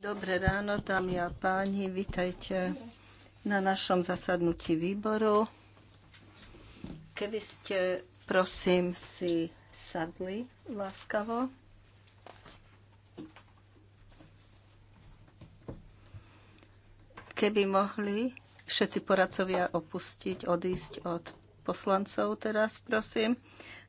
Dobré ráno, dámy a páni, vitajte na našom zasadnutí výboru. Keby ste, prosím, si sadli láskavo. Keby mohli všetci poradcovia opustiť, odísť od poslancov teraz, prosím.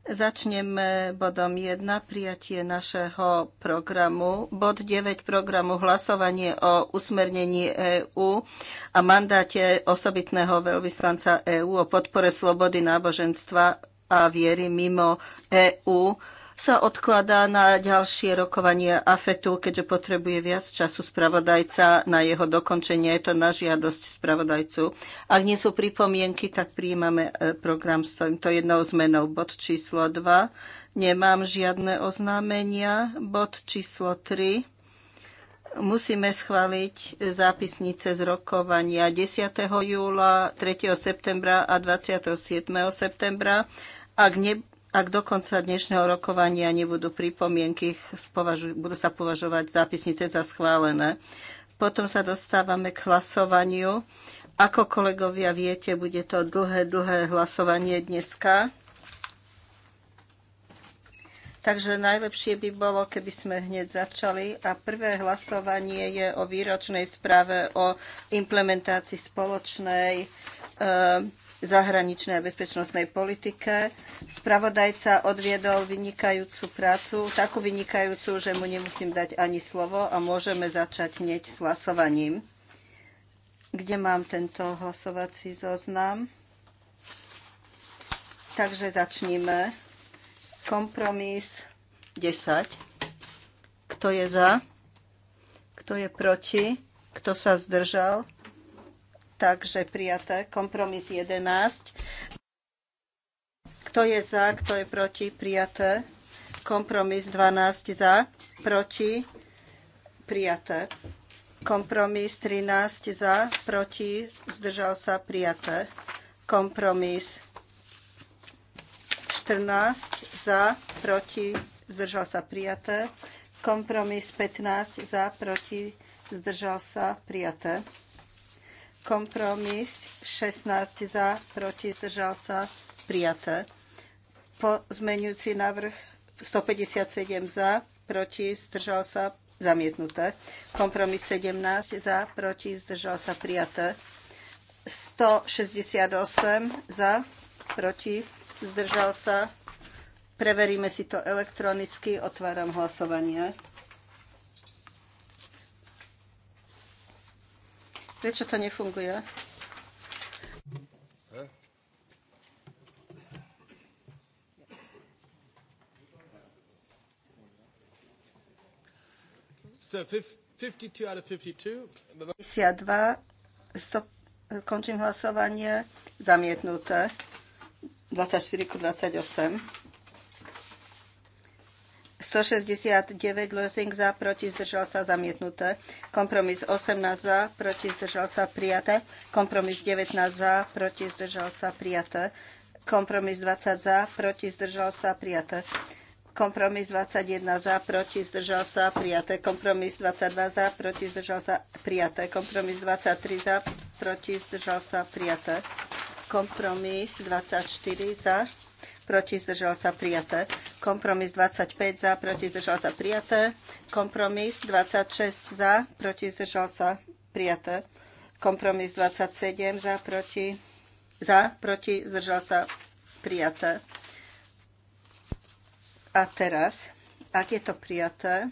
Začneme bodom 1, prijatie našeho programu. Bod 9 programu hlasovanie o usmernení EÚ a mandáte osobitného veľvyslanca EÚ o podpore slobody náboženstva a viery mimo EÚ sa odkladá na ďalšie rokovanie AFETu, keďže potrebuje viac času spravodajca na jeho dokončenie. Je to na žiadosť spravodajcu. Ak nie sú pripomienky, tak prijímame e, program s týmto jednou zmenou. Bod číslo 2. Nemám žiadne oznámenia. Bod číslo 3 musíme schváliť zápisnice z rokovania 10. júla, 3. septembra a 27. septembra. Ak ne, ak do konca dnešného rokovania nebudú pripomienky, budú sa považovať zápisnice za schválené. Potom sa dostávame k hlasovaniu. Ako kolegovia viete, bude to dlhé, dlhé hlasovanie dneska. Takže najlepšie by bolo, keby sme hneď začali. A prvé hlasovanie je o výročnej správe o implementácii spoločnej eh, zahraničnej a bezpečnostnej politike. Spravodajca odviedol vynikajúcu prácu, takú vynikajúcu, že mu nemusím dať ani slovo a môžeme začať hneď s hlasovaním. Kde mám tento hlasovací zoznam? Takže začníme. Kompromis 10. Kto je za? Kto je proti? Kto sa zdržal? takže prijaté. Kompromis 11. Kto je za, kto je proti, prijaté. Kompromis 12 za, proti, prijaté. Kompromis 13 za, proti, zdržal sa, prijaté. Kompromis 14 za, proti, zdržal sa, prijaté. Kompromis 15 za, proti, zdržal sa, prijaté. Kompromis 16 za, proti, zdržal sa, prijaté. Pozmeňujúci návrh 157 za, proti, zdržal sa, zamietnuté. Kompromis 17 za, proti, zdržal sa, prijaté. 168 za, proti, zdržal sa. Preveríme si to elektronicky, otváram hlasovanie. Prečo to nefunguje? So 52 out of 52. Končím hlasovanie. Zamietnuté. 24 ku 28. 169 losing za, proti zdržal sa zamietnuté. Kompromis 18 za, proti zdržal sa prijaté. Kompromis 19 za, proti zdržal sa prijaté. Kompromis 20 za, proti zdržal sa prijaté. Kompromis 21 za, proti, zdržal sa, prijaté. Kompromis 22 za, proti, zdržal sa, prijaté. Kompromis 23 za, proti, zdržal sa, prijaté. Kompromis 24 za, proti zdržal sa prijaté. Kompromis 25 za, proti zdržal sa prijaté. Kompromis 26 za, proti zdržal sa prijaté. Kompromis 27 za, proti, za, proti zdržal sa prijaté. A teraz, ak je to prijaté,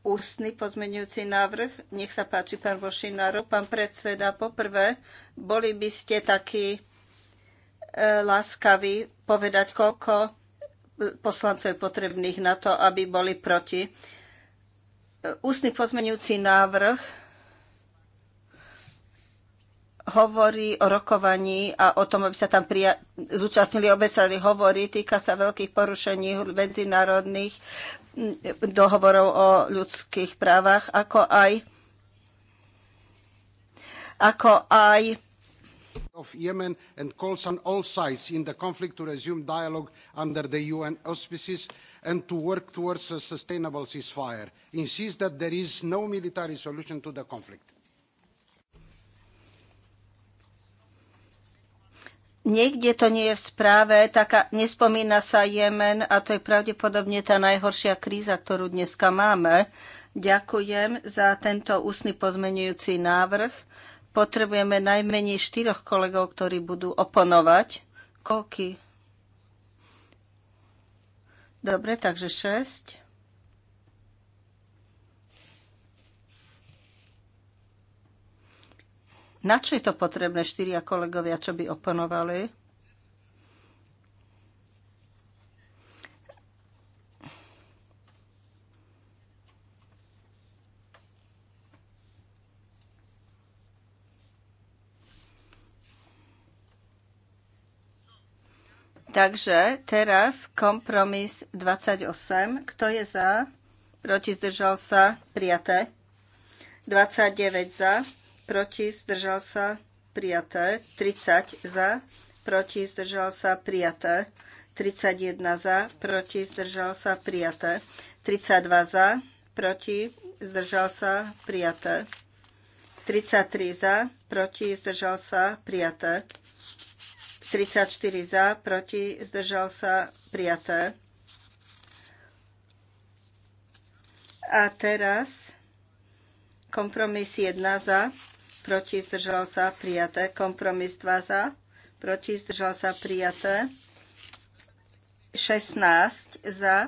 ústny pozmenujúci návrh. Nech sa páči, pán Vošinárov, pán predseda. Poprvé, boli by ste takí e, láskaví povedať, koľko e, poslancov je potrebných na to, aby boli proti. E, ústny pozmenujúci návrh hovorí o rokovaní a o tom, aby sa tam prija- zúčastnili obe strany, hovorí, týka sa veľkých porušení medzinárodných dohovorov o ľudských právach, ako aj, ako aj of Yemen and calls on all sides in the conflict to resume dialogue under the UN auspices and to work towards a sustainable ceasefire. Insists that there is no military solution to the conflict. Niekde to nie je v správe, taká, nespomína sa Jemen a to je pravdepodobne tá najhoršia kríza, ktorú dneska máme. Ďakujem za tento ústny pozmenujúci návrh potrebujeme najmenej štyroch kolegov, ktorí budú oponovať. Koľky? Dobre, takže 6. Na čo je to potrebné štyria kolegovia, čo by oponovali? Takže teraz kompromis 28. Kto je za? Proti zdržal sa? Prijaté. 29 za. Proti zdržal sa? Prijaté. 30 za. Proti zdržal sa? Prijaté. 31 za. Proti zdržal sa? Prijaté. 32 za. Proti zdržal sa? Prijaté. 33 za. Proti zdržal sa? Prijaté. 34 za, proti, zdržal sa, prijaté. A teraz kompromis 1 za, proti, zdržal sa, prijaté. Kompromis 2 za, proti, zdržal sa, prijaté. 16 za,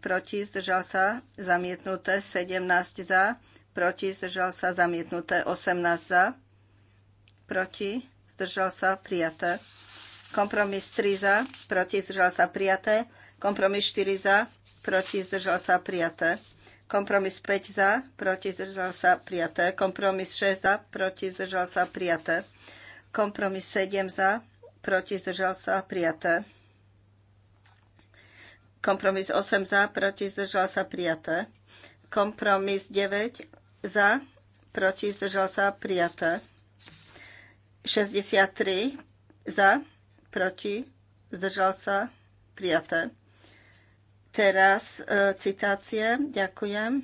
proti, zdržal sa, zamietnuté. 17 za, proti, zdržal sa, zamietnuté. 18 za, proti, zdržal sa, prijaté. Kompromis 3 za, proti zdržal sa prijaté. Kompromis 4 za, proti zdržal sa prijaté. Kompromis 5 za, proti zdržal sa prijaté. Kompromis 6 za, proti zdržal sa prijaté. Kompromis 7 za, proti zdržal sa prijaté. Kompromis 8 za, proti zdržal sa prijaté. Kompromis 9 za, proti zdržal sa prijaté. 63 za, proti, zdržal sa, prijaté. Teraz e, citácie, ďakujem.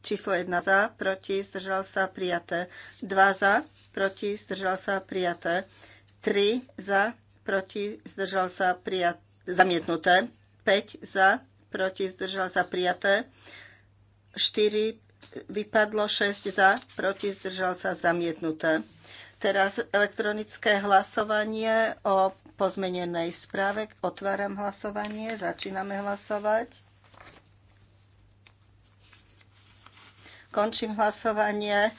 Číslo 1 za, proti, zdržal sa, prijaté. 2 za, proti, zdržal sa, prijaté. 3 za, proti, zdržal sa, prijaté. Zamietnuté. 5 za, proti, zdržal sa, prijaté. 4 e, vypadlo, 6 za, proti, zdržal sa, zamietnuté. Teraz elektronické hlasovanie o pozmenenej správe. Otváram hlasovanie, začíname hlasovať. Končím hlasovanie.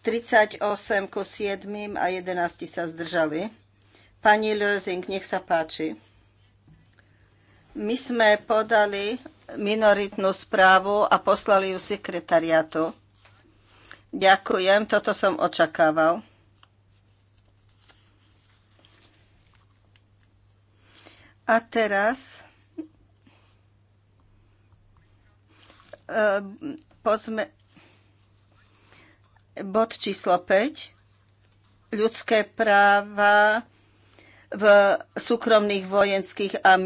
38 ku 7 a 11 sa zdržali. Pani Lösing, nech sa páči. My sme podali minoritnú správu a poslali ju sekretariatu. Ďakujem, toto som očakával. A teraz e, pozme, bod číslo 5. Ľudské práva v súkromných vojenských a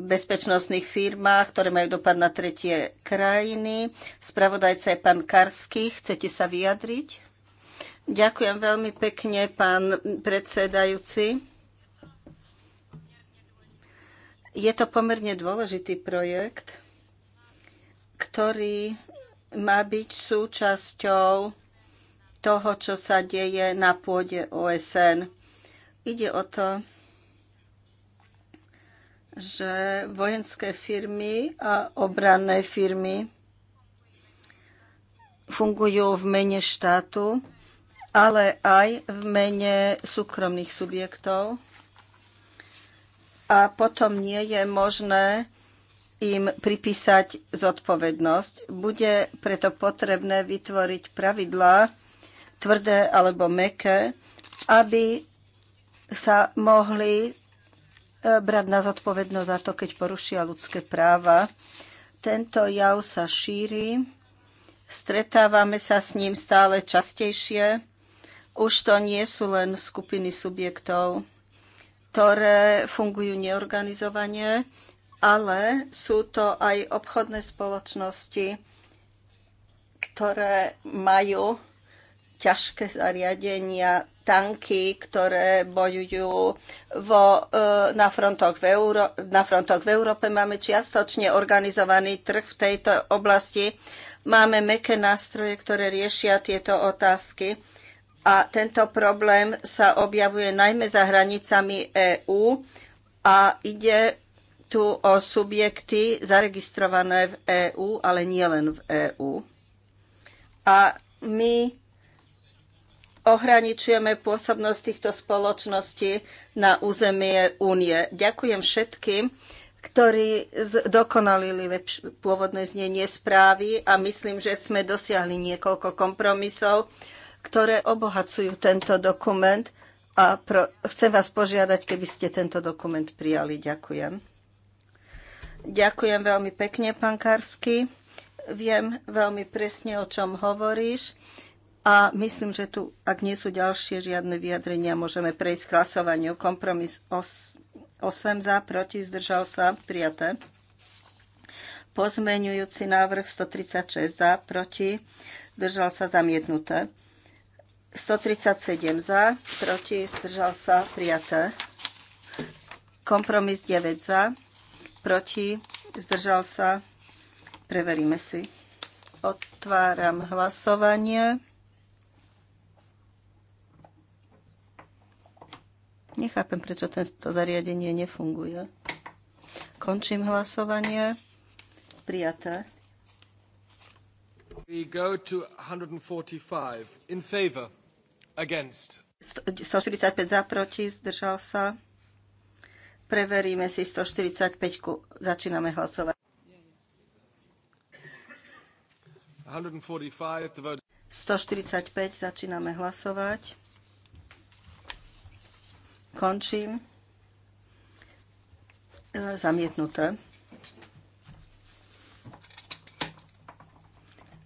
bezpečnostných firmách, ktoré majú dopad na tretie krajiny. Spravodajca je pán Karsky. Chcete sa vyjadriť? Ďakujem veľmi pekne, pán predsedajúci. Je to pomerne dôležitý projekt, ktorý má byť súčasťou toho, čo sa deje na pôde OSN. Ide o to, že vojenské firmy a obranné firmy fungujú v mene štátu, ale aj v mene súkromných subjektov a potom nie je možné im pripísať zodpovednosť. Bude preto potrebné vytvoriť pravidlá, tvrdé alebo meké, aby sa mohli e, brať na zodpovednosť za to, keď porušia ľudské práva. Tento jav sa šíri, stretávame sa s ním stále častejšie. Už to nie sú len skupiny subjektov, ktoré fungujú neorganizovanie, ale sú to aj obchodné spoločnosti, ktoré majú ťažké zariadenia, tanky, ktoré bojujú vo, e, na, frontoch v Euró- na frontoch v Európe. Máme čiastočne organizovaný trh v tejto oblasti. Máme meké nástroje, ktoré riešia tieto otázky a tento problém sa objavuje najmä za hranicami EÚ a ide tu o subjekty zaregistrované v EÚ, ale nielen v EÚ. A my ohraničujeme pôsobnosť týchto spoločností na územie únie. Ďakujem všetkým, ktorí dokonalili pôvodné znenie správy a myslím, že sme dosiahli niekoľko kompromisov ktoré obohacujú tento dokument a pro, chcem vás požiadať, keby ste tento dokument prijali. Ďakujem. Ďakujem veľmi pekne, pán Karsky. Viem veľmi presne, o čom hovoríš. A myslím, že tu, ak nie sú ďalšie žiadne vyjadrenia, môžeme prejsť k hlasovaniu. Kompromis 8 za, proti, zdržal sa, prijaté. Pozmeňujúci návrh 136 za, proti, zdržal sa, zamietnuté. 137 za, proti, zdržal sa, prijaté. Kompromis 9 za, proti, zdržal sa, preveríme si. Otváram hlasovanie. Nechápem, prečo to zariadenie nefunguje. Končím hlasovanie. Prijaté. We go to 145. In favor. Against. 145 za, proti, zdržal sa. Preveríme si 145. Začíname hlasovať. 145, 145 začíname hlasovať. Končím. E, zamietnuté.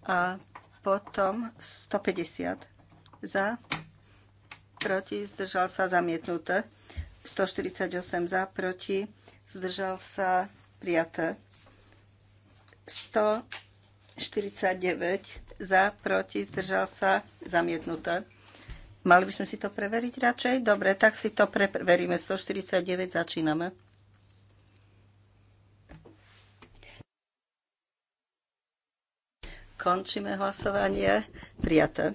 A potom 150 za proti, zdržal sa zamietnuté. 148 za, proti, zdržal sa prijaté. 149 za, proti, zdržal sa zamietnuté. Mali by sme si to preveriť radšej? Dobre, tak si to preveríme. 149 začíname. Končíme hlasovanie. Prijaté.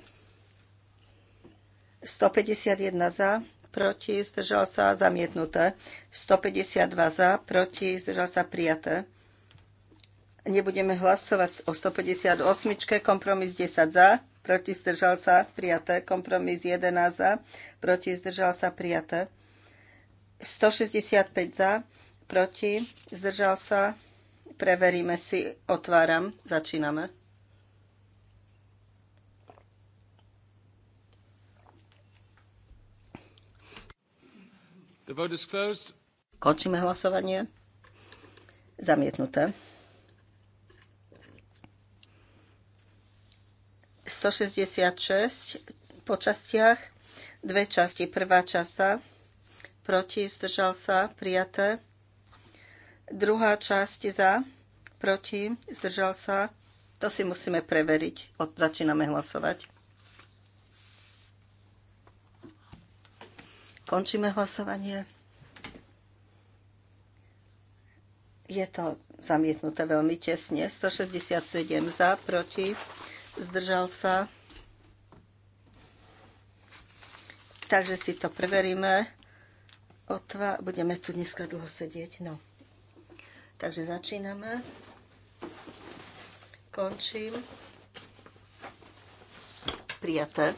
151 za, proti, zdržal sa, zamietnuté. 152 za, proti, zdržal sa, prijaté. Nebudeme hlasovať o 158. Kompromis 10 za, proti, zdržal sa, prijaté. Kompromis 11 za, proti, zdržal sa, prijaté. 165 za, proti, zdržal sa, preveríme si, otváram, začíname. Končíme hlasovanie. Zamietnuté. 166 po častiach. Dve časti. Prvá časť za, proti, zdržal sa, prijaté. Druhá časť za, proti, zdržal sa. To si musíme preveriť. Od, začíname hlasovať. Končíme hlasovanie. Je to zamietnuté veľmi tesne. 167 za, proti, zdržal sa. Takže si to preveríme. Otva, budeme tu dneska dlho sedieť. No. Takže začíname. Končím. Prijaté.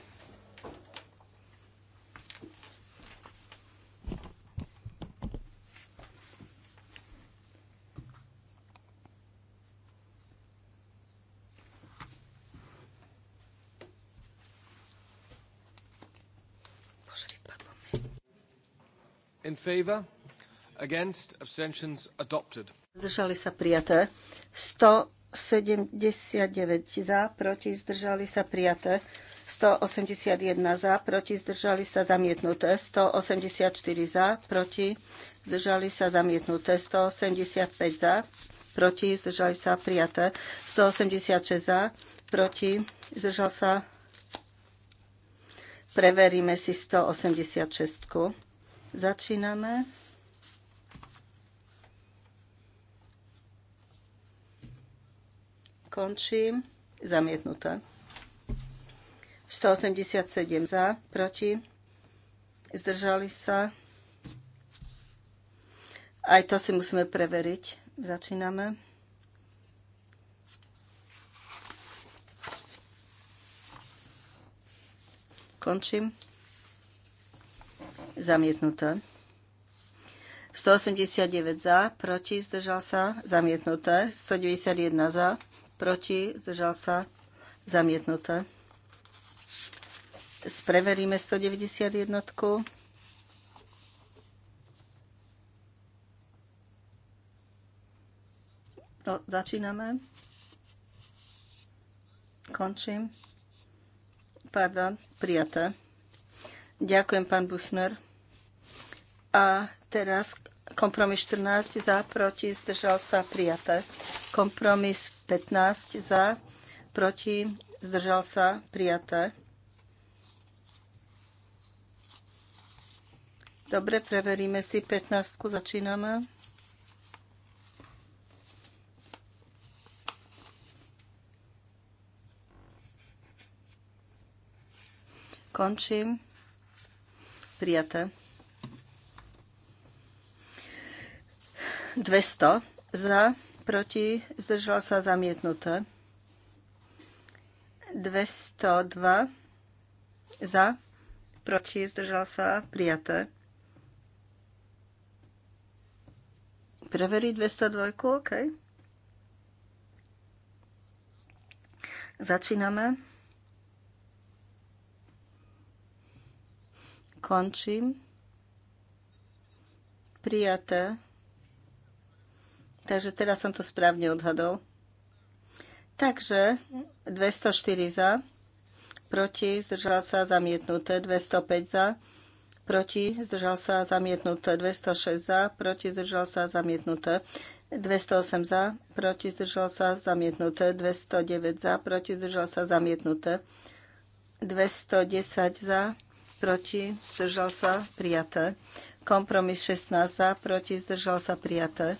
In favor? Against? Abstentions? Adopted. Zdržali sa prijaté. 179 za, proti, zdržali sa prijaté. 181 za, proti, zdržali sa zamietnuté. 184 za, proti, zdržali sa zamietnuté. 185 za, proti, zdržali sa prijaté. 186 za, proti, zdržal sa. Preveríme si 186. Začíname. Končím. Zamietnuté. 187 za, proti. Zdržali sa. Aj to si musíme preveriť. Začíname. Končím zamietnuté. 189 za, proti, zdržal sa, zamietnuté. 191 za, proti, zdržal sa, zamietnuté. Spreveríme 191. No, začíname. Končím. Pardon, prijaté. Ďakujem, pán Buchner. A teraz kompromis 14 za, proti, zdržal sa, prijaté. Kompromis 15 za, proti, zdržal sa, prijaté. Dobre, preveríme si 15. Začíname. Končím. Prijaté. 200 za, proti, zdržal sa zamietnuté. 202 za, proti, zdržal sa prijaté. Preveriť 202, OK. Začíname. Končím. Prijaté. Takže teraz som to správne odhadol. Takže 204 za, proti, zdržal sa, zamietnuté, 205 za, proti, zdržal sa, zamietnuté, 206 za, proti, zdržal sa, zamietnuté, 208 za, proti, zdržal sa, zamietnuté, 209 za, proti, zdržal sa, zamietnuté, 210 za, proti, zdržal sa, prijaté, kompromis 16 za, proti, zdržal sa, prijaté,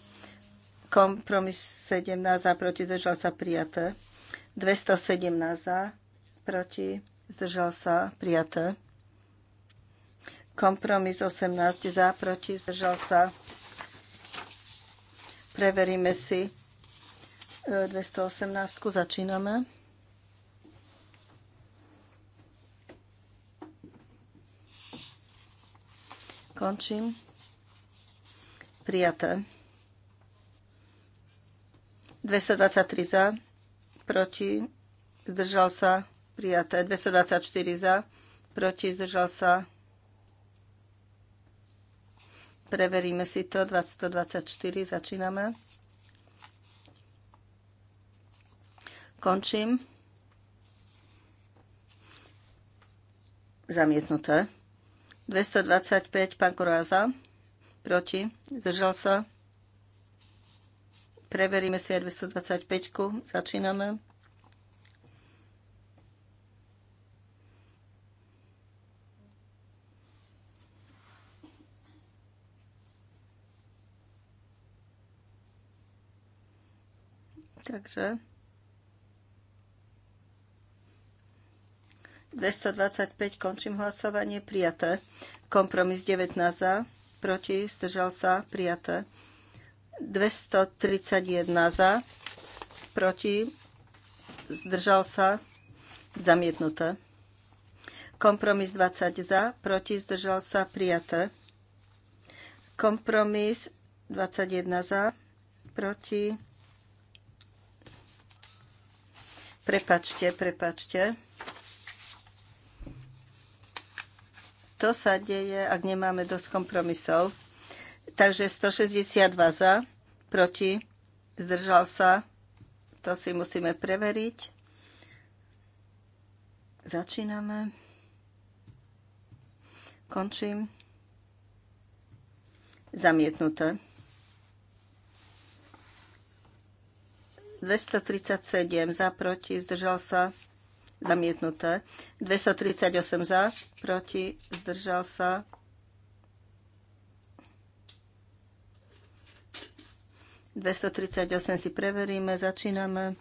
Kompromis 17 za, proti, zdržal sa, prijaté. 217 za, proti, zdržal sa, prijaté. Kompromis 18 za, proti, zdržal sa. Preveríme si 218. E, začíname. Končím. Prijaté. 223 za, proti, zdržal sa, prijaté. 224 za, proti, zdržal sa. Preveríme si to. 224 začíname. Končím. Zamietnuté. 225 pán Koráza, proti, zdržal sa. Preveríme si aj 225. Začíname. Takže 225 končím hlasovanie, prijaté. Kompromis 19 za, proti, zdržal sa, prijaté. 231 za, proti, zdržal sa, zamietnuté. Kompromis 20 za, proti, zdržal sa, prijaté. Kompromis 21 za, proti. Prepačte, prepačte. To sa deje, ak nemáme dosť kompromisov. Takže 162 za, proti, zdržal sa. To si musíme preveriť. Začíname. Končím. Zamietnuté. 237 za, proti, zdržal sa, zamietnuté. 238 za, proti, zdržal sa, 238 si preveríme, začíname.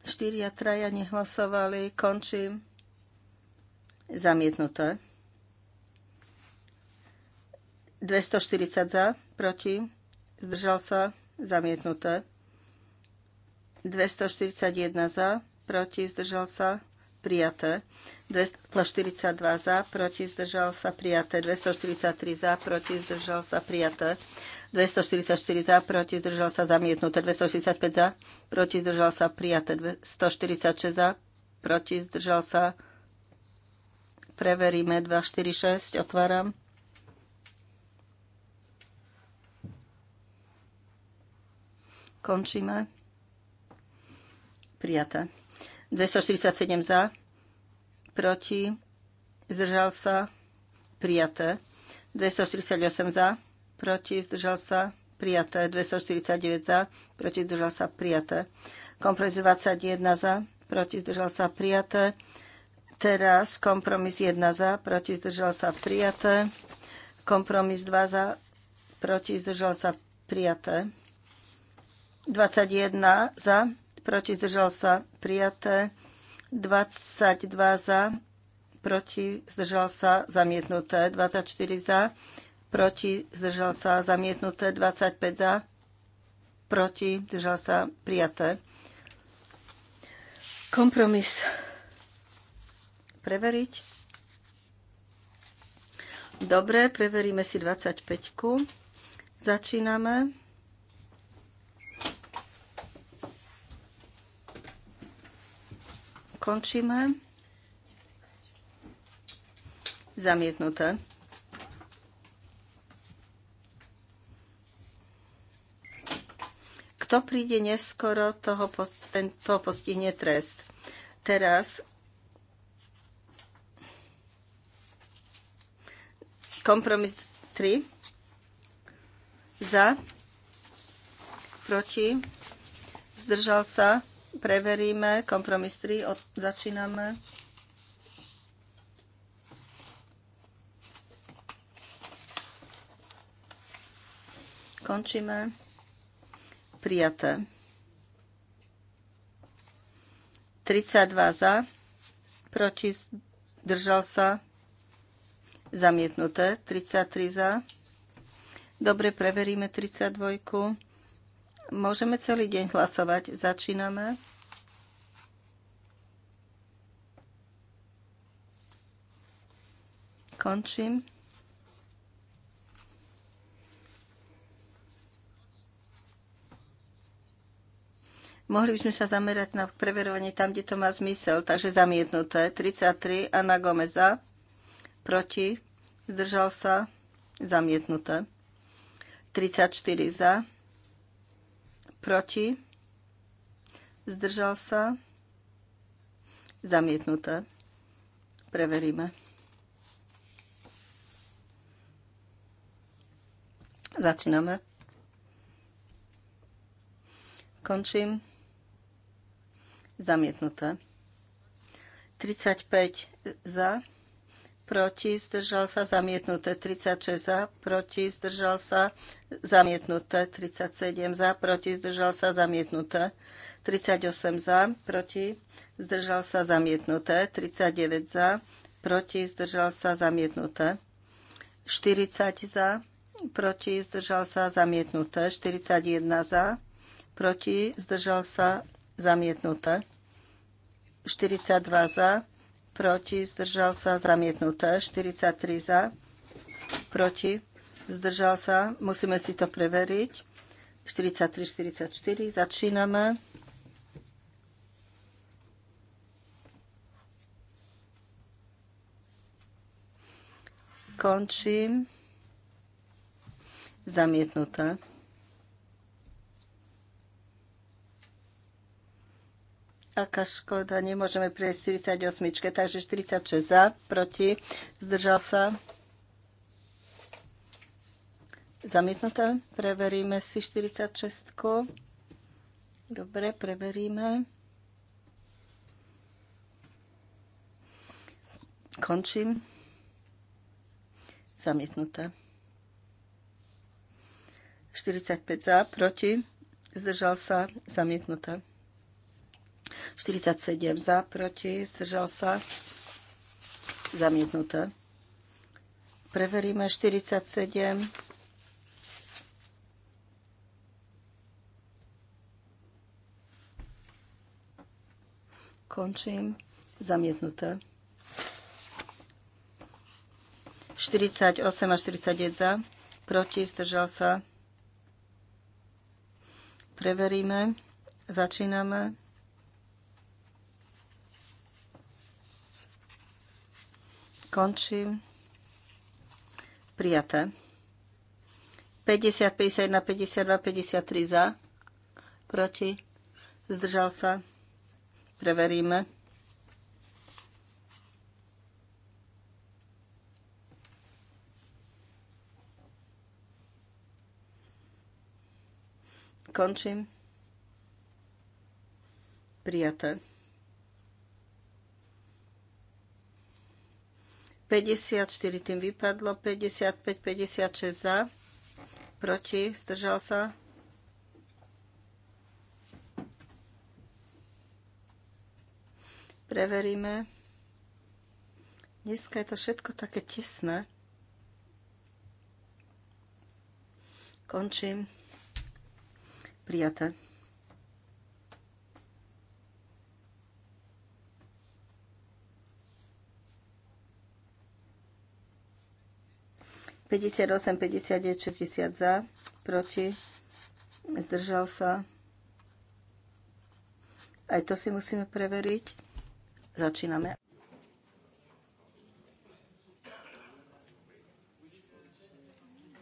Štyria, traja nehlasovali, končím. Zamietnuté. 240 za, proti, zdržal sa, zamietnuté. 241 za, proti, zdržal sa, prijaté. 242 za, proti zdržal sa prijaté. 243 za, proti zdržal sa prijaté. 244 za, proti zdržal sa zamietnuté. 265 za, proti zdržal sa prijaté. 146 za, proti zdržal sa. Preveríme 246, otváram. Končíme. Prijaté. 247 za, proti, zdržal sa, prijaté. 248 za, proti, zdržal sa, prijaté. 249 za, proti, zdržal sa, prijaté. Kompromis 21 za, proti, zdržal sa, prijaté. Teraz kompromis 1 za, proti, zdržal sa, prijaté. Kompromis 2 za, proti, zdržal sa, prijaté. 21 za, proti, zdržal sa, prijaté. 22 za, proti, zdržal sa, zamietnuté. 24 za, proti, zdržal sa, zamietnuté. 25 za, proti, zdržal sa, prijaté. Kompromis. Preveriť. Dobre, preveríme si 25. -ku. Začíname. ukončíme. Zamietnuté. Kto príde neskoro, toho, toho postihne trest. Teraz kompromis 3 za proti zdržal sa Preveríme. Kompromis 3. Od, začíname. Končíme. Prijaté. 32 za, proti držal sa, zamietnuté, 33 za. Dobre, preveríme 32. Môžeme celý deň hlasovať. Začíname. Končím. Mohli by sme sa zamerať na preverovanie tam, kde to má zmysel. Takže zamietnuté. 33. Ana Gomeza. Proti. Zdržal sa. Zamietnuté. 34 za proti, zdržal sa, zamietnuté. Preveríme. Začíname. Končím. Zamietnuté. 35 za, proti, zdržal sa, zamietnuté 36 za, proti, zdržal sa, zamietnuté 37 za, proti, zdržal sa, zamietnuté 38 za, proti, zdržal sa, zamietnuté 39 za, proti, zdržal sa, zamietnuté 40 za, proti, zdržal sa, zamietnuté 41 za, proti, zdržal sa, zamietnuté 42 za, proti, zdržal sa, zamietnuté. 43 za, proti, zdržal sa. Musíme si to preveriť. 43, 44, začíname. Končím. Zamietnuté. Aká škoda, nemôžeme prejsť 48, takže 46 za, proti, zdržal sa. Zamietnuté, preveríme si 46. Dobre, preveríme. Končím. Zamietnuté. 45 za, proti, zdržal sa, zamietnuté. 47 za, proti, zdržal sa, zamietnuté. Preveríme 47. Končím. Zamietnuté. 48 a 49 za. Proti, zdržal sa. Preveríme. Začíname. Končím. Prijaté. 50, 51, 52, 53 za. Proti. Zdržal sa. Preveríme. Končím. Prijaté. 54 tým vypadlo, 55, 56 za, proti, zdržal sa. Preveríme. Dneska je to všetko také tesné. Končím. Prijaté. 58, 59, 60 za, proti, zdržal sa. Aj to si musíme preveriť. Začíname.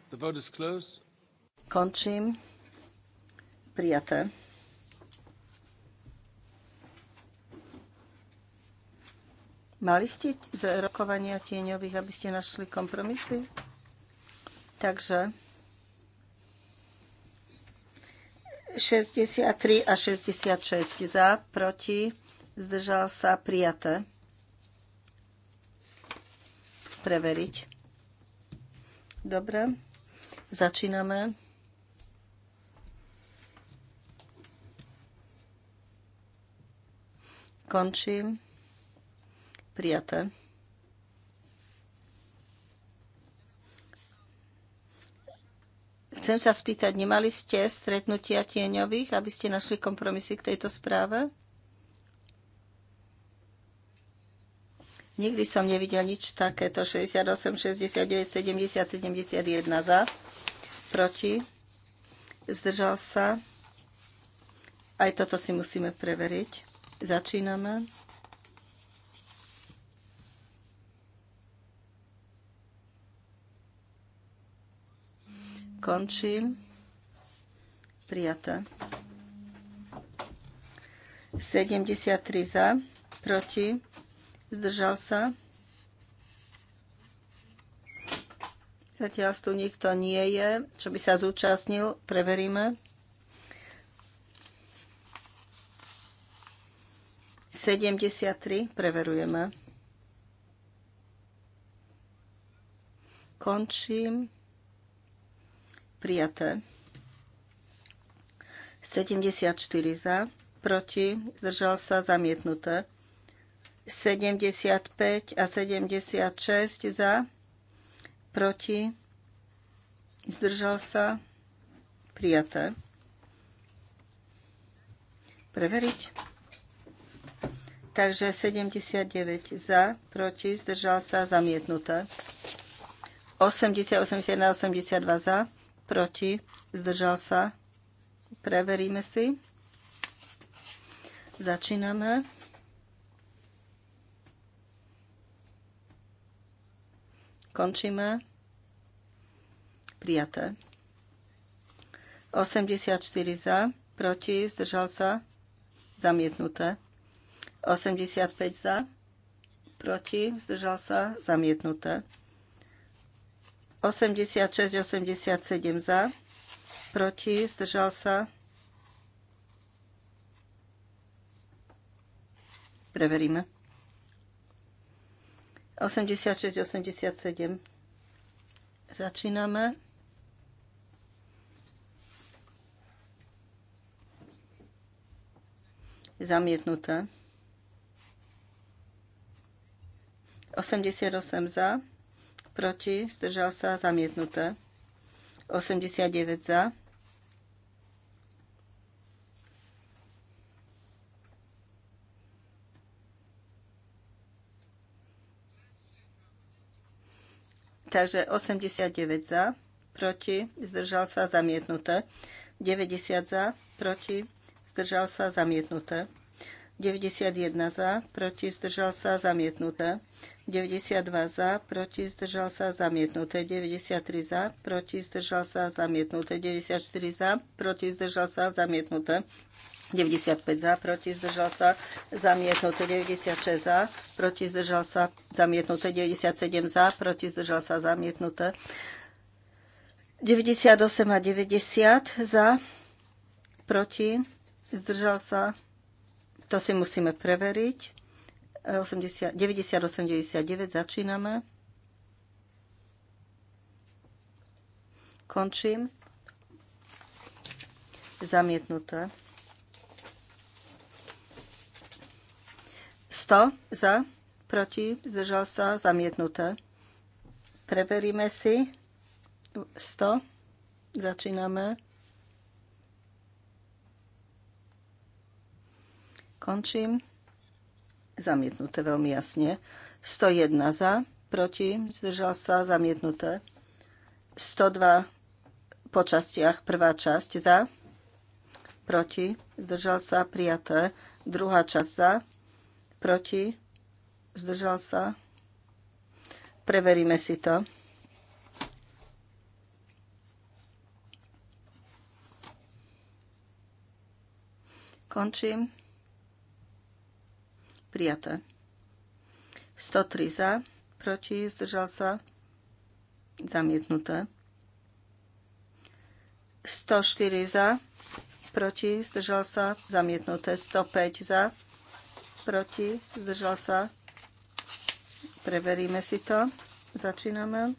The vote is closed. Končím. Prijaté. Mali ste rokovania tieňových, aby ste našli kompromisy? Takže 63 a 66 za, proti, zdržal sa, prijaté. Preveriť. Dobre, začíname. Končím. Prijaté. Chcem sa spýtať, nemali ste stretnutia tieňových, aby ste našli kompromisy k tejto správe? Nikdy som nevidel nič takéto. 68, 69, 70, 71 za. Proti. Zdržal sa. Aj toto si musíme preveriť. Začíname. Končím. Prijaté. 73 za, proti, zdržal sa. Zatiaľ tu nikto nie je, čo by sa zúčastnil, preveríme. 73, preverujeme. Končím prijaté. 74 za, proti, zdržal sa, zamietnuté. 75 a 76 za, proti, zdržal sa, prijaté. Preveriť. Takže 79 za, proti, zdržal sa, zamietnuté. 80, 81, 82 za, proti, zdržal sa. Preveríme si. Začíname. Končíme. Prijaté. 84 za, proti, zdržal sa, zamietnuté. 85 za, proti, zdržal sa, zamietnuté. 86, 87 za, proti, zdržal sa. Preveríme. 86, 87. Začíname. Zamietnuté. 88 za proti, zdržal sa, zamietnuté. 89 za, Takže 89 za, proti, zdržal sa, zamietnuté. 90 za, proti, zdržal sa, zamietnuté. 91 za, proti zdržal sa zamietnuté. 92 za, proti zdržal sa zamietnuté. 93 za, proti zdržal sa zamietnuté. 94 za, proti zdržal sa zamietnuté. 95 za, proti zdržal sa zamietnuté. 96 za, proti zdržal sa zamietnuté. 97 za, proti zdržal sa zamietnuté. 98 a 90 za, proti zdržal sa zamietnuté to si musíme preveriť. 90, 98 začíname. Končím. Zamietnuté. 100 za, proti, zdržal sa, zamietnuté. Preveríme si. 100. Začíname. Končím. Zamietnuté veľmi jasne. 101 za, proti, zdržal sa, zamietnuté. 102 po častiach, prvá časť za, proti, zdržal sa, prijaté. Druhá časť za, proti, zdržal sa. Preveríme si to. Končím. Prijaté. 103 za, proti, zdržal sa, zamietnuté. 104 za, proti, zdržal sa, zamietnuté. 105 za, proti, zdržal sa. Preveríme si to. Začíname.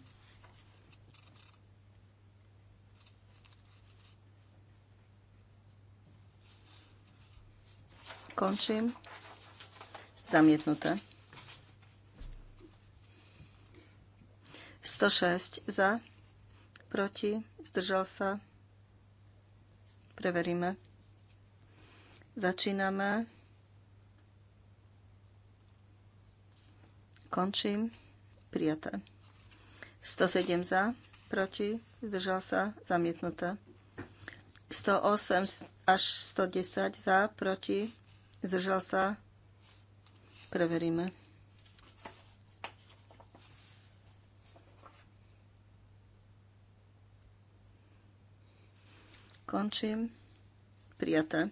Končím. Zamietnuté. 106 za, proti, zdržal sa. Preveríme. Začíname. Končím. Prijaté. 107 za, proti, zdržal sa, zamietnuté. 108 až 110 za, proti, zdržal sa, Preveríme. Končím. Prijaté.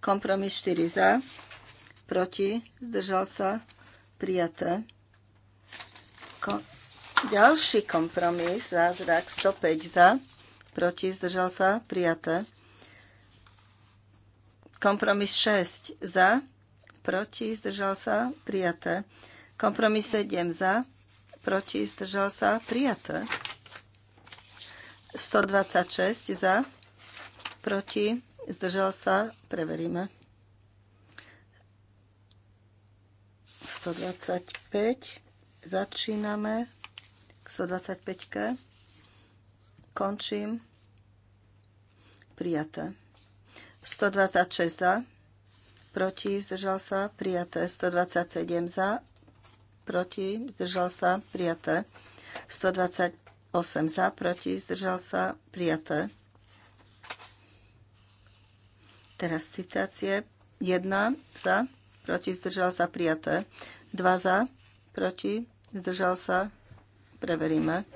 Kompromis 4 za, proti, zdržal sa, prijaté. Ko- ďalší kompromis, zázrak 105 za, proti, zdržal sa, prijaté. Kompromis 6 za, proti, zdržal sa, prijaté. Kompromis 7 za, proti, zdržal sa, prijaté. 126 za, proti, zdržal sa, preveríme. 125, začíname k 125, končím, prijaté. 126 za, proti, zdržal sa, prijaté. 127 za, proti, zdržal sa, prijaté. 128 za, proti, zdržal sa, prijaté. Teraz citácie. 1 za, proti, zdržal sa, prijaté. 2 za, proti, zdržal sa, preveríme.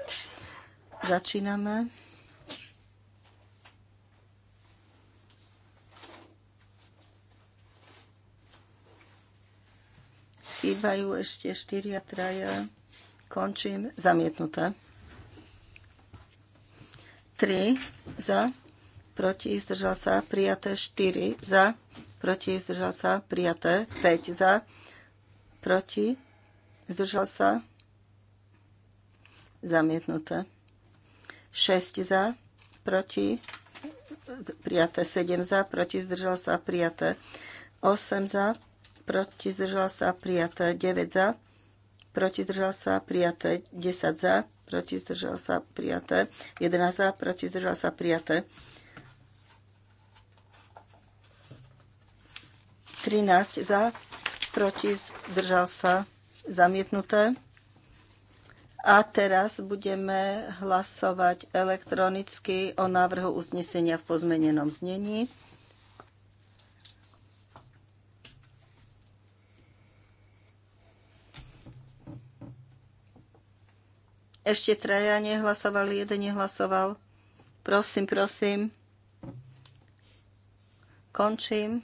Začíname. Chýbajú ešte 4 a 3. Končím. Zamietnuté. 3 za, proti, zdržal sa, prijaté. 4 za, proti, zdržal sa, prijaté. 5 za, proti, zdržal sa, zamietnuté. 6 za, proti, prijaté 7 za, proti zdržal sa, prijaté 8 za, proti zdržal sa prijaté 9 za, proti zdržal sa prijaté 10 za, proti zdržal sa prijaté 11 za, proti zdržal sa prijaté 13 za, proti zdržal sa zamietnuté. A teraz budeme hlasovať elektronicky o návrhu uznesenia v pozmenenom znení. Ešte traja nehlasovali, jeden nehlasoval. Prosím, prosím. Končím.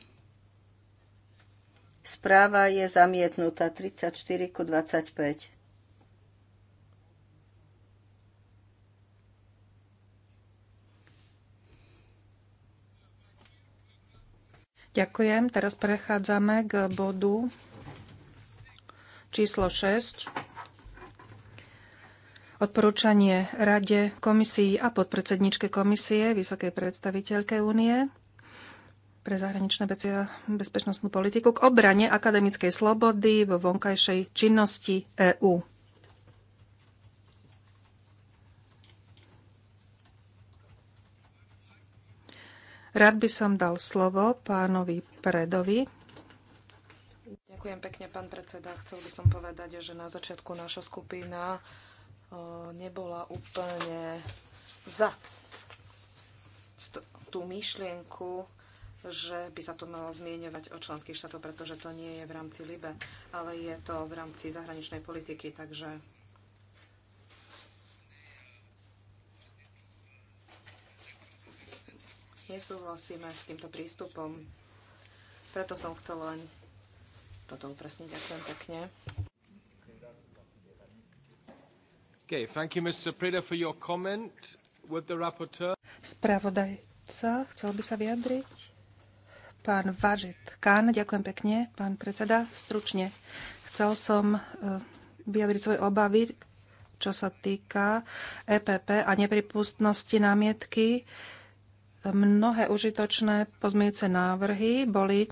Správa je zamietnutá 34 ku 25. Ďakujem. Teraz prechádzame k bodu číslo 6 odporúčanie Rade, komisii a podpredsedničke komisie, vysokej predstaviteľke únie pre zahraničné veci a bezpečnostnú politiku k obrane akademickej slobody vo vonkajšej činnosti EÚ. Rád by som dal slovo pánovi Predovi. Ďakujem pekne, pán predseda. Chcel by som povedať, že na začiatku naša skupina nebola úplne za tú myšlienku, že by sa to malo zmieňovať o členských štátov, pretože to nie je v rámci LIBE, ale je to v rámci zahraničnej politiky, takže nesúhlasíme s týmto prístupom. Preto som chcela len toto upresniť. Ďakujem pekne. Okay, thank you, Mr. Preda, for your comment. Would the rapporteur... Spravodajca, chcel by sa vyjadriť? Pán Važit Kán, ďakujem pekne, pán predseda, stručne. Chcel som e, vyjadriť svoje obavy, čo sa týka EPP a nepripustnosti námietky. Mnohé užitočné pozmiece návrhy boli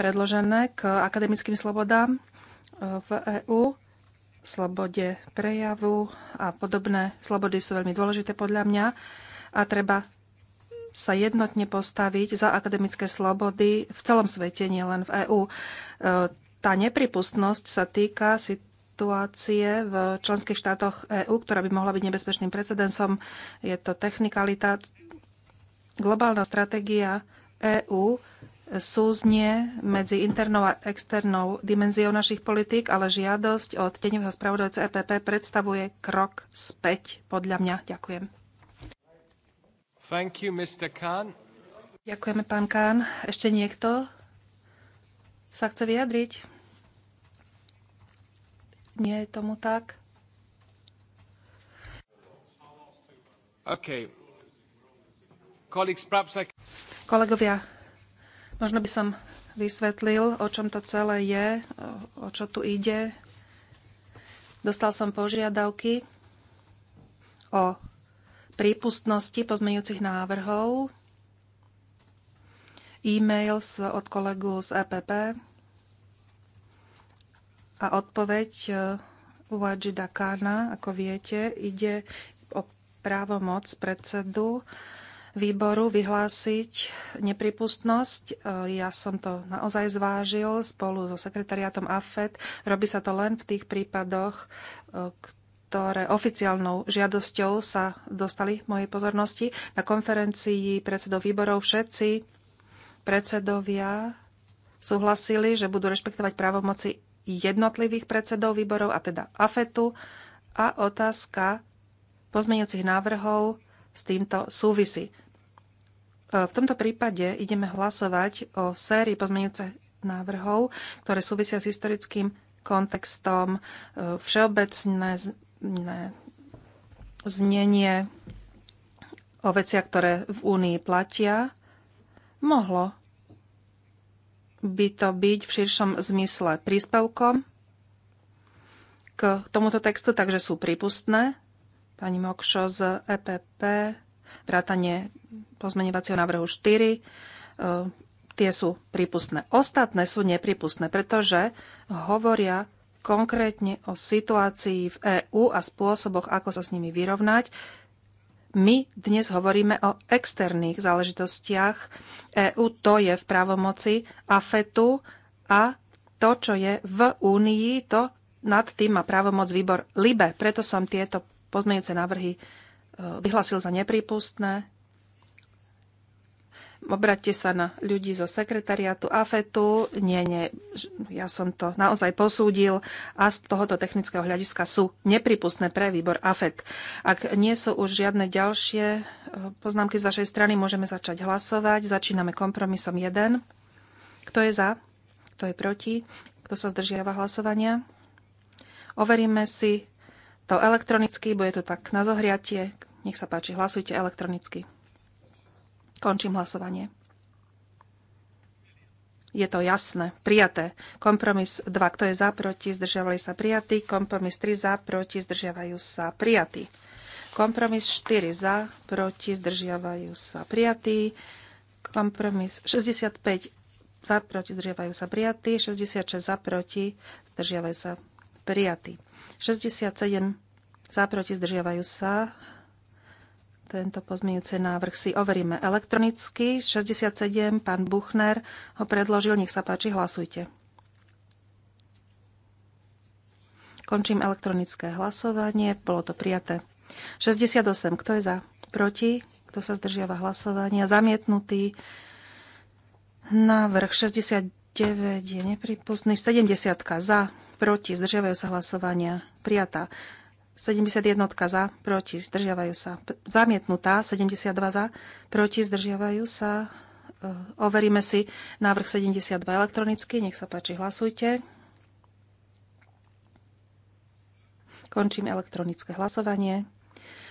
predložené k akademickým slobodám e, v EÚ slobode prejavu a podobné slobody sú veľmi dôležité podľa mňa a treba sa jednotne postaviť za akademické slobody v celom svete, nielen v EÚ. E, tá nepripustnosť sa týka situácie v členských štátoch EÚ, ktorá by mohla byť nebezpečným precedensom. Je to technikalita. Globálna stratégia EÚ súznie medzi internou a externou dimenziou našich politík, ale žiadosť od tenivého spravodajca EPP predstavuje krok späť, podľa mňa. Ďakujem. Thank you, Mr. Khan. Ďakujeme, pán Kán. Ešte niekto sa chce vyjadriť? Nie je tomu tak? Okay. Kolegovia, Možno by som vysvetlil, o čom to celé je, o čo tu ide. Dostal som požiadavky o prípustnosti pozmeňujúcich návrhov, e-mail od kolegu z EPP a odpoveď e, Uwajida Kana, ako viete, ide o právomoc predsedu výboru vyhlásiť nepripustnosť. E, ja som to naozaj zvážil spolu so sekretariátom AFED. Robí sa to len v tých prípadoch, e, ktoré oficiálnou žiadosťou sa dostali mojej pozornosti. Na konferencii predsedov výborov všetci predsedovia súhlasili, že budú rešpektovať právomoci jednotlivých predsedov výborov, a teda AFETu. A otázka pozmeňujúcich návrhov s týmto súvisí. E, v tomto prípade ideme hlasovať o sérii pozmeňujúcich návrhov, ktoré súvisia s historickým kontextom, e, všeobecné znenie o veciach, ktoré v Únii platia. Mohlo by to byť v širšom zmysle príspevkom k tomuto textu, takže sú prípustné. Pani Mokšo z EPP vrátanie pozmeňovacieho návrhu 4, e, tie sú prípustné. Ostatné sú nepripustné, pretože hovoria konkrétne o situácii v EÚ a spôsoboch, ako sa s nimi vyrovnať. My dnes hovoríme o externých záležitostiach EÚ, to je v právomoci AFETu a to, čo je v Únii, to nad tým má právomoc výbor LIBE. Preto som tieto pozmeňujúce návrhy Eh, vyhlásil za neprípustné. Obraťte sa na ľudí zo sekretariátu AFETu. Nie, nie, ja som to naozaj posúdil a z tohoto technického hľadiska sú nepripustné pre výbor AFET. Ak nie sú už žiadne ďalšie eh, poznámky z vašej strany, môžeme začať hlasovať. Začíname kompromisom 1. Kto je za? Kto je proti? Kto sa zdržiava hlasovania? Overíme si to elektronicky, bude to tak na zohriatie. Nech sa páči, hlasujte elektronicky. Končím hlasovanie. Je to jasné. Prijaté. Kompromis 2. Kto je za, proti, zdržiavali sa prijatí. Kompromis 3. Za, proti, zdržiavajú sa prijatí. Kompromis 4. Za, proti, zdržiavajú sa prijatí. Kompromis 65. Za, proti, zdržiavajú sa prijatí. 66. Za, proti, zdržiavajú sa prijatí. 67. Za, proti, zdržiavajú sa tento pozmeňujúci návrh si overíme elektronicky. 67, pán Buchner ho predložil. Nech sa páči, hlasujte. Končím elektronické hlasovanie. Bolo to prijaté. 68. Kto je za? Proti? Kto sa zdržiava hlasovania? Zamietnutý. Návrh 69 je nepripustný. 70. Za? Proti? Zdržiavajú sa hlasovania. Prijatá. 71 za, proti, zdržiavajú sa. Zamietnutá, 72 za, proti, zdržiavajú sa. Eh, overíme si návrh 72 elektronicky. Nech sa páči, hlasujte. Končím elektronické hlasovanie.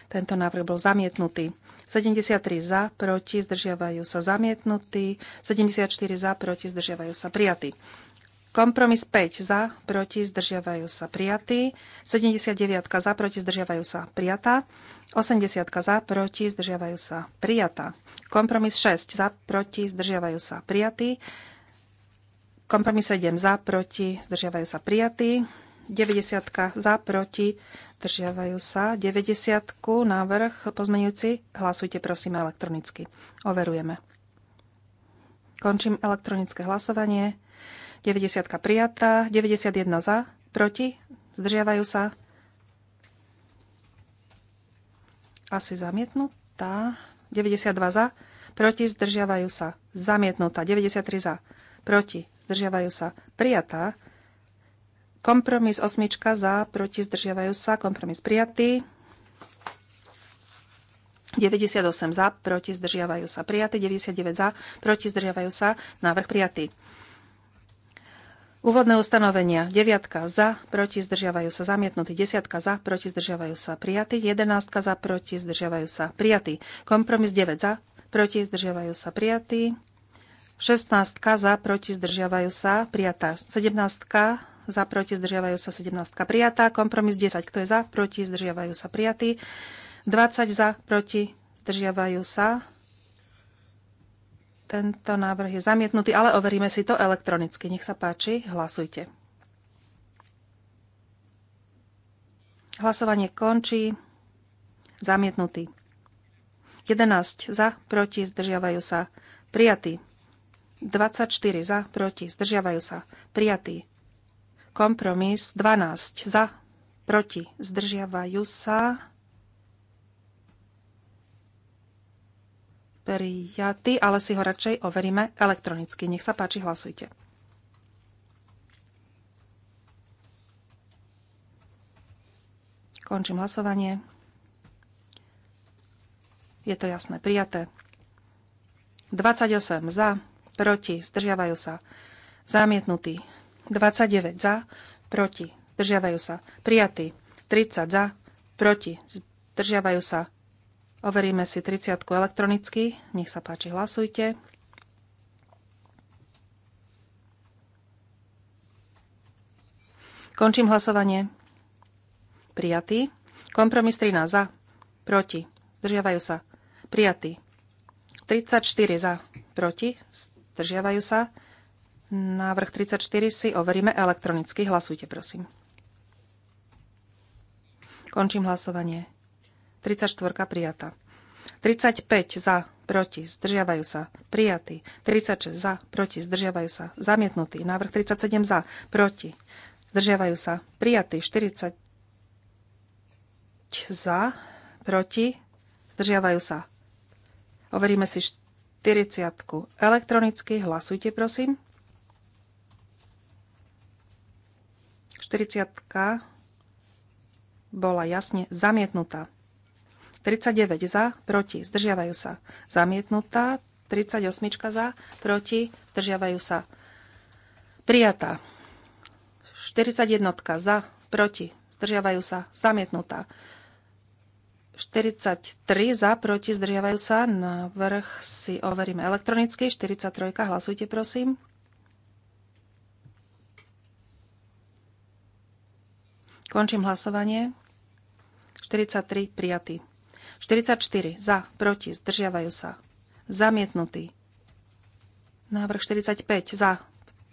Tento návrh bol zamietnutý. 73 za, proti, zdržiavajú sa zamietnutí. 74 za, proti, zdržiavajú sa prijatí. Kompromis 5 za, proti, zdržiavajú sa prijatí. 79 za, proti, zdržiavajú sa prijatá. 80 za, proti, zdržiavajú sa prijatá. Kompromis 6 za, proti, zdržiavajú sa prijatí. Kompromis 7 za, proti, zdržiavajú sa prijatí. 90 za, proti, zdržiavajú sa. 90 návrh pozmenujúci, Hlasujte prosím elektronicky. Overujeme. Končím elektronické hlasovanie. 90 prijatá, 91 za, proti, zdržiavajú sa. Asi zamietnutá. 92 za, proti, zdržiavajú sa. Zamietnutá. 93 za, proti, zdržiavajú sa. Prijatá. Kompromis osmička za, proti, zdržiavajú sa. Kompromis prijatý. 98 za, proti zdržiavajú sa Prijatý. 99 za, proti zdržiavajú sa, návrh prijatý. Úvodné ustanovenia. 9 za, proti, zdržiavajú sa zamietnutí. 10 za, proti, zdržiavajú sa prijatí. 11 za, proti, zdržiavajú sa prijatí. Kompromis 9 za, proti, zdržiavajú sa prijatí. 16 za, proti, zdržiavajú sa prijatá. 17 za, proti, zdržiavajú sa 17 prijatá. Kompromis 10, kto je za, proti, zdržiavajú sa prijatí. 20 za, proti, zdržiavajú sa tento návrh je zamietnutý, ale overíme si to elektronicky. Nech sa páči, hlasujte. Hlasovanie končí. Zamietnutý. 11 za, proti, zdržiavajú sa. Prijatý. 24 za, proti, zdržiavajú sa. Prijatý. Kompromis 12 za, proti, zdržiavajú sa. prijatý, ale si ho radšej overíme elektronicky. Nech sa páči, hlasujte. Končím hlasovanie. Je to jasné, prijaté. 28 za, proti, zdržiavajú sa. Zamietnutý. 29 za, proti, zdržiavajú sa. Prijatý. 30 za, proti, zdržiavajú sa. Overíme si 30 elektronicky. Nech sa páči, hlasujte. Končím hlasovanie. Prijatý. Kompromis 13 za. Proti. Zdržiavajú sa. Prijatý. 34 za. Proti. Zdržiavajú sa. Návrh 34 si overíme elektronicky. Hlasujte, prosím. Končím hlasovanie. 34 prijatá. 35 za, proti, zdržiavajú sa, prijatý. 36 za, proti, zdržiavajú sa, zamietnutý. Návrh 37 za, proti, zdržiavajú sa, prijatý. 40 za, proti, zdržiavajú sa. Overíme si 40. Elektronicky hlasujte, prosím. 40 bola jasne zamietnutá. 39 za, proti, zdržiavajú sa. Zamietnutá. 38 za, proti, zdržiavajú sa. Prijatá. 41 za, proti, zdržiavajú sa. Zamietnutá. 43 za, proti, zdržiavajú sa. vrch si overíme elektronicky. 43, hlasujte prosím. Končím hlasovanie. 43 prijatý. 44 za, proti, zdržiavajú sa. Zamietnutý. Návrh 45 za,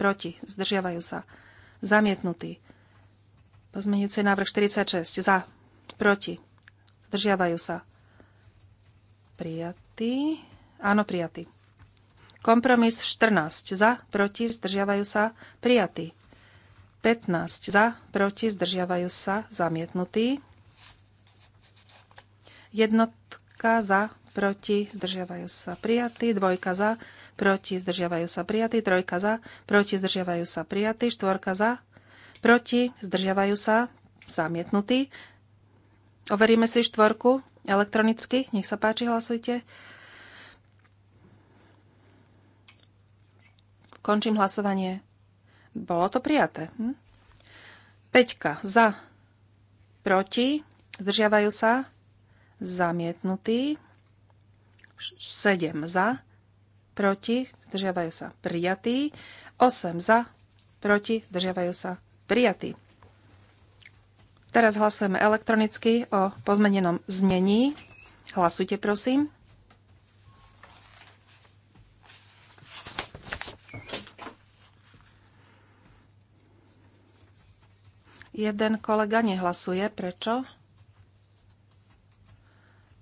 proti, zdržiavajú sa. Zamietnutý. Pozmeňujúci návrh 46 za, proti, zdržiavajú sa. Prijatý. Áno, prijatý. Kompromis 14 za, proti, zdržiavajú sa. Prijatý. 15 za, proti, zdržiavajú sa. Zamietnutý. Jednotka za, proti, zdržiavajú sa prijatí. Dvojka za, proti, zdržiavajú sa prijatí. Trojka za, proti, zdržiavajú sa prijatí. Štvorka za, proti, zdržiavajú sa zamietnutí. Overíme si štvorku elektronicky. Nech sa páči, hlasujte. Končím hlasovanie. Bolo to prijaté. Hm? Peťka za, proti, zdržiavajú sa, zamietnutý. 7 za, proti, zdržiavajú sa prijatí. 8 za, proti, zdržiavajú sa prijatí. Teraz hlasujeme elektronicky o pozmenenom znení. Hlasujte, prosím. Jeden kolega nehlasuje. Prečo?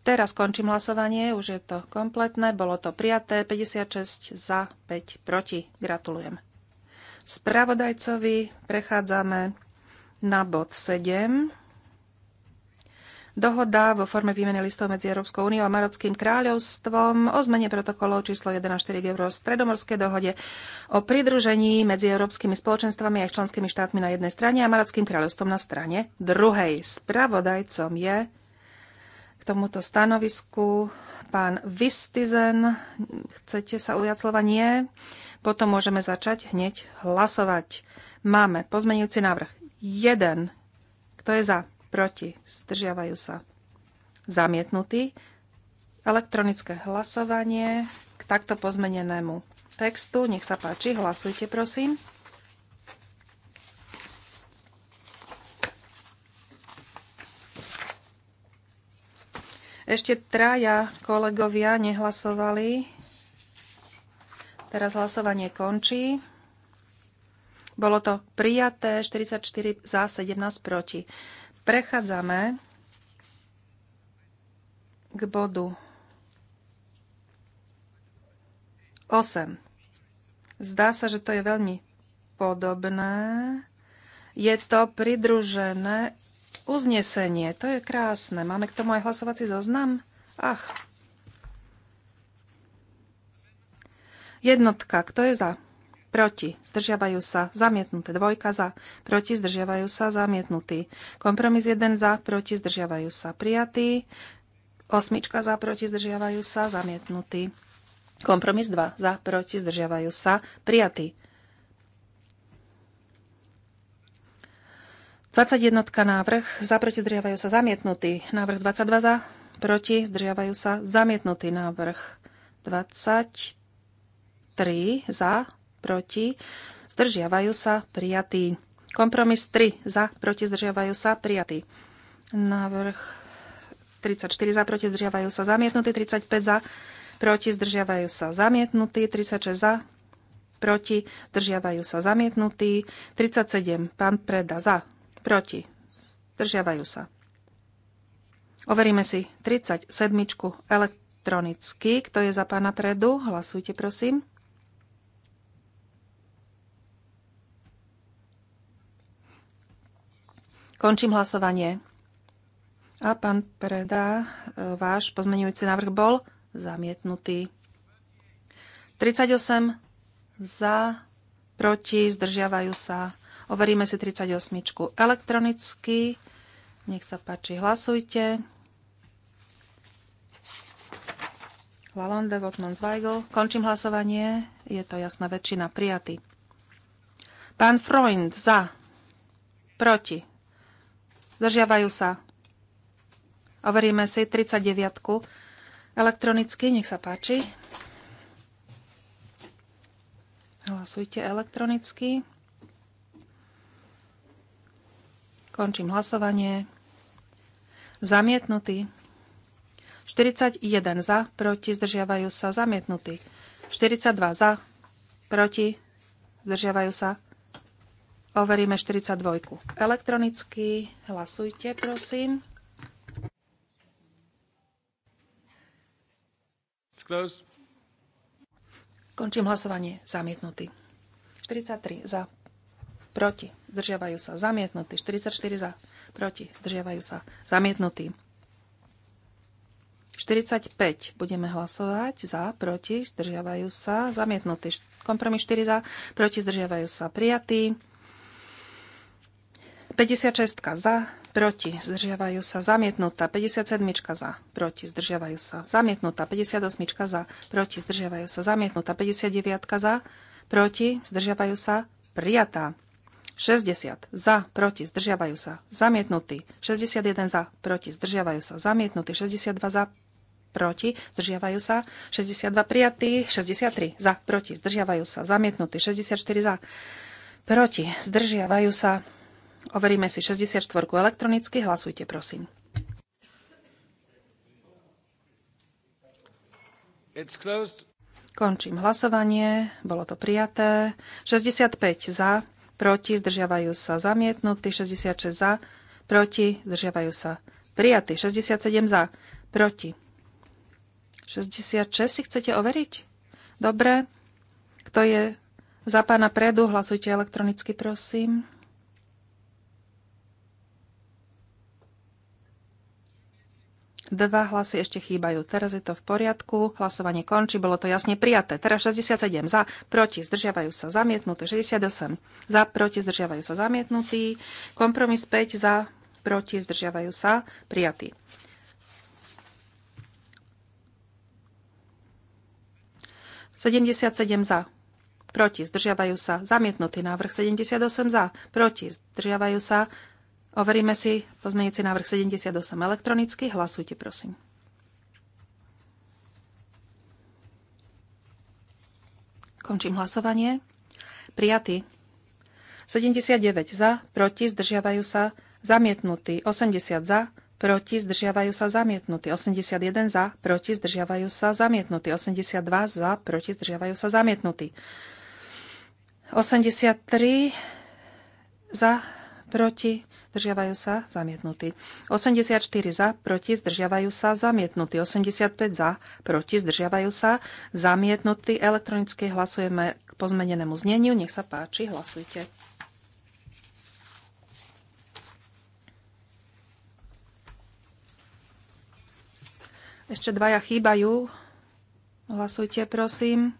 Teraz končím hlasovanie, už je to kompletné, bolo to prijaté, 56 za, 5 proti. Gratulujem. Spravodajcovi prechádzame na bod 7. Dohoda vo forme výmeny listov medzi Európskou úniou a Marockým kráľovstvom o zmene protokolov číslo 1.4 a stredomorskej k Eurostredomorskej dohode o pridružení medzi európskymi spoločenstvami a ich členskými štátmi na jednej strane a Marockým kráľovstvom na strane druhej. Spravodajcom je k tomuto stanovisku pán Vistizen, chcete sa ujať slova? Nie. Potom môžeme začať hneď hlasovať. Máme pozmenujúci návrh jeden. Kto je za? Proti. Zdržiavajú sa. Zamietnutý. Elektronické hlasovanie k takto pozmenenému textu. Nech sa páči, hlasujte prosím. Ešte traja kolegovia nehlasovali. Teraz hlasovanie končí. Bolo to prijaté 44 za 17 proti. Prechádzame k bodu 8. Zdá sa, že to je veľmi podobné. Je to pridružené uznesenie. To je krásne. Máme k tomu aj hlasovací zoznam? Ach. Jednotka. Kto je za? Proti. Zdržiavajú sa. Zamietnuté. Dvojka za. Proti. Zdržiavajú sa. Zamietnutý. Kompromis 1 za. Proti. Zdržiavajú sa. Prijatý. Osmička za. Proti. Zdržiavajú sa. Zamietnutý. Kompromis 2 za. Proti. Zdržiavajú sa. Prijatý. 21 návrh, za proti zdržiavajú sa zamietnutý. Návrh 22 za, proti zdržiavajú sa zamietnutý. Návrh 23 za, proti zdržiavajú sa prijatý. Kompromis 3 za, proti zdržiavajú sa prijatý. Návrh 34 za, proti zdržiavajú sa zamietnutý. 35 za, proti zdržiavajú sa zamietnutý. 36 za, proti zdržiavajú sa zamietnutý. 37 pán preda za, Proti. Zdržiavajú sa. Overíme si 37 elektronicky. Kto je za pána predu? Hlasujte, prosím. Končím hlasovanie. A pán Preda, e, váš pozmenujúci návrh bol zamietnutý. 38 za, proti, zdržiavajú sa Overíme si 38 elektronicky. Nech sa páči, hlasujte. Lalonde, Votman, Zweigl. Končím hlasovanie. Je to jasná väčšina. Prijatý. Pán Freund za. Proti. Zdržiavajú sa. Overíme si 39 elektronicky. Nech sa páči. Hlasujte elektronicky. Končím hlasovanie. Zamietnutý. 41 za, proti, zdržiavajú sa, zamietnutý. 42 za, proti, zdržiavajú sa. Overíme 42. Elektronicky hlasujte, prosím. Končím hlasovanie. Zamietnutý. 43 za, proti, zdržiavajú sa, zamietnutí. 44 za, proti, zdržiavajú sa, zamietnutí. 45 budeme hlasovať za, proti, zdržiavajú sa, zamietnutý. Kompromis 4 za, proti, zdržiavajú sa, prijatý. 56 za, proti, zdržiavajú sa, zamietnutá. 57 za, proti, zdržiavajú sa, zamietnutá. 58 za, proti, zdržiavajú sa, zamietnutá. 59 za, proti, zdržiavajú sa, prijatá. 60 za, proti, zdržiavajú sa, zamietnutý. 61 za, proti, zdržiavajú sa, zamietnutý. 62 za, proti, zdržiavajú sa. 62 prijatý, 63 za, proti, zdržiavajú sa, zamietnutý. 64 za, proti, zdržiavajú sa. Overíme si 64 elektronicky, hlasujte prosím. It's closed. Končím hlasovanie, bolo to prijaté. 65 za, proti, zdržiavajú sa zamietnutí, 66 za, proti, zdržiavajú sa prijatí, 67 za, proti. 66 si chcete overiť? Dobre. Kto je za pána predu, hlasujte elektronicky, prosím. Dva hlasy ešte chýbajú. Teraz je to v poriadku. Hlasovanie končí. Bolo to jasne prijaté. Teraz 67 za, proti, zdržiavajú sa zamietnutí. 68 za, proti, zdržiavajú sa zamietnutí. Kompromis 5 za, proti, zdržiavajú sa prijatí. Sedemdesiat sedem za, proti, zdržiavajú sa, zamietnutý návrh 78 za, proti, zdržiavajú sa, Overíme si pozmeňujúci návrh 78 elektronicky. Hlasujte, prosím. Končím hlasovanie. Prijatý. 79 za, proti, zdržiavajú sa, zamietnutý. 80 za, proti, zdržiavajú sa, zamietnutý. 81 za, proti, zdržiavajú sa, zamietnutý. 82 za, proti, zdržiavajú sa, zamietnutý. 83 za, proti, zdržiavajú sa, zamietnutý. 84 za, proti, zdržiavajú sa, zamietnutý. 85 za, proti, zdržiavajú sa, zamietnutý. Elektronicky hlasujeme k pozmenenému zneniu. Nech sa páči, hlasujte. Ešte dvaja chýbajú. Hlasujte, prosím.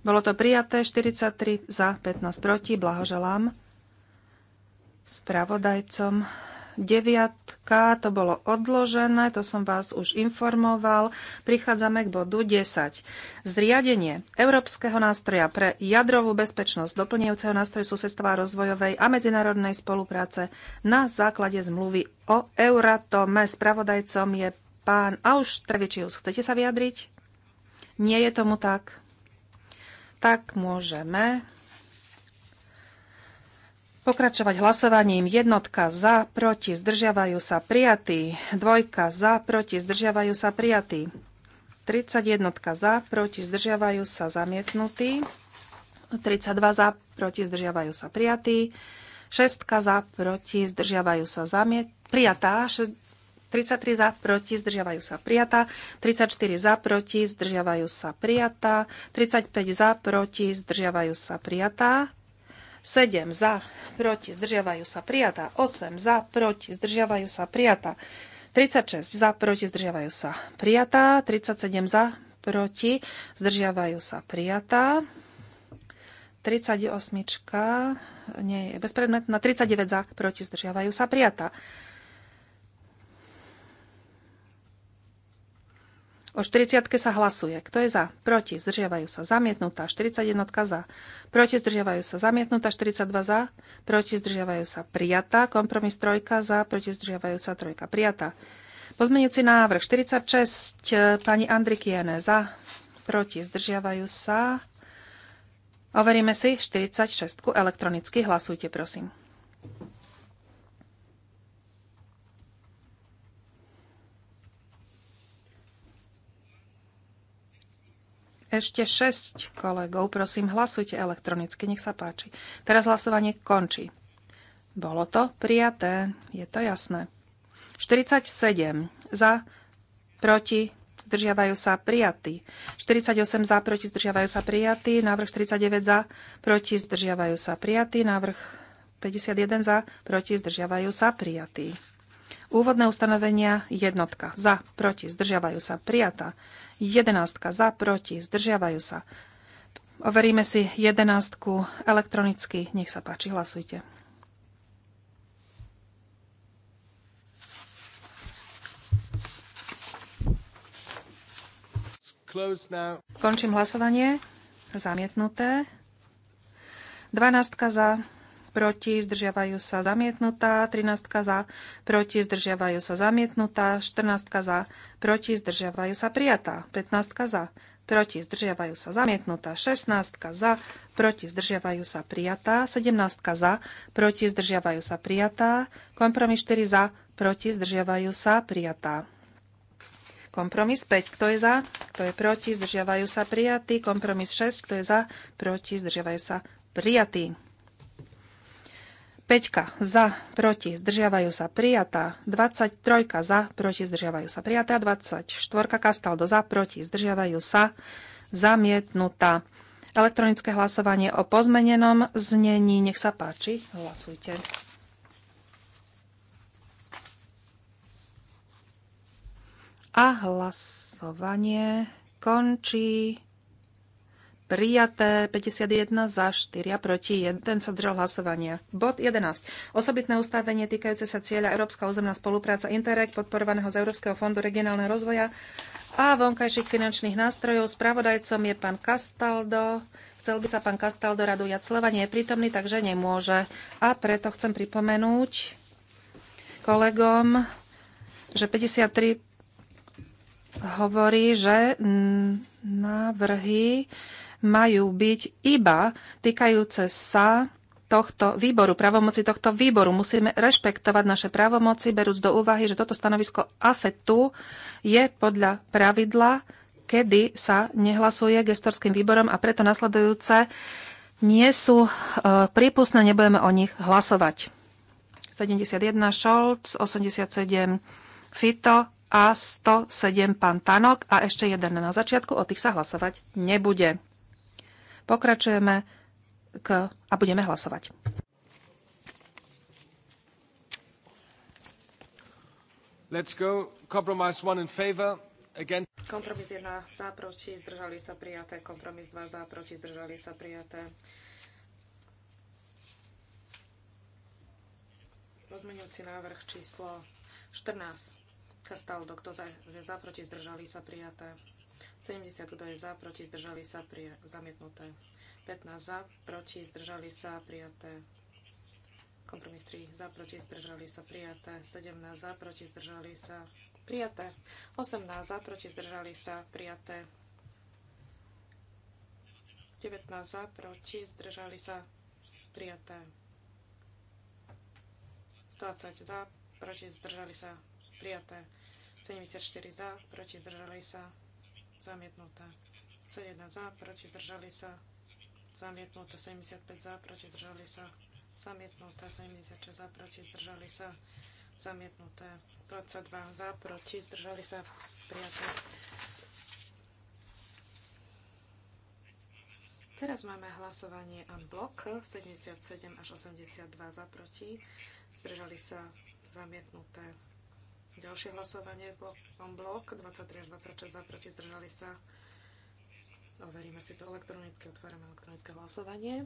Bolo to prijaté, 43 za, 15 proti. Blahoželám spravodajcom. Deviatka, to bolo odložené, to som vás už informoval. Prichádzame k bodu 10. Zriadenie Európskeho nástroja pre jadrovú bezpečnosť, doplňujúceho nástroj susedstva rozvojovej a medzinárodnej spolupráce na základe zmluvy o Euratome. Spravodajcom je pán Auštrevičius. Chcete sa vyjadriť? Nie je tomu tak. Tak môžeme Pokračovať hlasovaním. Jednotka za, proti, zdržiavajú sa prijatí. Dvojka za, proti, zdržiavajú sa prijatí. 31 za, proti, zdržiavajú sa zamietnutí. 32 za, proti, zdržiavajú sa prijatí. 6 za, proti, zdržiavajú sa zamiet... prijatá. 33 za, proti, zdržiavajú sa prijatá. 34 za, proti, zdržiavajú sa prijatá. 35 za, proti, zdržiavajú sa prijatá. 7 za, proti, zdržiavajú sa prijatá. 8 za, proti, zdržiavajú sa prijatá. 36 za, proti, zdržiavajú sa prijatá. 37 za, proti, zdržiavajú sa prijatá. 38 nie je bezpredmetná. 39 za, proti, zdržiavajú sa prijatá. O 40 sa hlasuje. Kto je za? Proti. Zdržiavajú sa. Zamietnutá. 41 za. Proti. Zdržiavajú sa. Zamietnutá. 42 za. Proti. Zdržiavajú sa. Prijatá. Kompromis trojka za. Proti. Zdržiavajú sa. Trojka. prijatá. Pozmeňujúci návrh 46. Pani Andrikiene za. Proti. Zdržiavajú sa. Overíme si 46. Elektronicky hlasujte, prosím. Ešte 6 kolegov, prosím, hlasujte elektronicky, nech sa páči. Teraz hlasovanie končí. Bolo to prijaté, je to jasné. 47 za, proti, zdržiavajú sa prijatí. 48 za, proti, zdržiavajú sa prijatí. Návrh 49 za, proti, zdržiavajú sa prijatí. Návrh 51 za, proti, zdržiavajú sa prijatí. Úvodné ustanovenia jednotka. Za, proti, zdržiavajú sa, prijatá. Jedenástka za, proti, zdržiavajú sa. Overíme si jedenástku elektronicky. Nech sa páči, hlasujte. Končím hlasovanie. Zamietnuté. Dvanástka za, proti, zdržiavajú sa zamietnutá, 13 za, proti, zdržiavajú sa zamietnutá, 14 za, proti, zdržiavajú sa prijatá, 15 za, proti, zdržiavajú sa zamietnutá, 16 za, proti, zdržiavajú sa prijatá, 17 za, proti, zdržiavajú sa prijatá, kompromis 4 za, proti, zdržiavajú sa prijatá. Kompromis 5. Kto je za? Kto je proti? Zdržiavajú sa prijatí. Kompromis 6. Kto je za? Proti? Zdržiavajú sa prijatí. 5 za, proti, zdržiavajú sa prijatá. 23 za, proti, zdržiavajú sa prijatá. 24 kastal do za, proti, zdržiavajú sa zamietnutá. Elektronické hlasovanie o pozmenenom znení. Nech sa páči, hlasujte. A hlasovanie končí prijaté 51 za 4 proti 1 sa držal hlasovania. Bod 11. Osobitné ustavenie týkajúce sa cieľa Európska územná spolupráca Interreg podporovaného z Európskeho fondu regionálneho rozvoja a vonkajších finančných nástrojov. Spravodajcom je pán Castaldo. Chcel by sa pán Castaldo radujať slova, nie je prítomný, takže nemôže. A preto chcem pripomenúť kolegom, že 53 hovorí, že návrhy majú byť iba týkajúce sa tohto výboru, pravomoci tohto výboru. Musíme rešpektovať naše pravomoci berúc do úvahy, že toto stanovisko AFETu je podľa pravidla, kedy sa nehlasuje gestorským výborom a preto nasledujúce nie sú e, prípustné, nebudeme o nich hlasovať. 71 Scholz, 87 Fito a 107 pán Tanok a ešte jeden na začiatku, o tých sa hlasovať nebude. Pokračujeme k, a budeme hlasovať. Let's go. Compromise one in favor. Again. Kompromis 1 za, proti, zdržali sa prijaté. Kompromis 2 za, proti, zdržali sa prijaté. Pozmeňujúci návrh číslo 14. Kastaldo, kto je za, proti, zdržali sa prijaté. 70, kto je za, proti, zdržali sa, prija- zamietnuté. 15 za, proti, zdržali sa, prijaté. Kompromis 3 za, proti, zdržali sa, prijaté. 17 za, proti, zdržali sa, prijaté. 18 za, proti, zdržali sa, prijaté. 19 za, proti, zdržali sa, prijaté. 20 za, proti, zdržali sa, prijaté. 74 za, proti, zdržali sa, prijaté zamietnuté. C1 za, proti zdržali sa, Zamietnutá 75 za, proti zdržali sa, Zamietnutá 76 za, proti zdržali sa, zamietnuté. 22 za, proti zdržali sa, prijaté. Teraz máme hlasovanie en blok 77 až 82 za proti. Zdržali sa zamietnuté Ďalšie hlasovanie blokom blok 23 až 26 za proti zdržali sa. Overíme si to elektronicky, otvárame elektronické hlasovanie.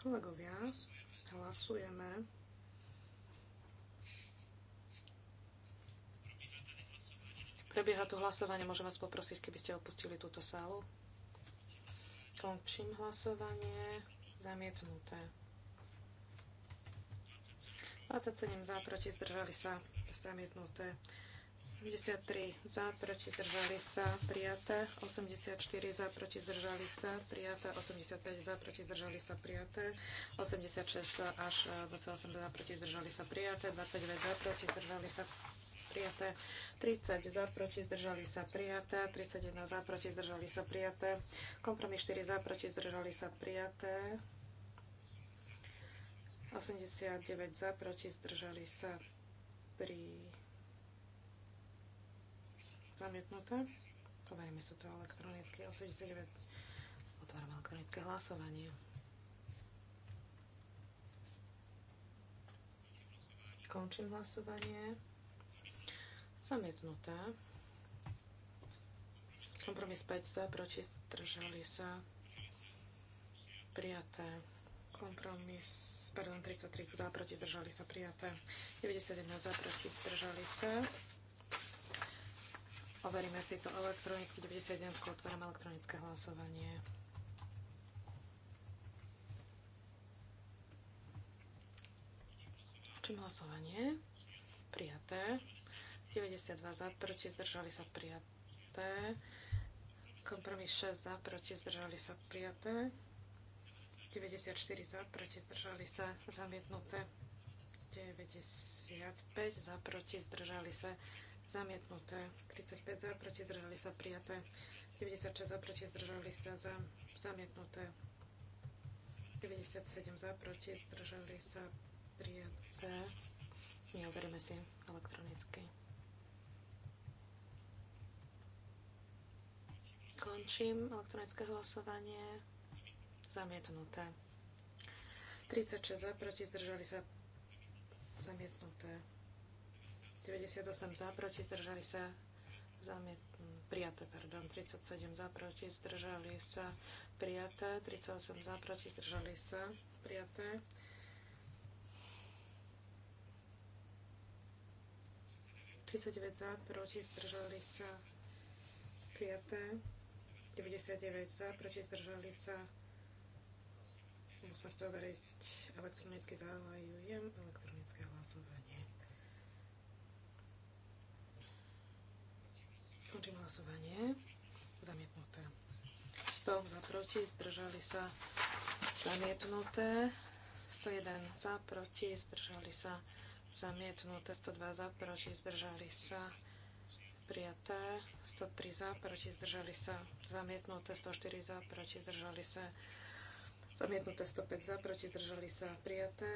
Kolegovia, hlasujeme. Prebieha tu hlasovanie, môžem vás poprosiť, keby ste opustili túto sálu. Končím hlasovanie. Zamietnuté. 27 za, proti zdržali sa zamietnuté. 73 za, proti zdržali sa, prijaté. 84 za, proti zdržali sa, prijaté. 85 za, proti zdržali sa, prijaté. 86 za, až 28 e, za, proti zdržali sa, prijaté. 29 za, proti zdržali sa, prijaté. 30 za, proti zdržali sa, prijaté. 31 za, proti zdržali sa, prijaté. Kompromis 4 za, proti zdržali sa, prijaté. 89 za, proti zdržali sa pri zamietnuté. Overíme sa to elektronicky. 89 otváram elektronické hlasovanie. Končím hlasovanie. Zamietnuté. Kompromis 5 za, proti zdržali sa prijaté. Kompromis, pardon, 33 za, proti, zdržali sa, prijaté. 91 za, proti, zdržali sa. Overíme si to elektronicky. 91 otváram elektronické hlasovanie. Čím hlasovanie? Prijaté. 92 za, proti, zdržali sa, prijaté. Kompromis 6 za, proti, zdržali sa, prijaté. 94 za, proti zdržali sa, zamietnuté. 95 za, proti zdržali sa, zamietnuté. 35 za, proti zdržali sa, prijaté. 96 za, proti zdržali sa, za, zamietnuté. 97 za, proti zdržali sa, prijaté. Neoverime si elektronicky. Končím elektronické hlasovanie. Zamietnuté. 36 za, proti, zdržali sa. Zamietnuté. 98 za, proti, zdržali sa. Zamietnuté prijaté, pardon, 37 za, proti, zdržali sa, prijaté, 38 za, proti, zdržali sa, prijaté. za, proti, zdržali sa, prijaté. 99 za, proti, zdržali sa, prijaté. Musíme si to overiť. Elektronicky zahajujem elektronické hlasovanie. Končím hlasovanie. Zamietnuté. 100 za proti, zdržali sa zamietnuté. 101 za proti, zdržali sa zamietnuté. 102 za proti, zdržali sa prijaté. 103 za proti, zdržali sa zamietnuté. 104 za proti, zdržali sa zamietnuté Zamietnuté 105 za, proti zdržali sa prijaté.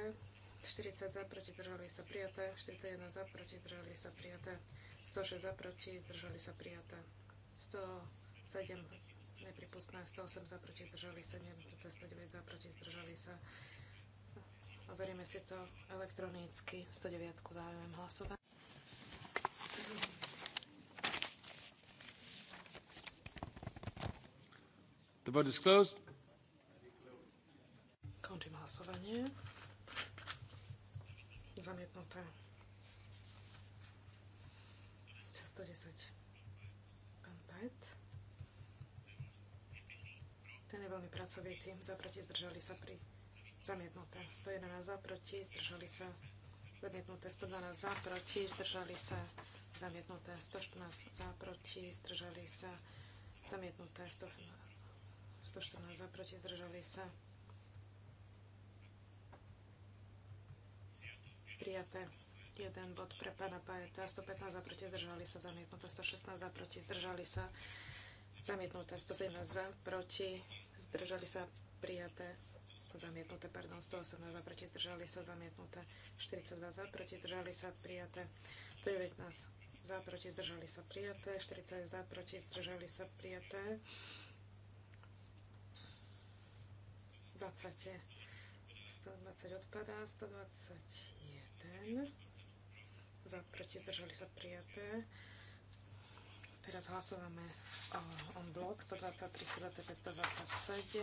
40 za, proti zdržali sa prijaté. 41 za, proti zdržali sa prijaté. 106 za, proti zdržali sa prijaté. 107 nepripustné, 108 za, proti zdržali sa, nepripustné, 109 za, proti zdržali sa. Overíme si to elektronicky. 109 záujem hlasovať. The vote is closed hlasovanie. Zamietnuté. 110. Pán Pet. Ten je veľmi pracovitý. Za proti zdržali sa pri zamietnuté. 111 za proti zdržali sa zamietnuté. 112 za proti zdržali sa zamietnuté. 114 za proti zdržali sa zamietnuté. 114 za proti zdržali sa zamietnuté. prijaté. 1 bod pre pána Pajeta, 115 za proti, zdržali sa zamietnuté, 116 za proti, zdržali sa zamietnuté, 117 za proti, zdržali sa prijaté, zamietnuté, pardon, 118 za proti, zdržali sa zamietnuté, 42 za proti, zdržali sa prijaté, 119 za proti, zdržali sa prijaté, 40 za proti, zdržali sa prijaté, 20 120 odpadá, 120 za proti zdržali sa prijaté. Teraz hlasujeme uh, on blok 123, 125, 127,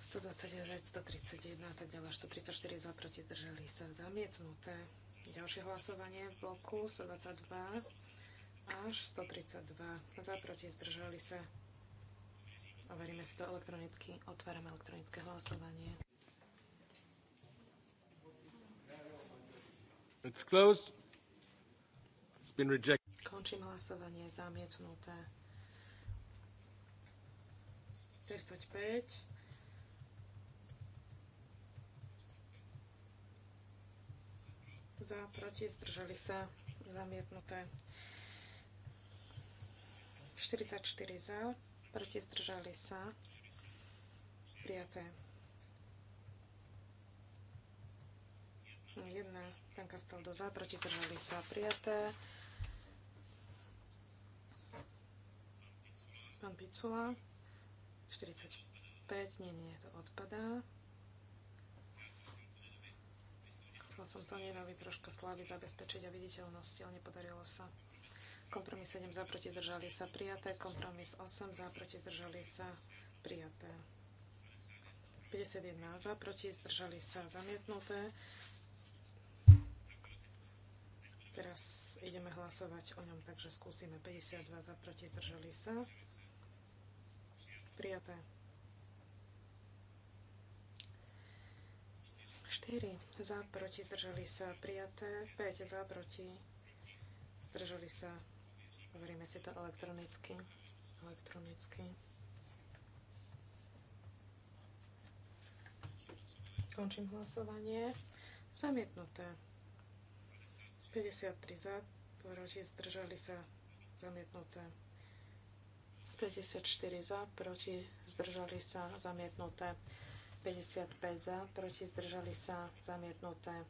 129, 131 a tak ďalej. 134 za proti zdržali sa zamietnuté. Ďalšie hlasovanie v bloku 122 až 132. Za proti zdržali sa. Overíme si to elektronicky. Otváram elektronické hlasovanie. It's closed. It's been rejected. Končím hlasovanie zamietnuté. 35. Za, proti, zdržali sa, zamietnuté. 44 za, proti, zdržali sa, prijaté. 1. Pán Kastaldo za, proti zdržali sa prijaté. Pán Picula 45, nie, nie, to odpadá. Chcela som to Ninovi troška slavy zabezpečiť a viditeľnosti, ale nepodarilo sa. Kompromis 7 za, proti zdržali sa prijaté. Kompromis 8 za, proti zdržali sa prijaté. 51 za, proti zdržali sa zamietnuté. Teraz ideme hlasovať o ňom, takže skúsime 52 za, proti, zdržali sa. Prijaté. 4 za, proti, zdržali sa. Prijaté. 5 za, proti, zdržali sa. Overíme si to elektronicky. Elektronicky. Končím hlasovanie. Zamietnuté. 53 za, proti zdržali sa zamietnuté. 54 za, proti zdržali sa zamietnuté. 55 za, proti zdržali sa zamietnuté.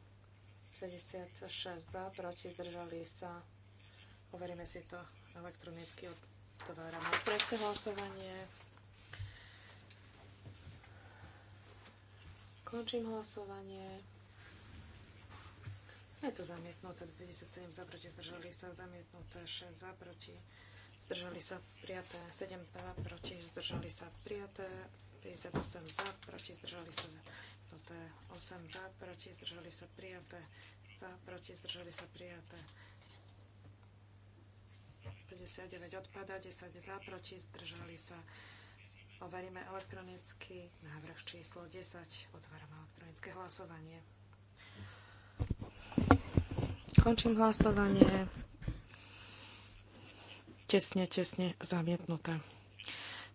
56 za, proti zdržali sa. Overíme si to elektronicky otváram elektronické hlasovanie. Končím hlasovanie. Je to zamietnuté 57 za proti, zdržali sa, zamietnuté 6 za proti, zdržali sa prijaté 7 za proti, zdržali sa prijaté 58 za proti, zdržali sa zamietnuté 8 za proti, zdržali sa prijaté za proti, zdržali sa prijaté 59 odpada, 10 za proti, zdržali sa Overíme elektronicky návrh číslo 10. Otváram elektronické hlasovanie. Končím hlasovanie. Tesne, tesne zamietnuté.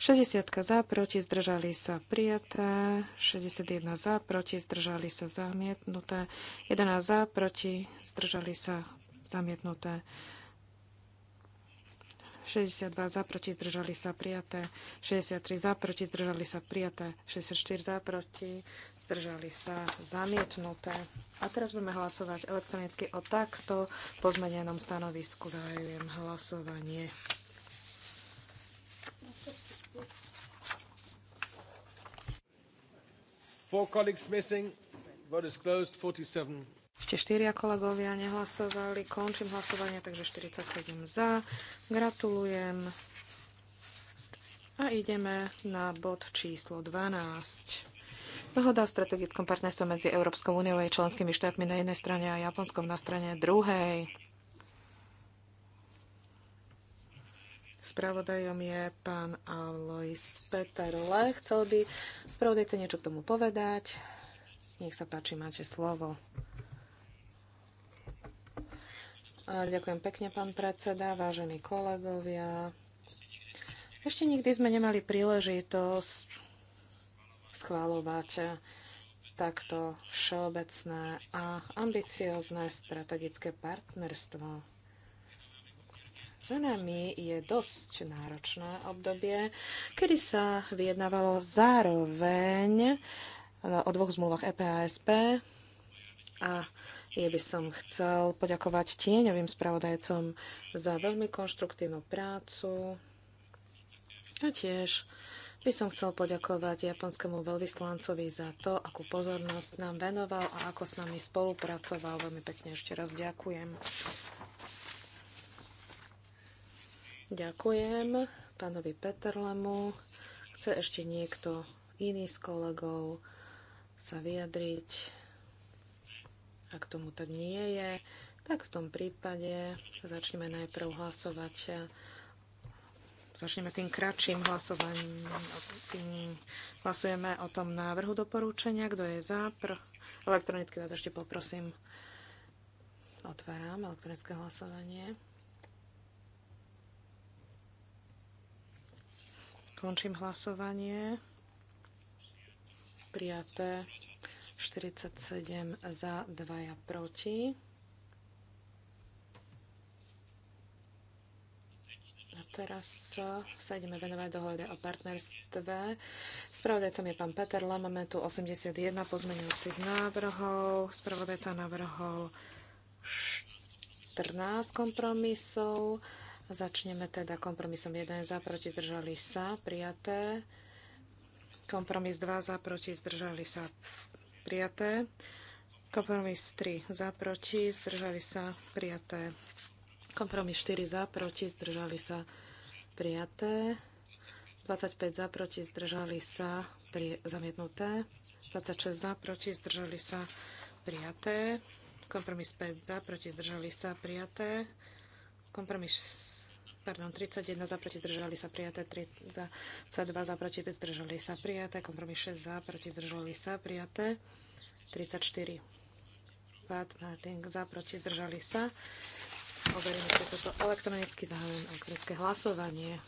60 za, proti, zdržali sa prijaté. 61 za, proti, zdržali sa zamietnuté. 11 za, proti, zdržali sa zamietnuté. 62 za, proti, zdržali sa prijaté. 63 za, proti, zdržali sa prijaté. 64 za, proti, zdržali sa, zamietnuté. A teraz budeme hlasovať elektronicky o takto pozmenenom stanovisku. Zahajujem hlasovanie. Four colleagues missing. Vote is closed. 47. Ešte štyria kolegovia nehlasovali. Končím hlasovanie, takže 47 za. Gratulujem. A ideme na bod číslo 12. Dohoda o strategickom partnerstve medzi Európskou úniou a členskými štátmi na jednej strane a Japonskom na strane druhej. Spravodajom je pán Alois Peterle. Chcel by spravodajce niečo k tomu povedať. Nech sa páči, máte slovo. A ďakujem pekne, pán predseda, vážení kolegovia. Ešte nikdy sme nemali príležitosť schváľovať takto všeobecné a ambiciozne strategické partnerstvo. Za nami je dosť náročné obdobie, kedy sa vyjednávalo zároveň o dvoch zmluvách EPASP a ja by som chcel poďakovať tieňovým spravodajcom za veľmi konštruktívnu prácu a tiež by som chcel poďakovať japonskému veľvyslancovi za to, akú pozornosť nám venoval a ako s nami spolupracoval. Veľmi pekne ešte raz ďakujem. Ďakujem pánovi Peterlemu. Chce ešte niekto iný z kolegov sa vyjadriť? Ak tomu tak nie je, tak v tom prípade začneme najprv hlasovať Začneme tým kratším hlasovaním. Tým hlasujeme o tom návrhu doporúčania. Kto je za? elektronicky vás ešte poprosím. Otváram elektronické hlasovanie. Končím hlasovanie. Prijaté 47 za, 2 proti. Teraz sa ideme venovať dohode o partnerstve. Spravodajcom je pán Peter Lama, Máme tu 81 pozmeňujúcich návrhov. Spravodajca navrhol 14 kompromisov. Začneme teda kompromisom 1 za, proti zdržali sa, prijaté. Kompromis 2 za, proti zdržali sa, prijaté. Kompromis 3 za, proti zdržali sa, prijaté. Kompromis 4 za, proti, zdržali sa prijaté. 25 za, proti, zdržali sa pri, zamietnuté. 26 za, proti, zdržali sa prijaté. Kompromis 5 za, proti, zdržali sa prijaté. Kompromis pardon, 31 za, proti, zdržali sa prijaté. 32 za, proti, zdržali sa prijaté. Kompromis 6 za, proti, zdržali sa prijaté. 34 Pat Martin za, proti, zdržali sa Overíme si toto elektronicky zahájené elektronické hlasovanie.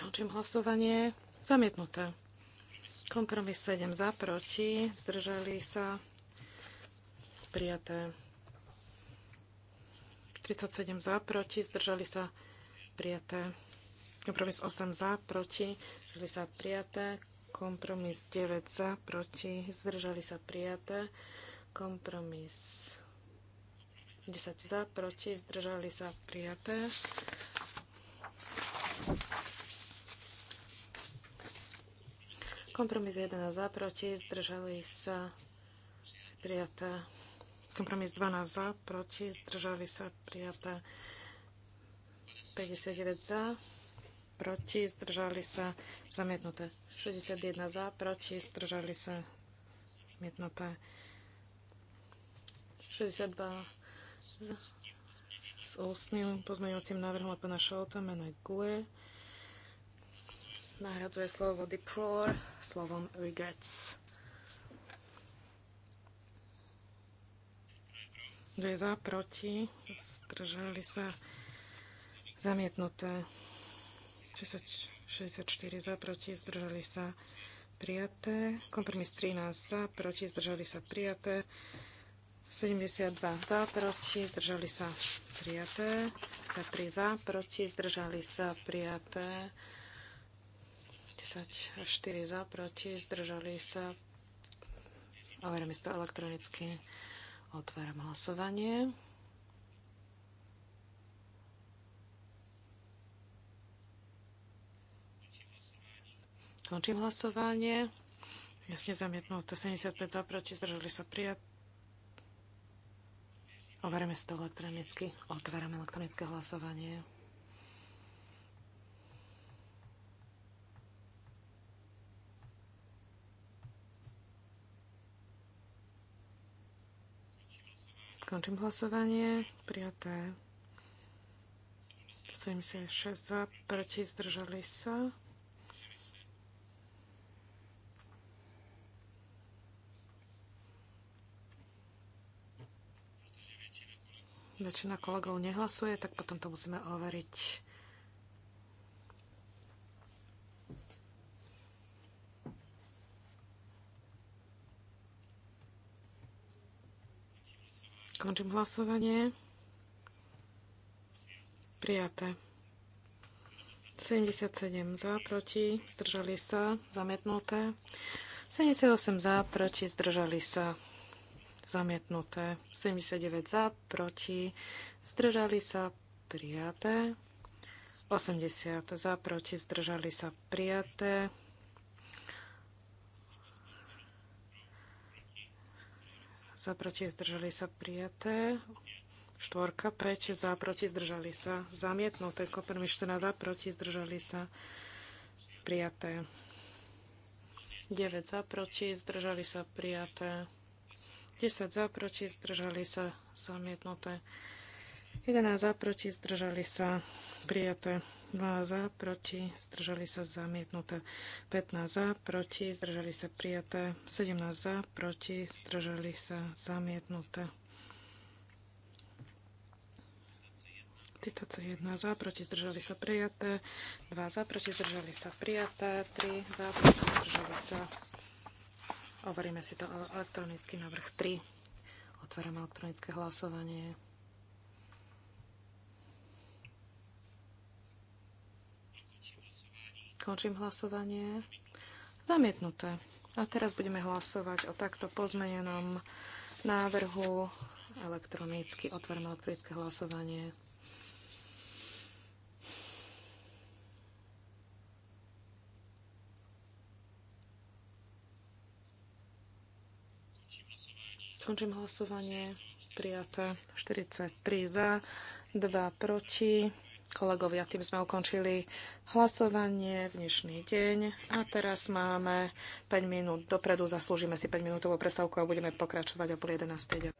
Končím hlasovanie. Zamietnuté. Kompromis 7 za, proti. Zdržali sa. Prijaté. 37 za, proti. Zdržali sa. Prijaté. Kompromis 8 za, proti zdržali sa prijaté. Kompromis 9 za, proti, zdržali sa prijaté. Kompromis 10 za, proti, zdržali sa prijaté. Kompromis 11 za, proti, zdržali sa prijaté. Kompromis 12 za, proti, zdržali sa prijaté. 59 za, proti, zdržali sa, zamietnuté. 61 za, proti, zdržali sa, zamietnuté. 62 za, s ústnym pozmeňujúcim návrhom od pána Šolta, mena GUE. Nahradzuje slovo deplore slovom regrets. Dve za, proti, zdržali sa, zamietnuté. 64 za, proti, zdržali sa prijaté. Kompromis 13 za, proti, zdržali sa prijaté. 72 za, proti, zdržali sa prijaté. 3 za, proti, zdržali sa prijaté. 4 za, proti, zdržali sa. Overíme si to elektronicky. Otváram hlasovanie. Končím hlasovanie. Jasne zamietnuté. 75 za, proti, zdržali sa prijat. Overíme si to elektronicky. Otváram elektronické hlasovanie. Končím hlasovanie. Prijaté. 76 za, proti, zdržali sa. väčšina kolegov nehlasuje, tak potom to musíme overiť. Končím hlasovanie. Prijaté. 77 za, proti, zdržali sa, zamietnuté. 78 za, proti, zdržali sa, zamietnuté. 79 za, proti, zdržali sa, prijaté. 80 za, proti, zdržali sa, prijaté. Za, proti, zdržali sa, prijaté. Štvorka, 5 za, proti, zdržali sa, zamietnuté. Kopermi 14 za, proti, zdržali sa, prijaté. 9 za, proti, zdržali sa, prijaté. 10 za, proti, zdržali sa, zamietnuté. 11 za, proti, zdržali sa, prijaté. 2 za, proti, zdržali sa, zamietnuté. 15 za, proti, zdržali sa, prijaté. 17 za, proti, zdržali sa, zamietnuté. Citace 1 za, proti, zdržali sa, prijaté. 2 za, proti, zdržali sa, prijaté. 3 za, proti, zdržali sa, Overíme si to elektronicky na vrch 3. Otváram elektronické hlasovanie. Končím hlasovanie. Zamietnuté. A teraz budeme hlasovať o takto pozmenenom návrhu elektronicky. Otvorím elektronické hlasovanie. Končím hlasovanie. Prijaté 43 za, 2 proti. Kolegovia, tým sme ukončili hlasovanie v dnešný deň a teraz máme 5 minút dopredu, zaslúžime si 5 minútovú predstavku a budeme pokračovať o pol 11.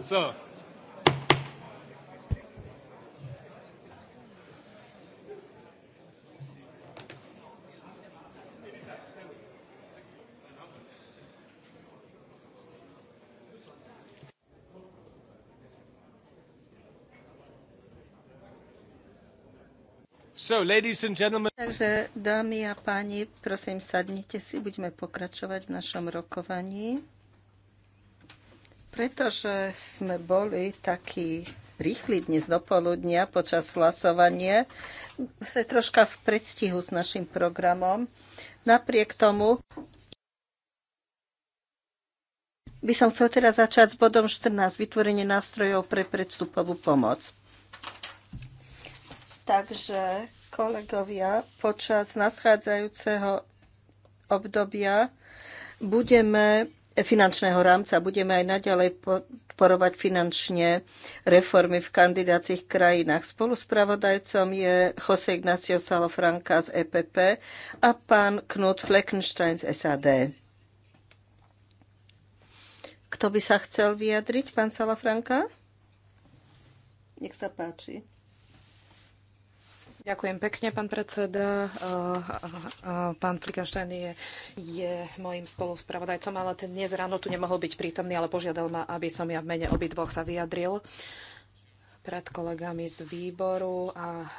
So. So, ladies and gentlemen. Takže dámy a páni, prosím, sadnite si, budeme pokračovať v našom rokovaní. Pretože sme boli takí rýchli dnes do poludnia počas hlasovania, sme troška v predstihu s našim programom. Napriek tomu by som chcel teraz začať s bodom 14, vytvorenie nástrojov pre predstupovú pomoc. Takže, kolegovia, počas naschádzajúceho obdobia budeme finančného rámca budeme aj naďalej podporovať finančne reformy v kandidátskych krajinách. Spoluspravodajcom je Jose Ignacio Salofranca z EPP a pán Knut Fleckenstein z SAD. Kto by sa chcel vyjadriť, pán Salafranka? Nech sa páči. Ďakujem pekne, pán predseda. Eh, eh, eh, pán Flikenštajn je, je mojim spoluspravodajcom, ale ten dnes ráno tu nemohol byť prítomný, ale požiadal ma, aby som ja v mene obidvoch sa vyjadril pred kolegami z výboru a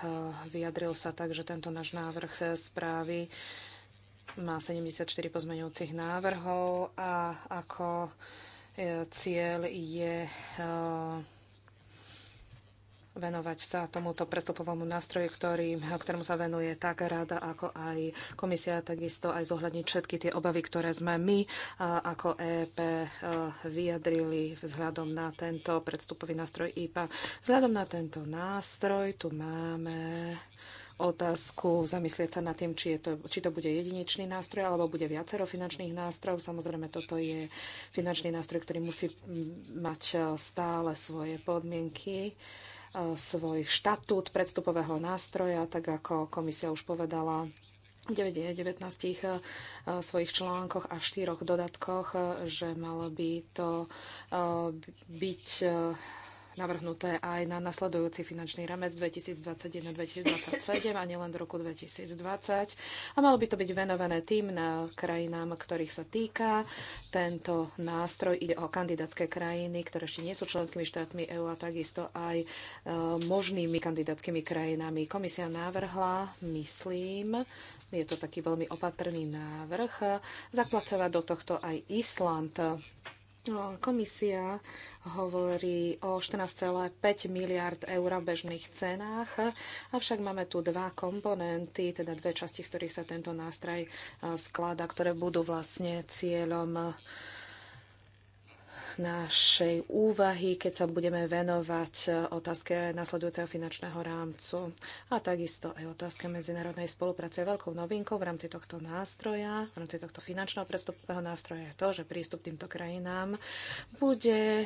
vyjadril sa tak, že tento náš návrh správy má 74 pozmeňujúcich návrhov a ako cieľ je venovať sa tomuto prestupovému nástroju, ktorý, ktorému sa venuje tak rada, ako aj komisia, takisto aj zohľadniť všetky tie obavy, ktoré sme my ako EP vyjadrili vzhľadom na tento predstupový nástroj IPA. Vzhľadom na tento nástroj tu máme otázku, zamyslieť sa nad tým, či, je to, či to bude jedinečný nástroj alebo bude viacero finančných nástrojov. Samozrejme, toto je finančný nástroj, ktorý musí mať e, stále svoje podmienky svoj štatút predstupového nástroja, tak ako komisia už povedala, v 19 eh, svojich článkoch a v štyroch dodatkoch, eh, že malo by to eh, byť navrhnuté aj na nasledujúci finančný ramec 2021-2027 a nielen do roku 2020. A malo by to byť venované tým na krajinám, ktorých sa týka. Tento nástroj ide o kandidátske krajiny, ktoré ešte nie sú členskými štátmi EÚ a takisto aj e, možnými kandidátskymi krajinami. Komisia navrhla, myslím, je to taký veľmi opatrný návrh, zaplacovať do tohto aj Island No, komisia hovorí o 14,5 miliard eur v bežných cenách, avšak máme tu dva komponenty, teda dve časti, z ktorých sa tento nástroj eh, skladá, ktoré budú vlastne cieľom našej úvahy, keď sa budeme venovať e, otázke nasledujúceho finančného rámcu a takisto aj otázke medzinárodnej spolupráce. Veľkou novinkou v rámci tohto nástroja, v rámci tohto finančného prestupového nástroja je to, že prístup týmto krajinám bude e,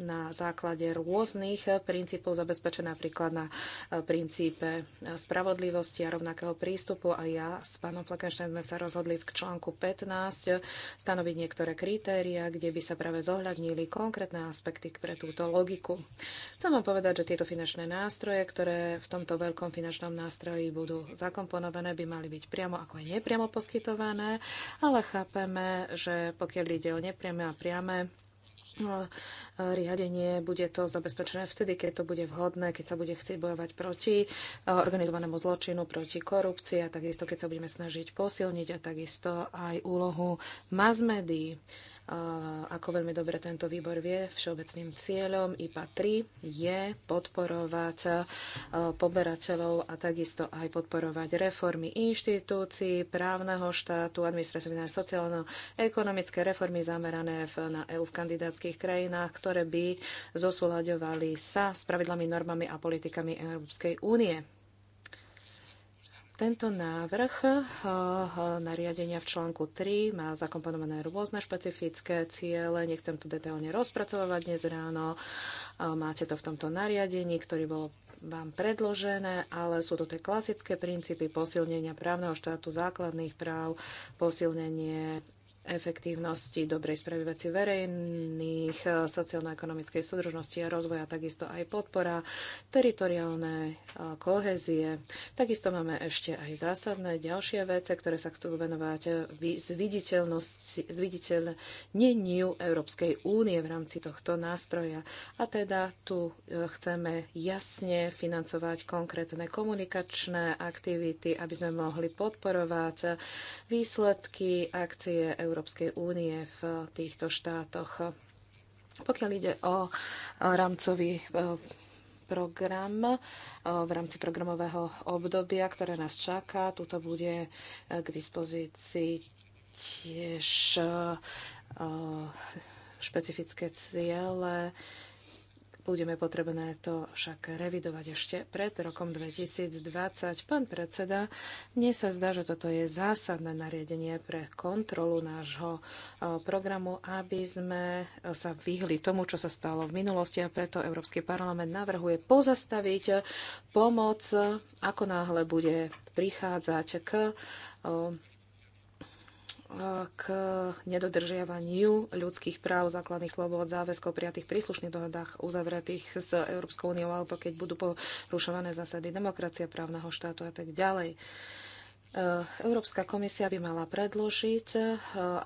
na základe rôznych princípov zabezpečená napríklad na e, princípe spravodlivosti a rovnakého prístupu a ja s pánom Flakenštejnom sme sa rozhodli v článku 15 stanoviť niektoré kritéria, kde by sa práve zo zohľadnili konkrétne aspekty pre túto logiku. Chcem vám povedať, že tieto finančné nástroje, ktoré v tomto veľkom finančnom nástroji budú zakomponované, by mali byť priamo ako aj nepriamo poskytované, ale chápeme, že pokiaľ ide o nepriame a priame riadenie, bude to zabezpečené vtedy, keď to bude vhodné, keď sa bude chcieť bojovať proti organizovanému zločinu, proti korupcii a takisto, keď sa budeme snažiť posilniť a takisto aj úlohu mass médií. Ako veľmi dobre tento výbor vie, všeobecným cieľom IPA 3 je podporovať poberateľov a takisto aj podporovať reformy inštitúcií, právneho štátu, administratívne a sociálno-ekonomické reformy zamerané na EU v kandidátskych krajinách, ktoré by zosúľaďovali sa s pravidlami, normami a politikami Európskej únie. Tento návrh eh, nariadenia v článku 3 má zakomponované rôzne špecifické ciele. Nechcem to detailne rozpracovať dnes ráno. Eh, máte to v tomto nariadení, ktorý bol vám predložené, ale sú to tie klasické princípy posilnenia právneho štátu, základných práv, posilnenie efektívnosti dobrej správy veci verejných, eh, sociálno-ekonomickej súdržnosti a rozvoja, takisto aj podpora teritoriálne eh, kohezie. Takisto máme ešte aj zásadné ďalšie vece, ktoré sa chcú venovať eh, zviditeľneniu Európskej únie v rámci tohto nástroja. A teda tu chceme jasne financovať konkrétne komunikačné aktivity, aby sme mohli podporovať výsledky akcie Európskej Európskej únie v týchto štátoch. Pokiaľ ide o rámcový e, program e, v rámci programového obdobia, ktoré nás čaká, tuto bude e, k dispozícii tiež špecifické ciele Budeme potrebné to však revidovať ešte pred rokom 2020. Pán predseda, mne sa zdá, že toto je zásadné nariadenie pre kontrolu nášho e, programu, aby sme e, sa vyhli tomu, čo sa stalo v minulosti a preto Európsky parlament navrhuje pozastaviť pomoc, ako náhle bude prichádzať k e, k nedodržiavaniu ľudských práv, základných slobod, záväzkov prijatých príslušných dohodách uzavretých s Európskou úniou, alebo keď budú porušované zásady demokracie, právneho štátu a tak ďalej. Eh, Európska komisia by mala predložiť eh,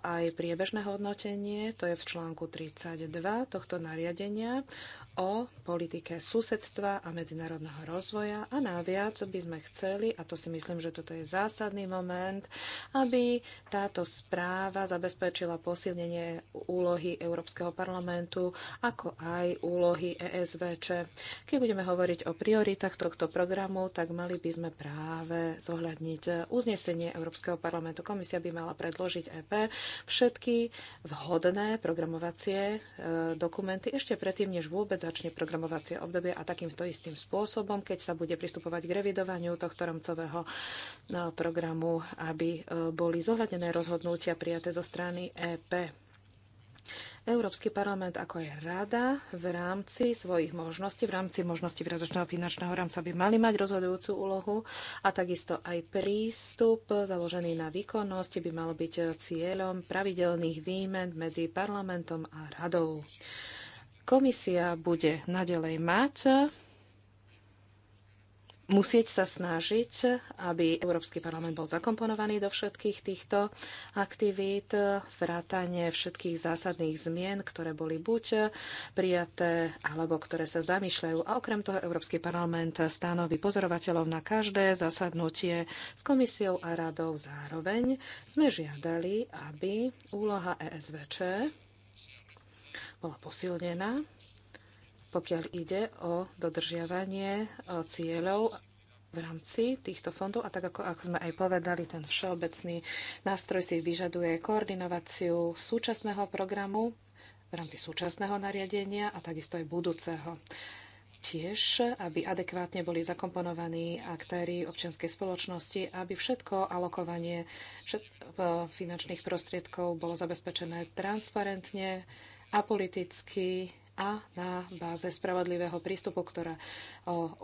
aj priebežné hodnotenie, to je v článku 32 tohto nariadenia o politike susedstva a medzinárodného rozvoja a naviac by sme chceli, a to si myslím, že toto je zásadný moment, aby táto správa zabezpečila posilnenie úlohy Európskeho parlamentu, ako aj úlohy ESVČ. Keď budeme hovoriť o prioritách tohto programu, tak mali by sme práve zohľadniť eh, uznesenie Európskeho parlamentu. Komisia by mala predložiť EP všetky vhodné programovacie e, dokumenty ešte predtým, než vôbec začne programovacie obdobie a takýmto istým spôsobom, keď sa bude pristupovať k revidovaniu tohto rámcového e, programu, aby e, boli zohľadené rozhodnutia prijaté zo strany EP. Európsky parlament ako je rada v rámci svojich možností, v rámci možnosti výrazočného finančného rámca by mali mať rozhodujúcu úlohu a takisto aj prístup založený na výkonnosti by mal byť cieľom pravidelných výmen medzi parlamentom a radou. Komisia bude nadalej mať musieť sa snažiť, aby Európsky parlament bol zakomponovaný do všetkých týchto aktivít, vrátane všetkých zásadných zmien, ktoré boli buď prijaté, alebo ktoré sa zamýšľajú. A okrem toho Európsky parlament stanoví pozorovateľov na každé zasadnutie s komisiou a radou. Zároveň sme žiadali, aby úloha ESVČ bola posilnená pokiaľ ide o dodržiavanie e, cieľov v rámci týchto fondov a tak ako, ako sme aj povedali, ten všeobecný nástroj si vyžaduje koordináciu súčasného programu v rámci súčasného nariadenia a takisto aj budúceho. Tiež, aby adekvátne boli zakomponovaní aktéry občianskej spoločnosti, aby všetko alokovanie všet, e, finančných prostriedkov bolo zabezpečené transparentne, a politicky a na báze spravodlivého prístupu, ktorá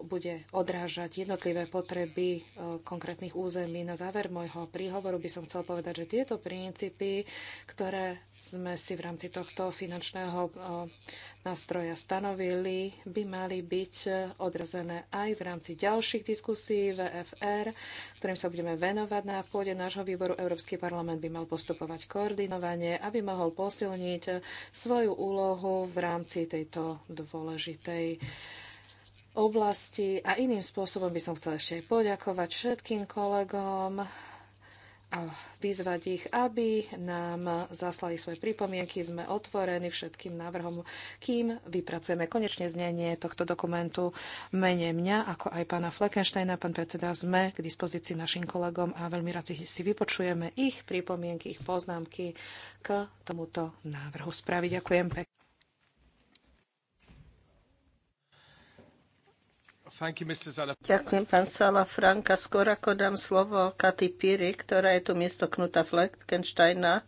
bude odrážať jednotlivé potreby konkrétnych území. Na záver môjho príhovoru by som chcel povedať, že tieto princípy, ktoré sme si v rámci tohto finančného nástroja stanovili, by mali byť odrazené aj v rámci ďalších diskusí VFR, ktorým sa budeme venovať na pôde nášho výboru. Európsky parlament by mal postupovať koordinovanie, aby mohol posilniť svoju úlohu v rámci tejto dôležitej oblasti. A iným spôsobom by som chcela ešte aj poďakovať všetkým kolegom, vyzvať ich, aby nám zaslali svoje pripomienky. Sme otvorení všetkým návrhom, kým vypracujeme konečne znenie tohto dokumentu. Mene mňa, ako aj pána Fleckensteina, pán predseda, sme k dispozícii našim kolegom a veľmi rád si vypočujeme ich pripomienky, ich poznámky k tomuto návrhu správy. Ďakujem pekne. Ďakujem, pán Sala Franka. Skôr ako dám slovo Katy Piri, ktorá je tu miesto Knuta Fleckensteina,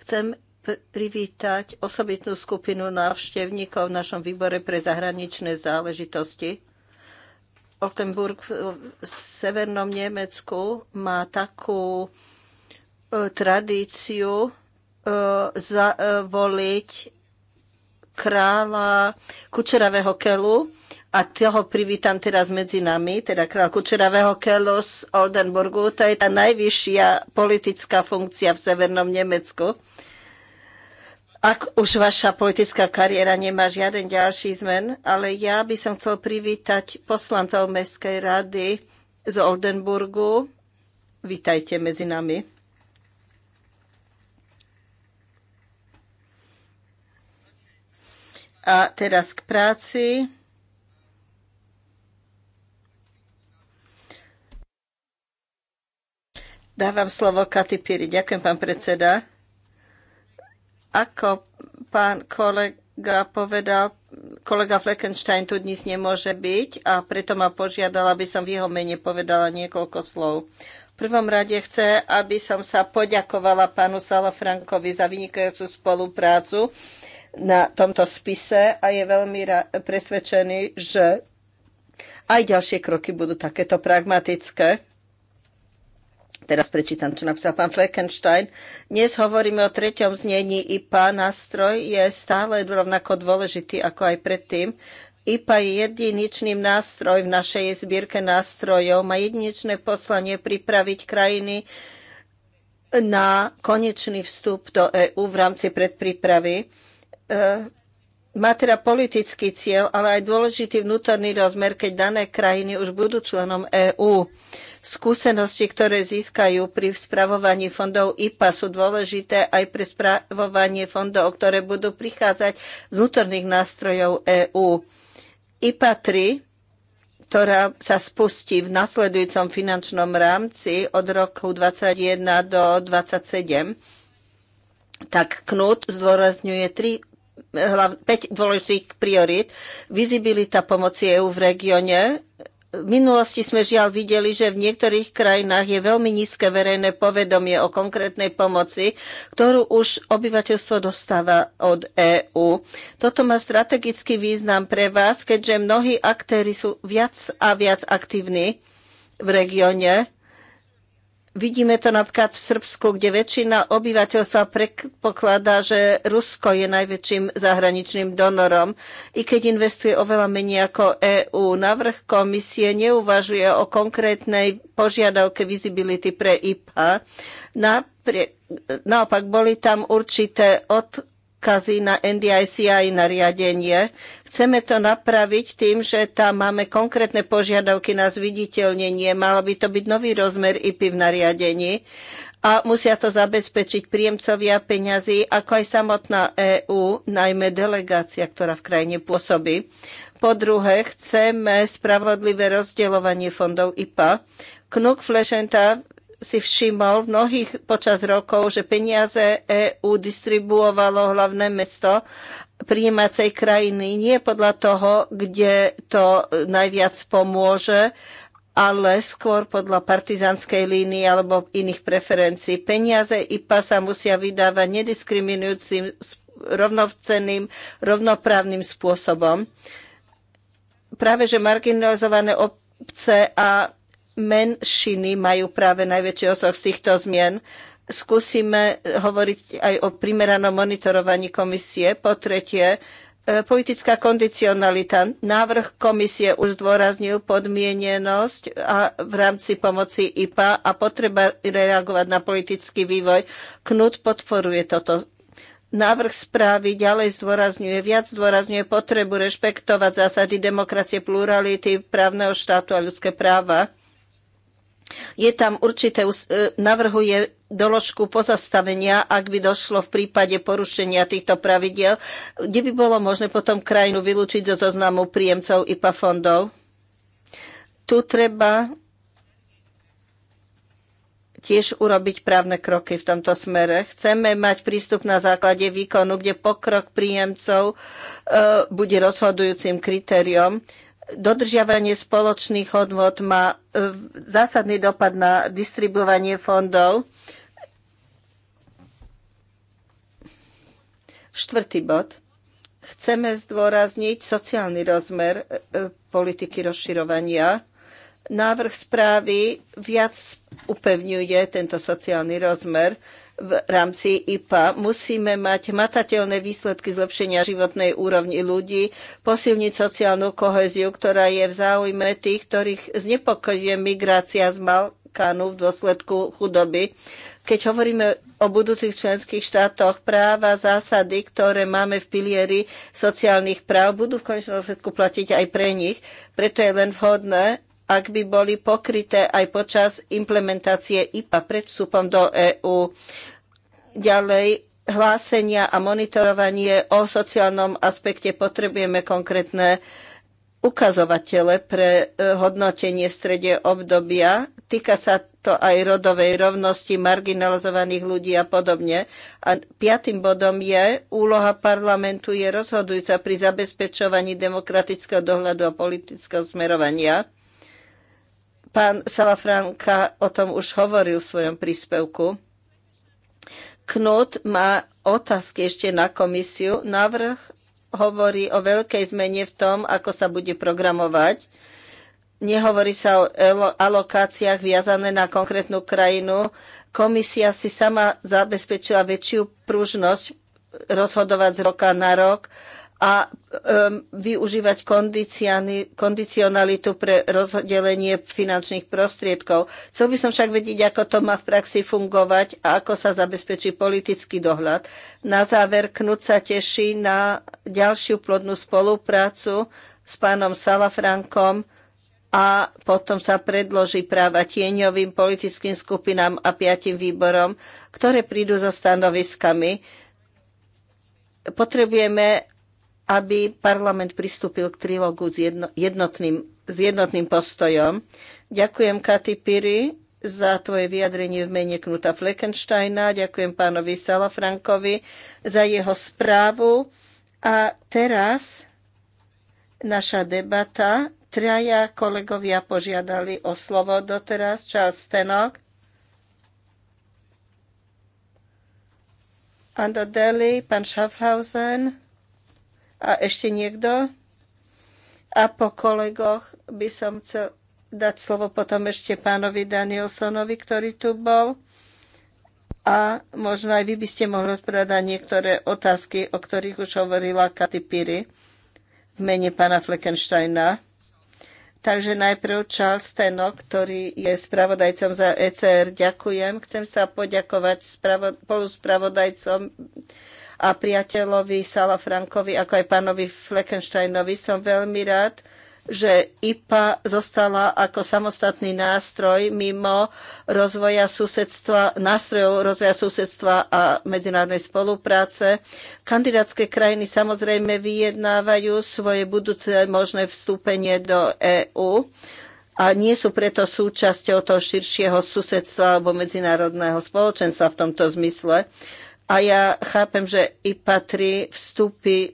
chcem privítať osobitnú skupinu návštevníkov v našom výbore pre zahraničné záležitosti. Oltenburg v severnom Nemecku má takú e, tradíciu e, zavoliť kráľa kučeravého kelu a toho privítam teraz medzi nami, teda kráľ Kučeravého Kelo z Oldenburgu. To je tá najvyššia politická funkcia v severnom Nemecku. Ak už vaša politická kariéra nemá žiaden ďalší zmen, ale ja by som chcel privítať poslancov Mestskej rady z Oldenburgu. Vítajte medzi nami. A teraz k práci. Dávam slovo Katy Piri. Ďakujem, pán predseda. Ako pán kolega povedal, kolega Fleckenstein tu dnes nemôže byť a preto ma požiadala, aby som v jeho mene povedala niekoľko slov. V prvom rade chce, aby som sa poďakovala pánu Salafrankovi za vynikajúcu spoluprácu na tomto spise a je veľmi presvedčený, že aj ďalšie kroky budú takéto pragmatické Teraz prečítam, čo napísal pán Fleckenstein. Dnes hovoríme o treťom znení IPA. Nástroj je stále rovnako dôležitý ako aj predtým. IPA je jedinečným nástroj v našej zbierke nástrojov. Má jedinečné poslanie pripraviť krajiny na konečný vstup do EÚ v rámci predprípravy. E má teda politický cieľ, ale aj dôležitý vnútorný rozmer, keď dané krajiny už budú členom EÚ. Skúsenosti, ktoré získajú pri spravovaní fondov IPA, sú dôležité aj pre spravovanie fondov, ktoré budú prichádzať z vnútorných nástrojov EÚ. IPA 3, ktorá sa spustí v nasledujúcom finančnom rámci od roku 2021 do 2027, tak Knut zdôrazňuje tri 5 dôležitých priorít. Vizibilita pomoci EÚ v regióne. V minulosti sme žiaľ videli, že v niektorých krajinách je veľmi nízke verejné povedomie o konkrétnej pomoci, ktorú už obyvateľstvo dostáva od EÚ. Toto má strategický význam pre vás, keďže mnohí aktéry sú viac a viac aktívni v regióne Vidíme to napríklad v Srbsku, kde väčšina obyvateľstva predpokladá, že Rusko je najväčším zahraničným donorom, i keď investuje oveľa menej ako EÚ. Navrh komisie neuvažuje o konkrétnej požiadavke visibility pre IPA. naopak boli tam určité odkazy na NDICI nariadenie, Chceme to napraviť tým, že tam máme konkrétne požiadavky na zviditeľnenie. Malo by to byť nový rozmer IPI v nariadení a musia to zabezpečiť príjemcovia peňazí, ako aj samotná EÚ, najmä delegácia, ktorá v krajine pôsobí. Po druhé, chceme spravodlivé rozdeľovanie fondov IPA. Knuk Flešenta si všimol v mnohých počas rokov, že peniaze EU distribuovalo hlavné mesto príjimacej krajiny nie podľa toho, kde to najviac pomôže, ale skôr podľa partizanskej línie alebo iných preferencií. Peniaze IPA sa musia vydávať nediskriminujúcim, rovnocenným, rovnoprávnym spôsobom. Práve že marginalizované obce a menšiny majú práve najväčší osoch z týchto zmien. Skúsime hovoriť aj o primeranom monitorovaní komisie. Po tretie, e, politická kondicionalita. Návrh komisie už zdôraznil podmienenosť a v rámci pomoci IPA a potreba reagovať na politický vývoj. Knut podporuje toto. Návrh správy ďalej zdôrazňuje, viac zdôrazňuje potrebu rešpektovať zásady demokracie, plurality, právneho štátu a ľudské práva je tam určité, e, navrhuje doložku pozastavenia, ak by došlo v prípade porušenia týchto pravidel, kde by bolo možné potom krajinu vylúčiť zo zoznamu príjemcov IPA fondov. Tu treba tiež urobiť právne kroky v tomto smere. Chceme mať prístup na základe výkonu, kde pokrok príjemcov e, bude rozhodujúcim kritériom dodržiavanie spoločných hodnot má e, zásadný dopad na distribuovanie fondov. Štvrtý bod. Chceme zdôrazniť sociálny rozmer e, politiky rozširovania. Návrh správy viac upevňuje tento sociálny rozmer v rámci IPA. Musíme mať matateľné výsledky zlepšenia životnej úrovni ľudí, posilniť sociálnu koheziu, ktorá je v záujme tých, ktorých znepokojuje migrácia z Balkánu v dôsledku chudoby. Keď hovoríme o budúcich členských štátoch, práva, zásady, ktoré máme v pilieri sociálnych práv, budú v konečnom dôsledku platiť aj pre nich. Preto je len vhodné, ak by boli pokryté aj počas implementácie IPA pred vstupom do EÚ. Ďalej, hlásenia a monitorovanie o sociálnom aspekte potrebujeme konkrétne ukazovatele pre e, hodnotenie v strede obdobia. Týka sa to aj rodovej rovnosti, marginalizovaných ľudí a podobne. A piatým bodom je, úloha parlamentu je rozhodujúca pri zabezpečovaní demokratického dohľadu a politického smerovania. Pán Salafranka o tom už hovoril v svojom príspevku. Knut má otázky ešte na komisiu. Návrh hovorí o veľkej zmene v tom, ako sa bude programovať. Nehovorí sa o alokáciách viazané na konkrétnu krajinu. Komisia si sama zabezpečila väčšiu pružnosť rozhodovať z roka na rok a um, využívať kondicionalitu pre rozdelenie finančných prostriedkov. Chcel by som však vedieť, ako to má v praxi fungovať a ako sa zabezpečí politický dohľad. Na záver Knut sa teší na ďalšiu plodnú spoluprácu s pánom Salafrankom a potom sa predloží práva tieňovým politickým skupinám a piatim výborom, ktoré prídu so stanoviskami potrebujeme aby parlament pristúpil k trilógu s, jedno, jednotným, s jednotným postojom. Ďakujem Katy Piri za tvoje vyjadrenie v mene Knuta Fleckensteina, ďakujem pánovi Salafrankovi za jeho správu. A teraz naša debata. Traja kolegovia požiadali o slovo doteraz. Charles Tenok, Ando Deli, pán Schaffhausen, a ešte niekto? A po kolegoch by som chcel dať slovo potom ešte pánovi Danielsonovi, ktorý tu bol. A možno aj vy by ste mohli odpovedať niektoré otázky, o ktorých už hovorila Katy Piri v mene pána Fleckensteina. Takže najprv Charles Steno, ktorý je spravodajcom za ECR. Ďakujem. Chcem sa poďakovať spravodajcom a priateľovi Salafrankovi, ako aj pánovi Fleckensteinovi. Som veľmi rád, že IPA zostala ako samostatný nástroj mimo rozvoja susedstva, nástrojov rozvoja susedstva a medzinárodnej spolupráce. Kandidátske krajiny samozrejme vyjednávajú svoje budúce možné vstúpenie do EÚ a nie sú preto súčasťou toho širšieho susedstva alebo medzinárodného spoločenstva v tomto zmysle. A ja chápem, že IPA 3 vstupy e,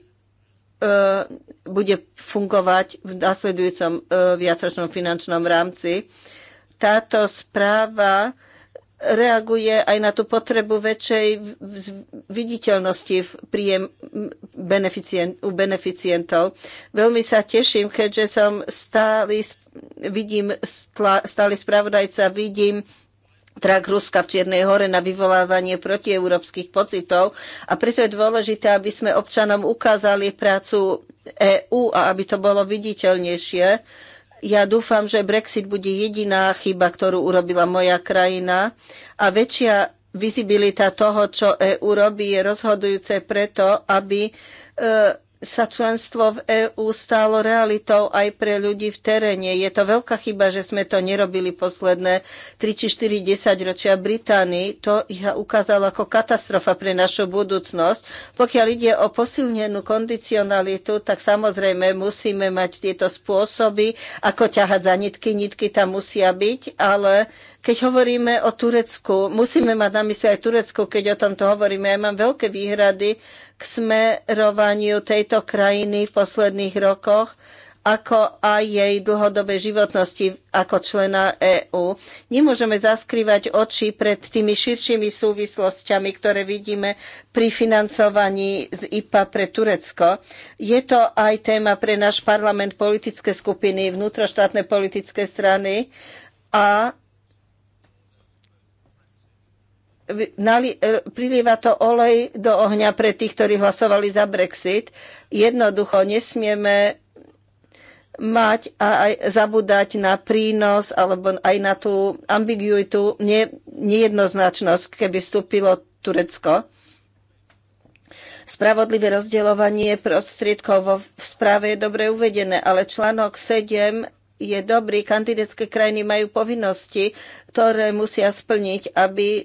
bude fungovať v nasledujúcom e, viacročnom finančnom rámci. Táto správa reaguje aj na tú potrebu väčšej viditeľnosti v príjem beneficient, u beneficientov. Veľmi sa teším, keďže som stály, vidím, stály spravodajca, vidím trak Ruska v Čiernej hore na vyvolávanie protieurópskych pocitov a preto je dôležité, aby sme občanom ukázali prácu EÚ a aby to bolo viditeľnejšie. Ja dúfam, že Brexit bude jediná chyba, ktorú urobila moja krajina a väčšia vizibilita toho, čo EÚ robí, je rozhodujúce preto, aby e, sa členstvo v EÚ stalo realitou aj pre ľudí v teréne. Je to veľká chyba, že sme to nerobili posledné 3 či 4 desaťročia Británii. To ja ukázalo ako katastrofa pre našu budúcnosť. Pokiaľ ide o posilnenú kondicionalitu, tak samozrejme musíme mať tieto spôsoby, ako ťahať za nitky. Nitky tam musia byť, ale keď hovoríme o Turecku, musíme mať na mysli aj Turecku, keď o tomto hovoríme. Ja mám veľké výhrady k smerovaniu tejto krajiny v posledných rokoch, ako aj jej dlhodobej životnosti ako člena EÚ. Nemôžeme zaskrývať oči pred tými širšími súvislostiami, ktoré vidíme pri financovaní z IPA pre Turecko. Je to aj téma pre náš parlament, politické skupiny, vnútroštátne politické strany a nali, e, prilieva to olej do ohňa pre tých, ktorí hlasovali za Brexit. Jednoducho nesmieme mať a aj zabúdať na prínos alebo aj na tú ambiguitu, nie, nejednoznačnosť, keby vstúpilo Turecko. Spravodlivé rozdeľovanie prostriedkov vo, v správe je dobre uvedené, ale článok 7 je dobrý, kandidátske krajiny majú povinnosti, ktoré musia splniť, aby e,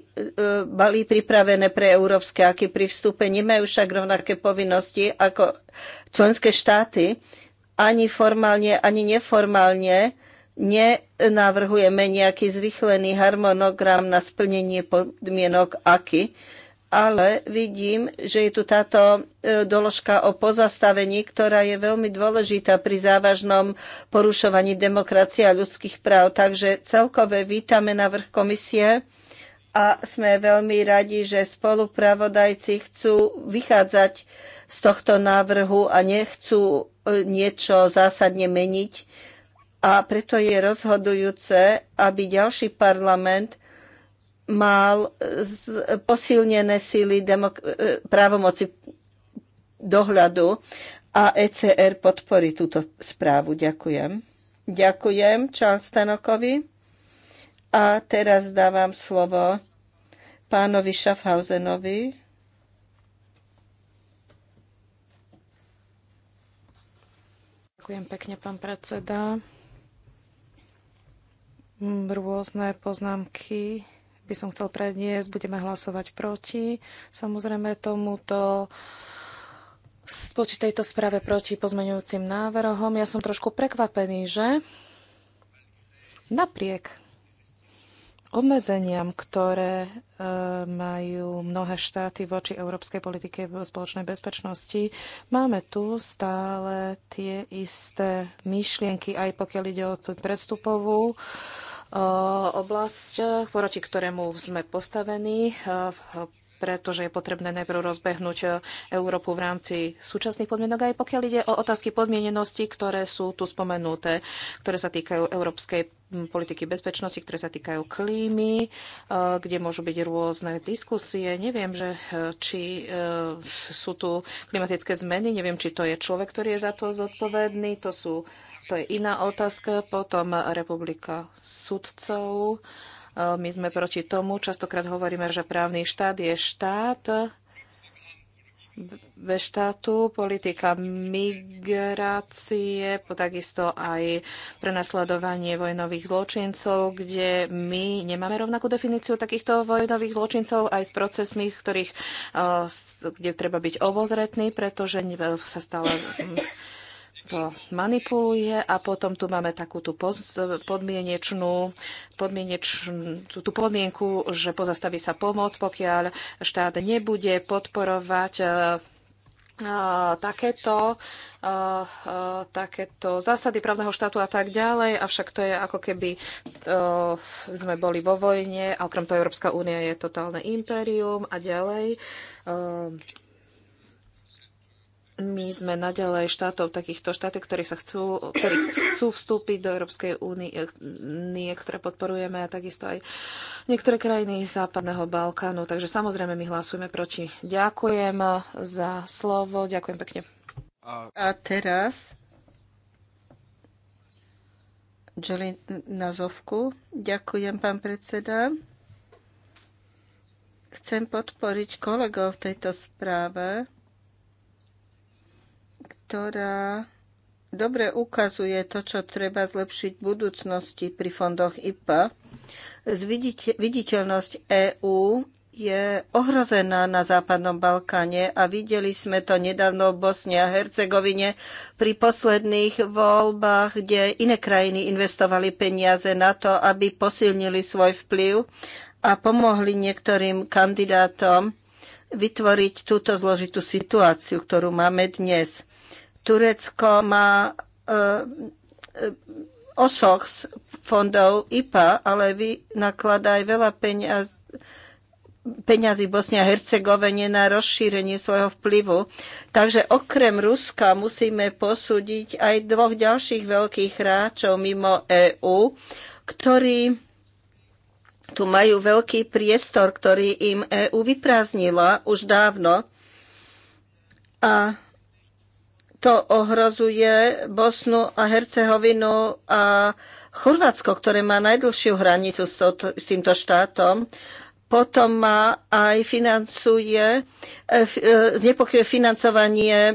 boli pripravené pre európske aké pri vstupe. Nemajú však rovnaké povinnosti ako členské štáty. Ani formálne, ani neformálne nenavrhujeme nejaký zrychlený harmonogram na splnenie podmienok aký ale vidím, že je tu táto e, doložka o pozastavení, ktorá je veľmi dôležitá pri závažnom porušovaní demokracie a ľudských práv. Takže celkové vítame navrh komisie a sme veľmi radi, že spolupravodajci chcú vychádzať z tohto návrhu a nechcú e, niečo zásadne meniť. A preto je rozhodujúce, aby ďalší parlament mal posilnené síly e, právomoci dohľadu a ECR podporí túto správu. Ďakujem. Ďakujem Charles Stanokovi. A teraz dávam slovo pánovi Schaffhausenovi. Ďakujem pekne, pán predseda. Rôzne poznámky by som chcel predniesť. Budeme hlasovať proti. Samozrejme tomuto voči tejto správe proti pozmeňujúcim návrhom. Ja som trošku prekvapený, že napriek obmedzeniam, ktoré e, majú mnohé štáty voči európskej politike spoločnej bezpečnosti. Máme tu stále tie isté myšlienky, aj pokiaľ ide o tú predstupovú oblasť, proti ktorému sme postavení pretože je potrebné najprv rozbehnúť Európu v rámci súčasných podmienok, aj pokiaľ ide o otázky podmienenosti, ktoré sú tu spomenuté, ktoré sa týkajú európskej politiky bezpečnosti, ktoré sa týkajú klímy, kde môžu byť rôzne diskusie. Neviem, že, či sú tu klimatické zmeny, neviem, či to je človek, ktorý je za to zodpovedný. To sú to je iná otázka. Potom Republika sudcov. E, my sme proti tomu. Častokrát hovoríme, že právny štát je štát Ve štátu, politika migrácie, takisto aj prenasledovanie vojnových zločincov, kde my nemáme rovnakú definíciu takýchto vojnových zločincov aj s procesmi, ktorých, e, kde treba byť obozretný, pretože sa stále to manipuluje a potom tu máme takú tú podmienečnú, podmienečnú tú, tú podmienku, že pozastaví sa pomoc, pokiaľ štát nebude podporovať e, e, takéto, e, takéto zásady právneho štátu a tak ďalej, avšak to je ako keby sme boli vo vojne a okrem toho Európska únia je totálne impérium a ďalej my sme naďalej štátov, takýchto štátov, ktorí sa chcú, ktorí chcú vstúpiť do Európskej únie, eh, ktoré podporujeme a takisto aj niektoré krajiny Západného Balkánu. Takže samozrejme my hlasujeme proti. Ďakujem eh, za slovo, ďakujem pekne. A teraz Jolín Nazovku. Ďakujem, pán predseda. Chcem podporiť kolegov v tejto správe ktorá dobre ukazuje to, čo treba zlepšiť v budúcnosti pri fondoch IPA. viditeľnosť EÚ je ohrozená na Západnom Balkáne a videli sme to nedávno v Bosne a Hercegovine pri posledných voľbách, kde iné krajiny investovali peniaze na to, aby posilnili svoj vplyv a pomohli niektorým kandidátom vytvoriť túto zložitú situáciu, ktorú máme dnes. Turecko má e, e, osoch z fondov IPA, ale nakladá aj veľa peňaz, v Bosnia a Hercegovine na rozšírenie svojho vplyvu. Takže okrem Ruska musíme posúdiť aj dvoch ďalších veľkých hráčov mimo EÚ, ktorí tu majú veľký priestor, ktorý im EÚ vyprázdnila už dávno. A to ohrozuje Bosnu a Hercehovinu a Chorvátsko, ktoré má najdlhšiu hranicu s týmto štátom potom má aj financuje, e, e, znepokuje financovanie e,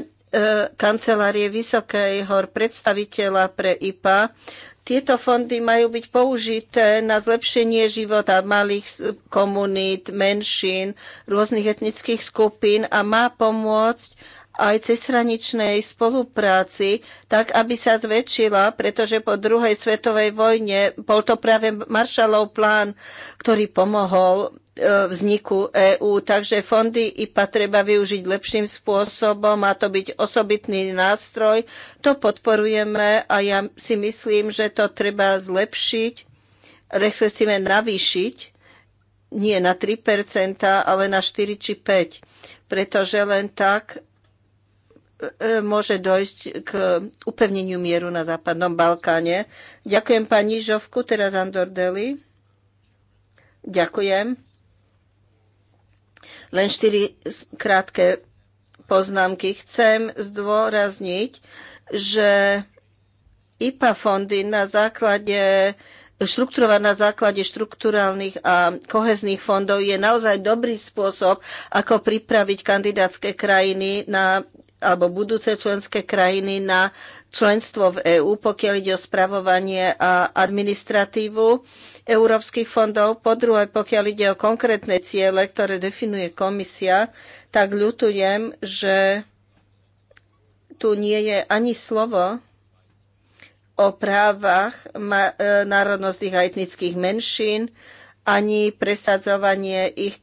kancelárie Vysokého predstaviteľa pre IPA. Tieto fondy majú byť použité na zlepšenie života malých komunít, menšín, rôznych etnických skupín a má pomôcť aj cezhraničnej spolupráci, tak aby sa zväčšila, pretože po druhej svetovej vojne bol to práve Marshallov plán, ktorý pomohol e, vzniku EÚ, takže fondy IPA treba využiť lepším spôsobom, má to byť osobitný nástroj, to podporujeme a ja si myslím, že to treba zlepšiť, respektíve navýšiť, nie na 3%, ale na 4 či 5, pretože len tak E, môže dojsť k upevneniu mieru na Západnom Balkáne. Ďakujem pani Žovku, teraz Andor Deli. Ďakujem. Len štyri krátke poznámky. Chcem zdôrazniť, že IPA fondy na základe štruktúrovať na základe štrukturálnych a kohezných fondov je naozaj dobrý spôsob, ako pripraviť kandidátske krajiny na alebo budúce členské krajiny na členstvo v EÚ, pokiaľ ide o spravovanie a administratívu európskych fondov. Po druhé, pokiaľ ide o konkrétne ciele, ktoré definuje komisia, tak ľutujem, že tu nie je ani slovo o právach e, národnostných a etnických menšín, ani presadzovanie ich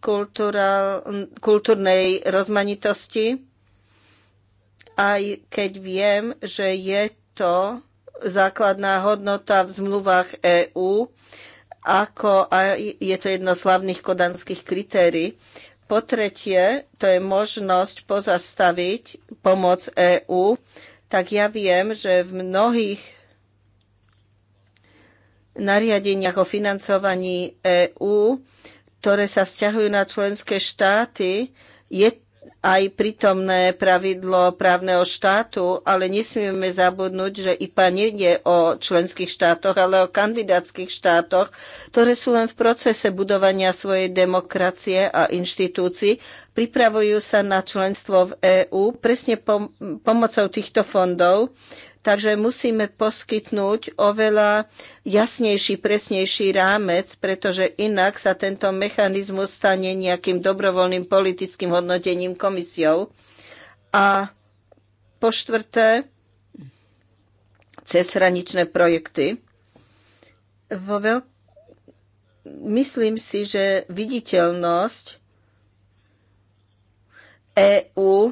kultúrnej rozmanitosti aj keď viem, že je to základná hodnota v zmluvách EÚ, ako aj je to jedno z hlavných kodanských kritérií. Po tretie, to je možnosť pozastaviť pomoc EÚ, tak ja viem, že v mnohých nariadeniach o financovaní EÚ, ktoré sa vzťahujú na členské štáty, je aj prítomné pravidlo právneho štátu, ale nesmieme zabudnúť, že IPA nie je o členských štátoch, ale o kandidátskych štátoch, ktoré sú len v procese budovania svojej demokracie a inštitúcií, pripravujú sa na členstvo v EÚ presne pom pomocou týchto fondov Takže musíme poskytnúť oveľa jasnejší, presnejší rámec, pretože inak sa tento mechanizmus stane nejakým dobrovoľným politickým hodnotením komisiou. A po štvrté, cezhraničné projekty. Vo veľk... Myslím si, že viditeľnosť EÚ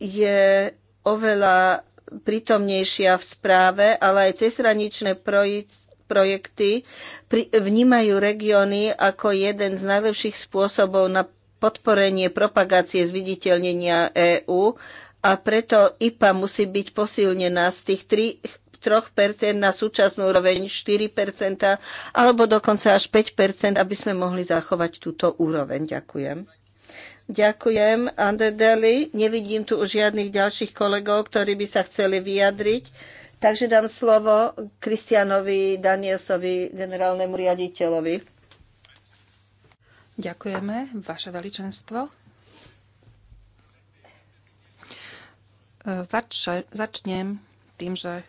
je oveľa prítomnejšia v správe, ale aj cezhraničné projekty vnímajú regióny ako jeden z najlepších spôsobov na podporenie propagácie zviditeľnenia EÚ a preto IPA musí byť posilnená z tých 3, 3% na súčasnú úroveň 4% alebo dokonca až 5%, aby sme mohli zachovať túto úroveň. Ďakujem. Ďakujem, Deli. Nevidím tu už žiadnych ďalších kolegov, ktorí by sa chceli vyjadriť. Takže dám slovo Kristianovi Danielsovi, generálnemu riaditeľovi. Ďakujeme, Vaše Veličenstvo. Zač- začnem tým, že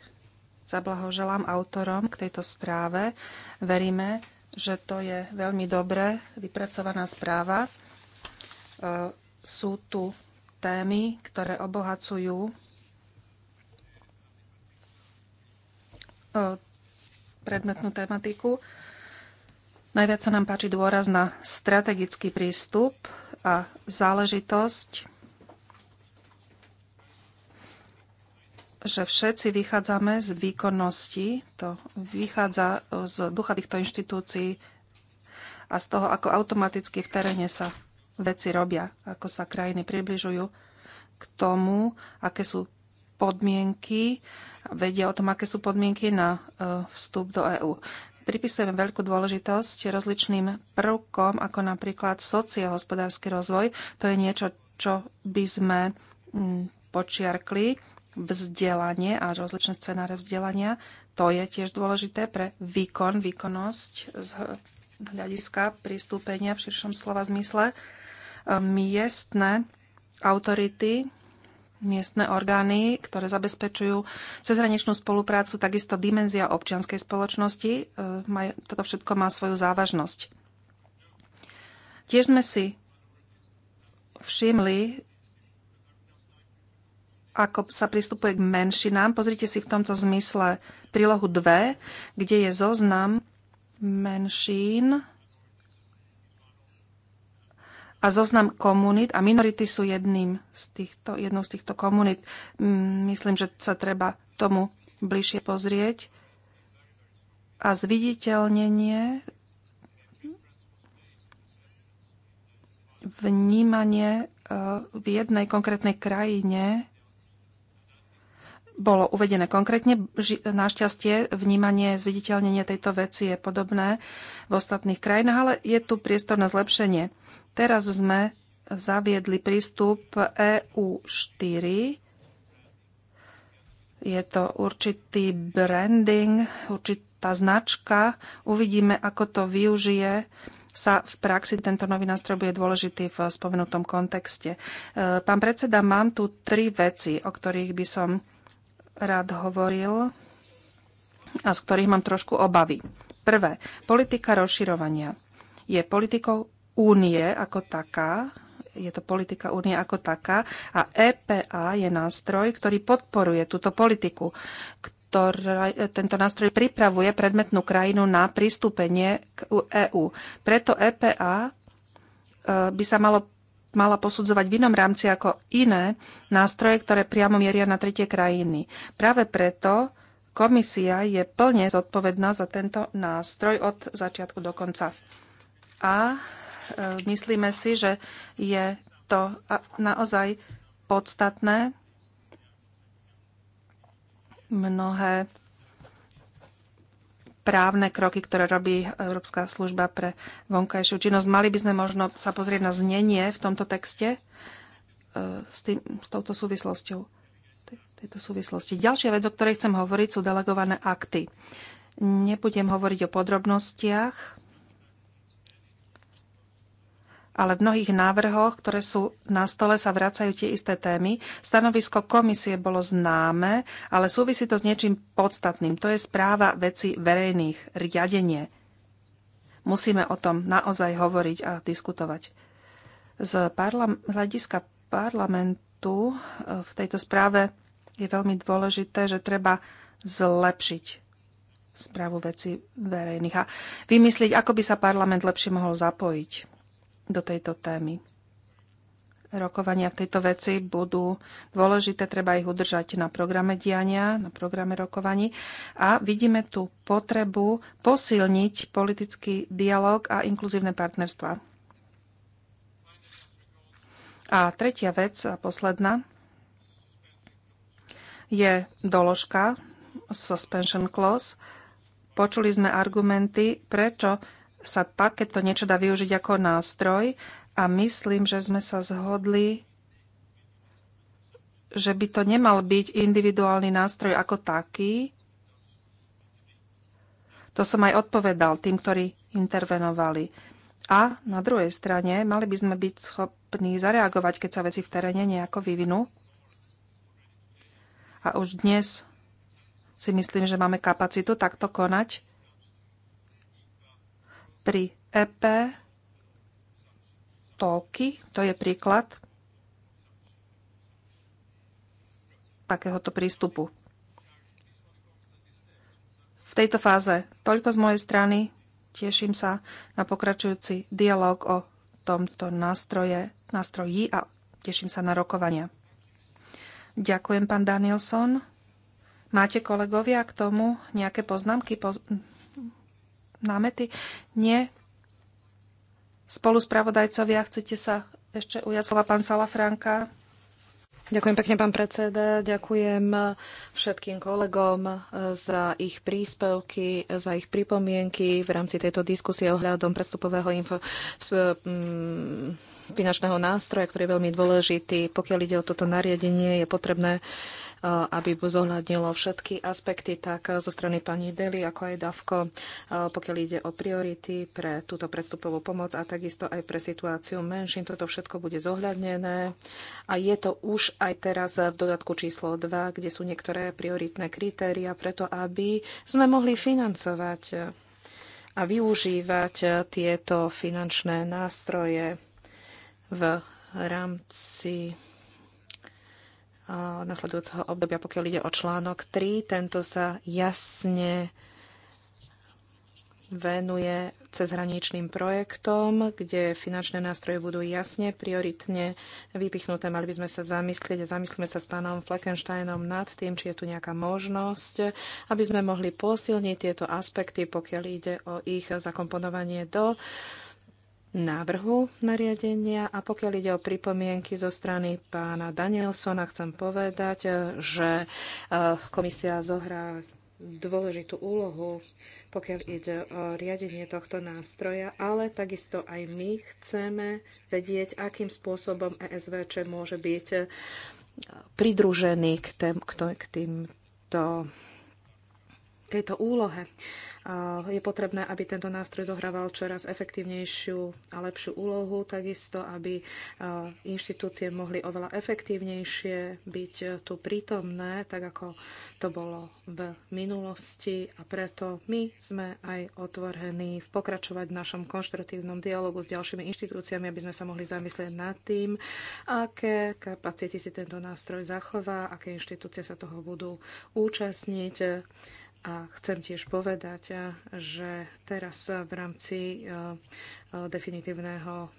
zablahoželám autorom k tejto správe. Veríme, že to je veľmi dobre vypracovaná správa E, sú tu témy, ktoré obohacujú e, predmetnú tematiku. Najviac sa nám páči dôraz na strategický prístup a záležitosť, že všetci vychádzame z výkonnosti, to vychádza z ducha týchto inštitúcií a z toho, ako automaticky v teréne sa veci robia, ako sa krajiny približujú k tomu, aké sú podmienky, vedia o tom, aké sú podmienky na e, vstup do EÚ. Pripisujeme veľkú dôležitosť rozličným prvkom, ako napríklad sociohospodársky rozvoj. To je niečo, čo by sme mm, počiarkli vzdelanie a rozličné scenáre vzdelania. To je tiež dôležité pre výkon, výkonnosť z hľadiska pristúpenia v širšom slova zmysle miestne autority, miestne orgány, ktoré zabezpečujú cezhraničnú spoluprácu, takisto dimenzia občianskej spoločnosti. E, toto všetko má svoju závažnosť. Tiež sme si všimli, ako sa pristupuje k menšinám. Pozrite si v tomto zmysle prílohu 2, kde je zoznam menšín a zoznam komunít a minority sú jedným z týchto, jednou z týchto komunít. Mm, myslím, že sa treba tomu bližšie pozrieť. A zviditeľnenie, vnímanie e, v jednej konkrétnej krajine bolo uvedené konkrétne. Našťastie vnímanie, zviditeľnenie tejto veci je podobné v ostatných krajinách, ale je tu priestor na zlepšenie. Teraz sme zaviedli prístup EU4. Je to určitý branding, určitá značka. Uvidíme, ako to využije sa v praxi tento nový nástroj bude dôležitý v spomenutom kontexte. E, pán predseda, mám tu tri veci, o ktorých by som rád hovoril a z ktorých mám trošku obavy. Prvé, politika rozširovania je politikou únie ako taká, je to politika únie ako taká a EPA je nástroj, ktorý podporuje túto politiku, ktorá, tento nástroj pripravuje predmetnú krajinu na pristúpenie k EÚ. Preto EPA e, by sa malo, mala posudzovať v inom rámci ako iné nástroje, ktoré priamo mieria na tretie krajiny. Práve preto komisia je plne zodpovedná za tento nástroj od začiatku do konca. A E, myslíme si, že je to naozaj podstatné. Mnohé právne kroky, ktoré robí Európska služba pre vonkajšiu činnosť. Mali by sme možno sa pozrieť na znenie v tomto texte e, s, tým, s touto súvislosťou. Tejto súvislosti. Ďalšia vec, o ktorej chcem hovoriť, sú delegované akty. Nebudem hovoriť o podrobnostiach, ale v mnohých návrhoch, ktoré sú na stole, sa vracajú tie isté témy. Stanovisko komisie bolo známe, ale súvisí to s niečím podstatným. To je správa veci verejných, riadenie. Musíme o tom naozaj hovoriť a diskutovať. Z parlam- hľadiska parlamentu e, v tejto správe je veľmi dôležité, že treba zlepšiť správu veci verejných a vymyslieť, ako by sa parlament lepšie mohol zapojiť do tejto témy. Rokovania v tejto veci budú dôležité, treba ich udržať na programe diania, na programe rokovaní. A vidíme tu potrebu posilniť politický dialog a inkluzívne partnerstva. A tretia vec, a posledná, je doložka Suspension Clause. Počuli sme argumenty, prečo sa takéto niečo dá využiť ako nástroj a myslím, že sme sa zhodli, že by to nemal byť individuálny nástroj ako taký. To som aj odpovedal tým, ktorí intervenovali. A na druhej strane mali by sme byť schopní zareagovať, keď sa veci v teréne nejako vyvinú. A už dnes si myslím, že máme kapacitu takto konať pri EP toľky, to je príklad takéhoto prístupu. V tejto fáze toľko z mojej strany. Teším sa na pokračujúci dialog o tomto nástroje, nástroji a teším sa na rokovania. Ďakujem, pán Danielson. Máte kolegovia k tomu nejaké poznámky? Poz- námety? Nie. Spolu spravodajcovia, chcete sa ešte ujať slova pán Salafranka? Ďakujem pekne, pán predseda. Ďakujem všetkým kolegom za ich príspevky, za ich pripomienky v rámci tejto diskusie ohľadom prestupového info mm, finančného nástroja, ktorý je veľmi dôležitý. Pokiaľ ide o toto nariadenie, je potrebné Eh, aby zohľadnilo všetky aspekty tak eh, zo strany pani Deli, ako aj Davko, eh, pokiaľ ide o priority pre túto predstupovú pomoc a takisto aj pre situáciu menšín. Toto všetko bude zohľadnené a je to už aj teraz v dodatku číslo 2, kde sú niektoré prioritné kritéria preto, aby sme mohli financovať a využívať tieto finančné nástroje v rámci nasledujúceho obdobia, pokiaľ ide o článok 3. Tento sa jasne venuje cezhraničným projektom, kde finančné nástroje budú jasne, prioritne vypichnuté. Mali by sme sa zamyslieť a zamyslíme sa s pánom Fleckensteinom nad tým, či je tu nejaká možnosť, aby sme mohli posilniť tieto aspekty, pokiaľ ide o ich zakomponovanie do uh, návrhu nariadenia a pokiaľ ide o pripomienky zo strany pána Danielsona, chcem povedať, že eh, komisia zohrá dôležitú úlohu, pokiaľ ide o riadenie tohto nástroja, ale takisto aj my chceme vedieť, akým spôsobom ESVČ môže byť eh, pridružený k, tém, k týmto tejto úlohe. Je potrebné, aby tento nástroj zohrával čoraz efektívnejšiu a lepšiu úlohu, takisto, aby inštitúcie mohli oveľa efektívnejšie byť e, tu prítomné, tak ako to bolo v minulosti a preto my sme aj otvorení v pokračovať v našom konštruktívnom dialogu s ďalšími inštitúciami, aby sme sa mohli zamyslieť nad tým, aké kapacity si tento nástroj zachová, aké inštitúcie sa toho budú účastniť a chcem tiež povedať, eh, že teraz eh, v rámci eh, definitívneho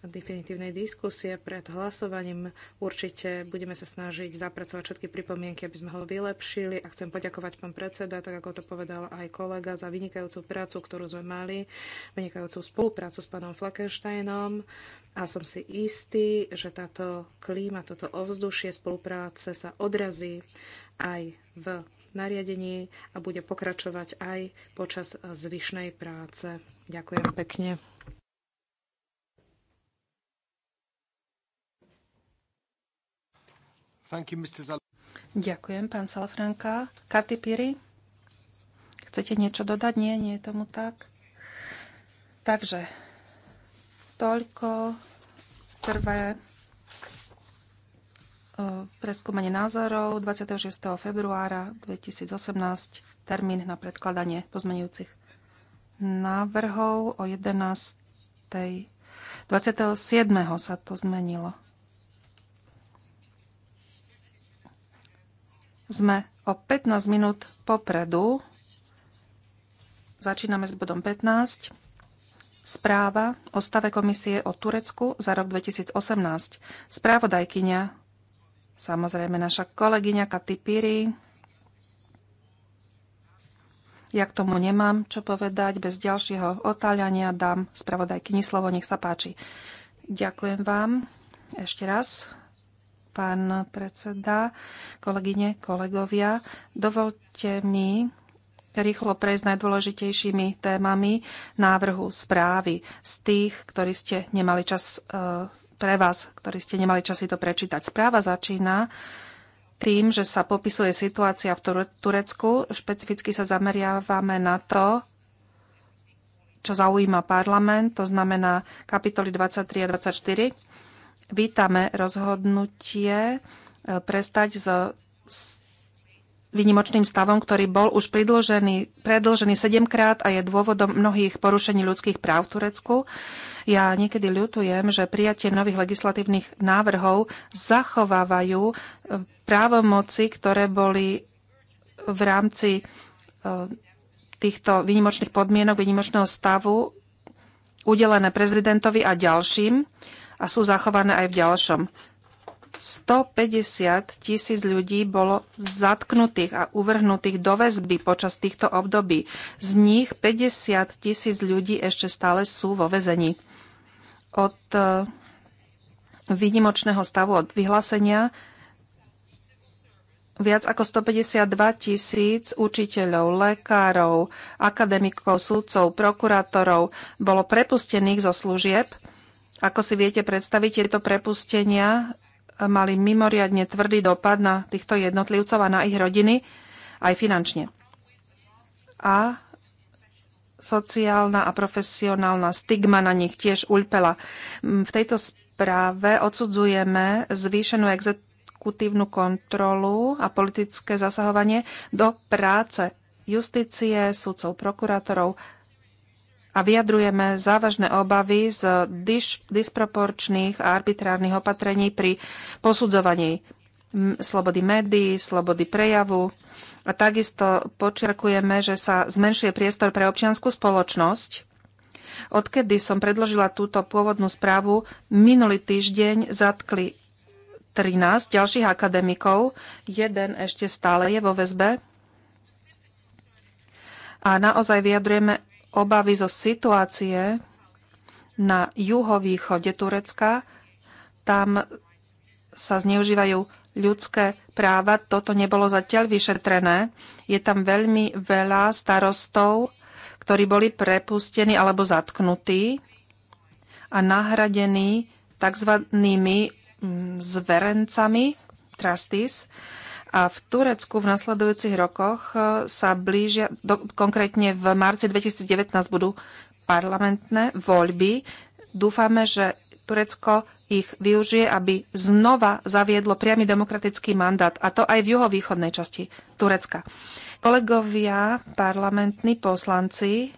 definitívnej diskusie pred hlasovaním. Určite budeme sa snažiť zapracovať všetky pripomienky, aby sme ho vylepšili. A chcem poďakovať pán predseda, tak ako to povedal aj kolega, za vynikajúcu prácu, ktorú sme mali, vynikajúcu spoluprácu s pánom Flakensteinom. A som si istý, že táto klíma, toto ovzdušie spolupráce sa odrazí aj v nariadení a bude pokračovať aj počas zvyšnej práce. Ďakujem pekne. You, Ďakujem, pán Salafranka. Katy Piri, chcete niečo dodať? Nie, nie je tomu tak. Takže, toľko prvé preskúmanie názorov 26. februára 2018, termín na predkladanie pozmenujúcich návrhov o 11. 27. sa to zmenilo. Sme o 15 minút popredu. Začíname s bodom 15. Správa o stave komisie o Turecku za rok 2018. Správodajkynia Samozrejme naša kolegyňa Katy Piri. Ja k tomu nemám čo povedať. Bez ďalšieho otáľania dám spravodajkyni slovo. Nech sa páči. Ďakujem vám ešte raz, pán predseda, kolegyne, kolegovia. Dovolte mi rýchlo prejsť najdôležitejšími témami návrhu správy z tých, ktorí ste nemali čas eh, pre vás, ktorí ste nemali časy to prečítať. Správa začína tým, že sa popisuje situácia v Turecku. Špecificky sa zameriavame na to, čo zaujíma parlament, to znamená kapitoly 23 a 24. Vítame rozhodnutie e, prestať s výnimočným stavom, ktorý bol už predložený, sedemkrát a je dôvodom mnohých porušení ľudských práv v Turecku. Ja niekedy ľutujem, že prijatie nových legislatívnych návrhov zachovávajú e, právomoci, ktoré boli v rámci e, týchto výnimočných podmienok, výnimočného stavu udelené prezidentovi a ďalším a sú zachované aj v ďalšom. 150 tisíc ľudí bolo zatknutých a uvrhnutých do väzby počas týchto období. Z nich 50 tisíc ľudí ešte stále sú vo väzení. Od e, výnimočného stavu, od vyhlásenia viac ako 152 tisíc učiteľov, lekárov, akademikov, súdcov, prokurátorov bolo prepustených zo služieb. Ako si viete predstaviť, tieto prepustenia mali mimoriadne tvrdý dopad na týchto jednotlivcov a na ich rodiny, aj finančne. A sociálna a profesionálna stigma na nich tiež uľpela. Mm, v tejto správe odsudzujeme zvýšenú exekutívnu kontrolu a politické zasahovanie do práce justície, sudcov, prokurátorov, a vyjadrujeme závažné obavy z dis- disproporčných a arbitrárnych opatrení pri posudzovaní slobody médií, slobody prejavu a takisto počiarkujeme, že sa zmenšuje priestor pre občianskú spoločnosť. Odkedy som predložila túto pôvodnú správu, minulý týždeň zatkli 13 ďalších akademikov, jeden ešte stále je vo väzbe. A naozaj vyjadrujeme obavy zo situácie na juhovýchode Turecka. Tam sa zneužívajú ľudské práva. Toto nebolo zatiaľ vyšetrené. Je tam veľmi veľa starostov, ktorí boli prepustení alebo zatknutí a nahradení tzv. Mm, zverencami, trustees, a v Turecku v nasledujúcich rokoch e, sa blížia, do, konkrétne v marci 2019 budú parlamentné voľby. Dúfame, že Turecko ich využije, aby znova zaviedlo priamy demokratický mandát, a to aj v juhovýchodnej časti Turecka. Kolegovia, parlamentní poslanci,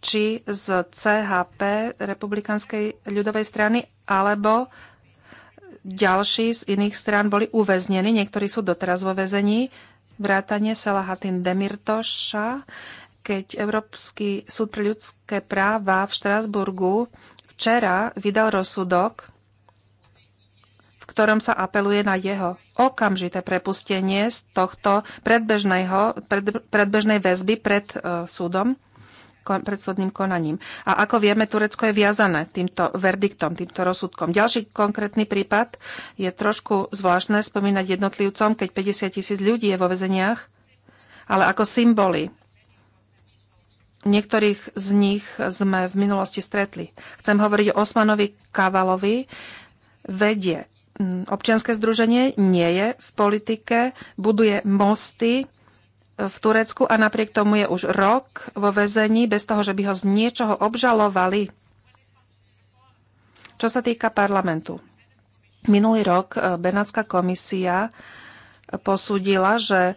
či z CHP Republikanskej ľudovej strany, alebo ďalší z iných strán boli uväznení, niektorí sú doteraz vo väzení, vrátane Selahatin Demirtoša, keď Európsky súd pre ľudské práva v Štrásburgu včera vydal rozsudok, v ktorom sa apeluje na jeho okamžité prepustenie z tohto predbežnej väzby pred uh, súdom predsudným konaním. A ako vieme, Turecko je viazané týmto verdiktom, týmto rozsudkom. Ďalší konkrétny prípad je trošku zvláštne spomínať jednotlivcom, keď 50 tisíc ľudí je vo vezeniach, ale ako symboly. Niektorých z nich sme v minulosti stretli. Chcem hovoriť o Osmanovi Kavalovi. Vedie občianske združenie, nie je v politike, buduje mosty, v Turecku a napriek tomu je už rok vo väzení bez toho, že by ho z niečoho obžalovali. Čo sa týka parlamentu. Minulý rok eh, Benátska komisia posúdila, že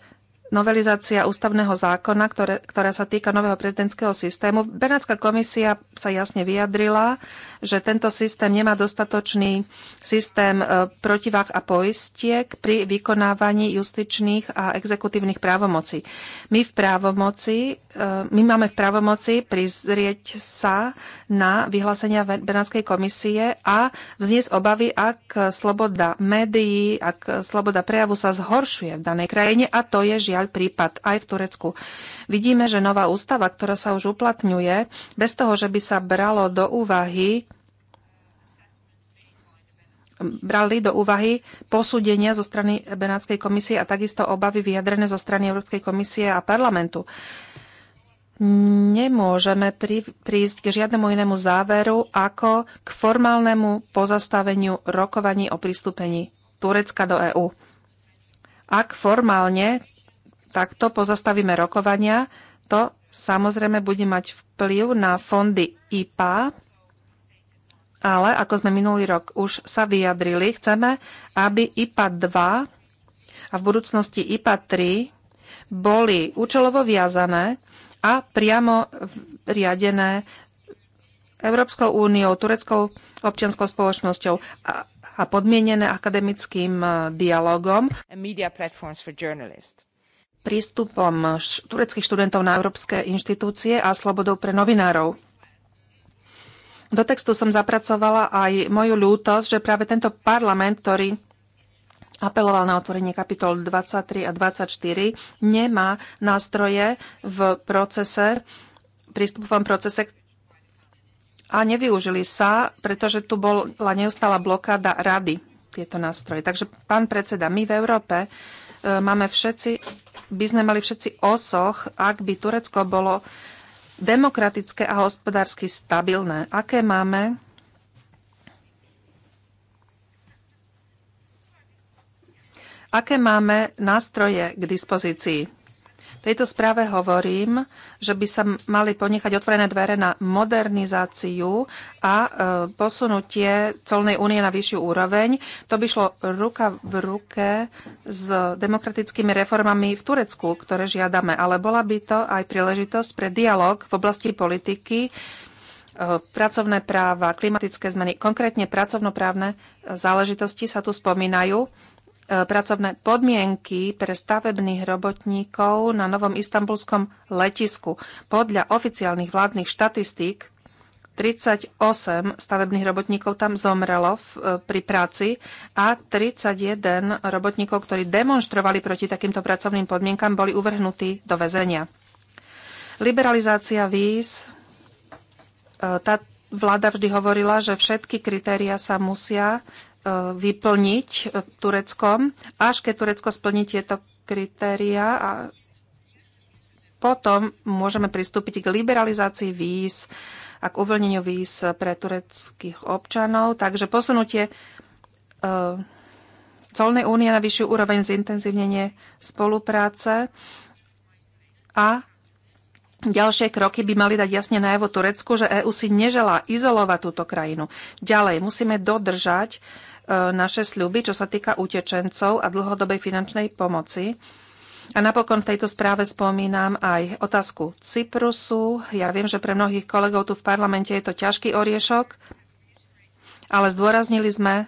novelizácia ústavného zákona, ktoré, ktorá sa týka nového prezidentského systému. Benátska komisia sa jasne vyjadrila, že tento systém nemá dostatočný systém e, protivách a poistiek pri vykonávaní justičných a exekutívnych právomocí. My, v právomoci, e, my máme v právomoci prizrieť sa na vyhlásenia Benátskej komisie a vzniesť obavy, ak sloboda médií, ak sloboda prejavu sa zhoršuje v danej krajine a to je žiaľ žiaľ prípad aj v Turecku. Vidíme, že nová ústava, ktorá sa už uplatňuje, bez toho, že by sa bralo do úvahy brali do úvahy posúdenia zo strany Benátskej komisie a takisto obavy vyjadrené zo strany Európskej komisie a parlamentu. Nemôžeme prísť k žiadnemu inému záveru ako k formálnemu pozastaveniu rokovaní o pristúpení Turecka do EÚ. Ak formálne takto pozastavíme rokovania, to samozrejme bude mať vplyv na fondy IPA, ale ako sme minulý rok už sa vyjadrili, chceme, aby IPA 2 a v budúcnosti IPA 3 boli účelovo viazané a priamo riadené Európskou úniou, Tureckou občianskou spoločnosťou a, a podmienené akademickým eh, dialogom prístupom tureckých študentov na európske inštitúcie a slobodou pre novinárov. Do textu som zapracovala aj moju ľútosť, že práve tento parlament, ktorý apeloval na otvorenie kapitol 23 a 24, nemá nástroje v procese, prístupovom procese a nevyužili sa, pretože tu bola neustála blokáda rady tieto nástroje. Takže, pán predseda, my v Európe E, máme všetci, by sme mali všetci osoch, ak by Turecko bolo demokratické a hospodársky stabilné. Aké máme Aké máme nástroje k dispozícii? tejto správe hovorím, že by sa mali ponechať otvorené dvere na modernizáciu a e, posunutie colnej únie na vyššiu úroveň. To by šlo ruka v ruke s demokratickými reformami v Turecku, ktoré žiadame, ale bola by to aj príležitosť pre dialog v oblasti politiky, e, pracovné práva, klimatické zmeny, konkrétne pracovnoprávne e, záležitosti sa tu spomínajú E, pracovné podmienky pre stavebných robotníkov na novom istambulskom letisku. Podľa oficiálnych vládnych štatistík 38 stavebných robotníkov tam zomrelo v, e, pri práci a 31 robotníkov, ktorí demonstrovali proti takýmto pracovným podmienkam, boli uvrhnutí do väzenia. Liberalizácia víz. E, tá vláda vždy hovorila, že všetky kritéria sa musia E, vyplniť e, Tureckom, až keď Turecko splní tieto kritéria a potom môžeme pristúpiť k liberalizácii víz a k uvoľneniu víz pre tureckých občanov. Takže posunutie e, colnej únie na vyššiu úroveň, zintenzívnenie spolupráce a Ďalšie kroky by mali dať jasne najevo Turecku, že EÚ si neželá izolovať túto krajinu. Ďalej musíme dodržať e, naše sľuby, čo sa týka utečencov a dlhodobej finančnej pomoci. A napokon v tejto správe spomínam aj otázku Cyprusu. Ja viem, že pre mnohých kolegov tu v parlamente je to ťažký oriešok, ale zdôraznili sme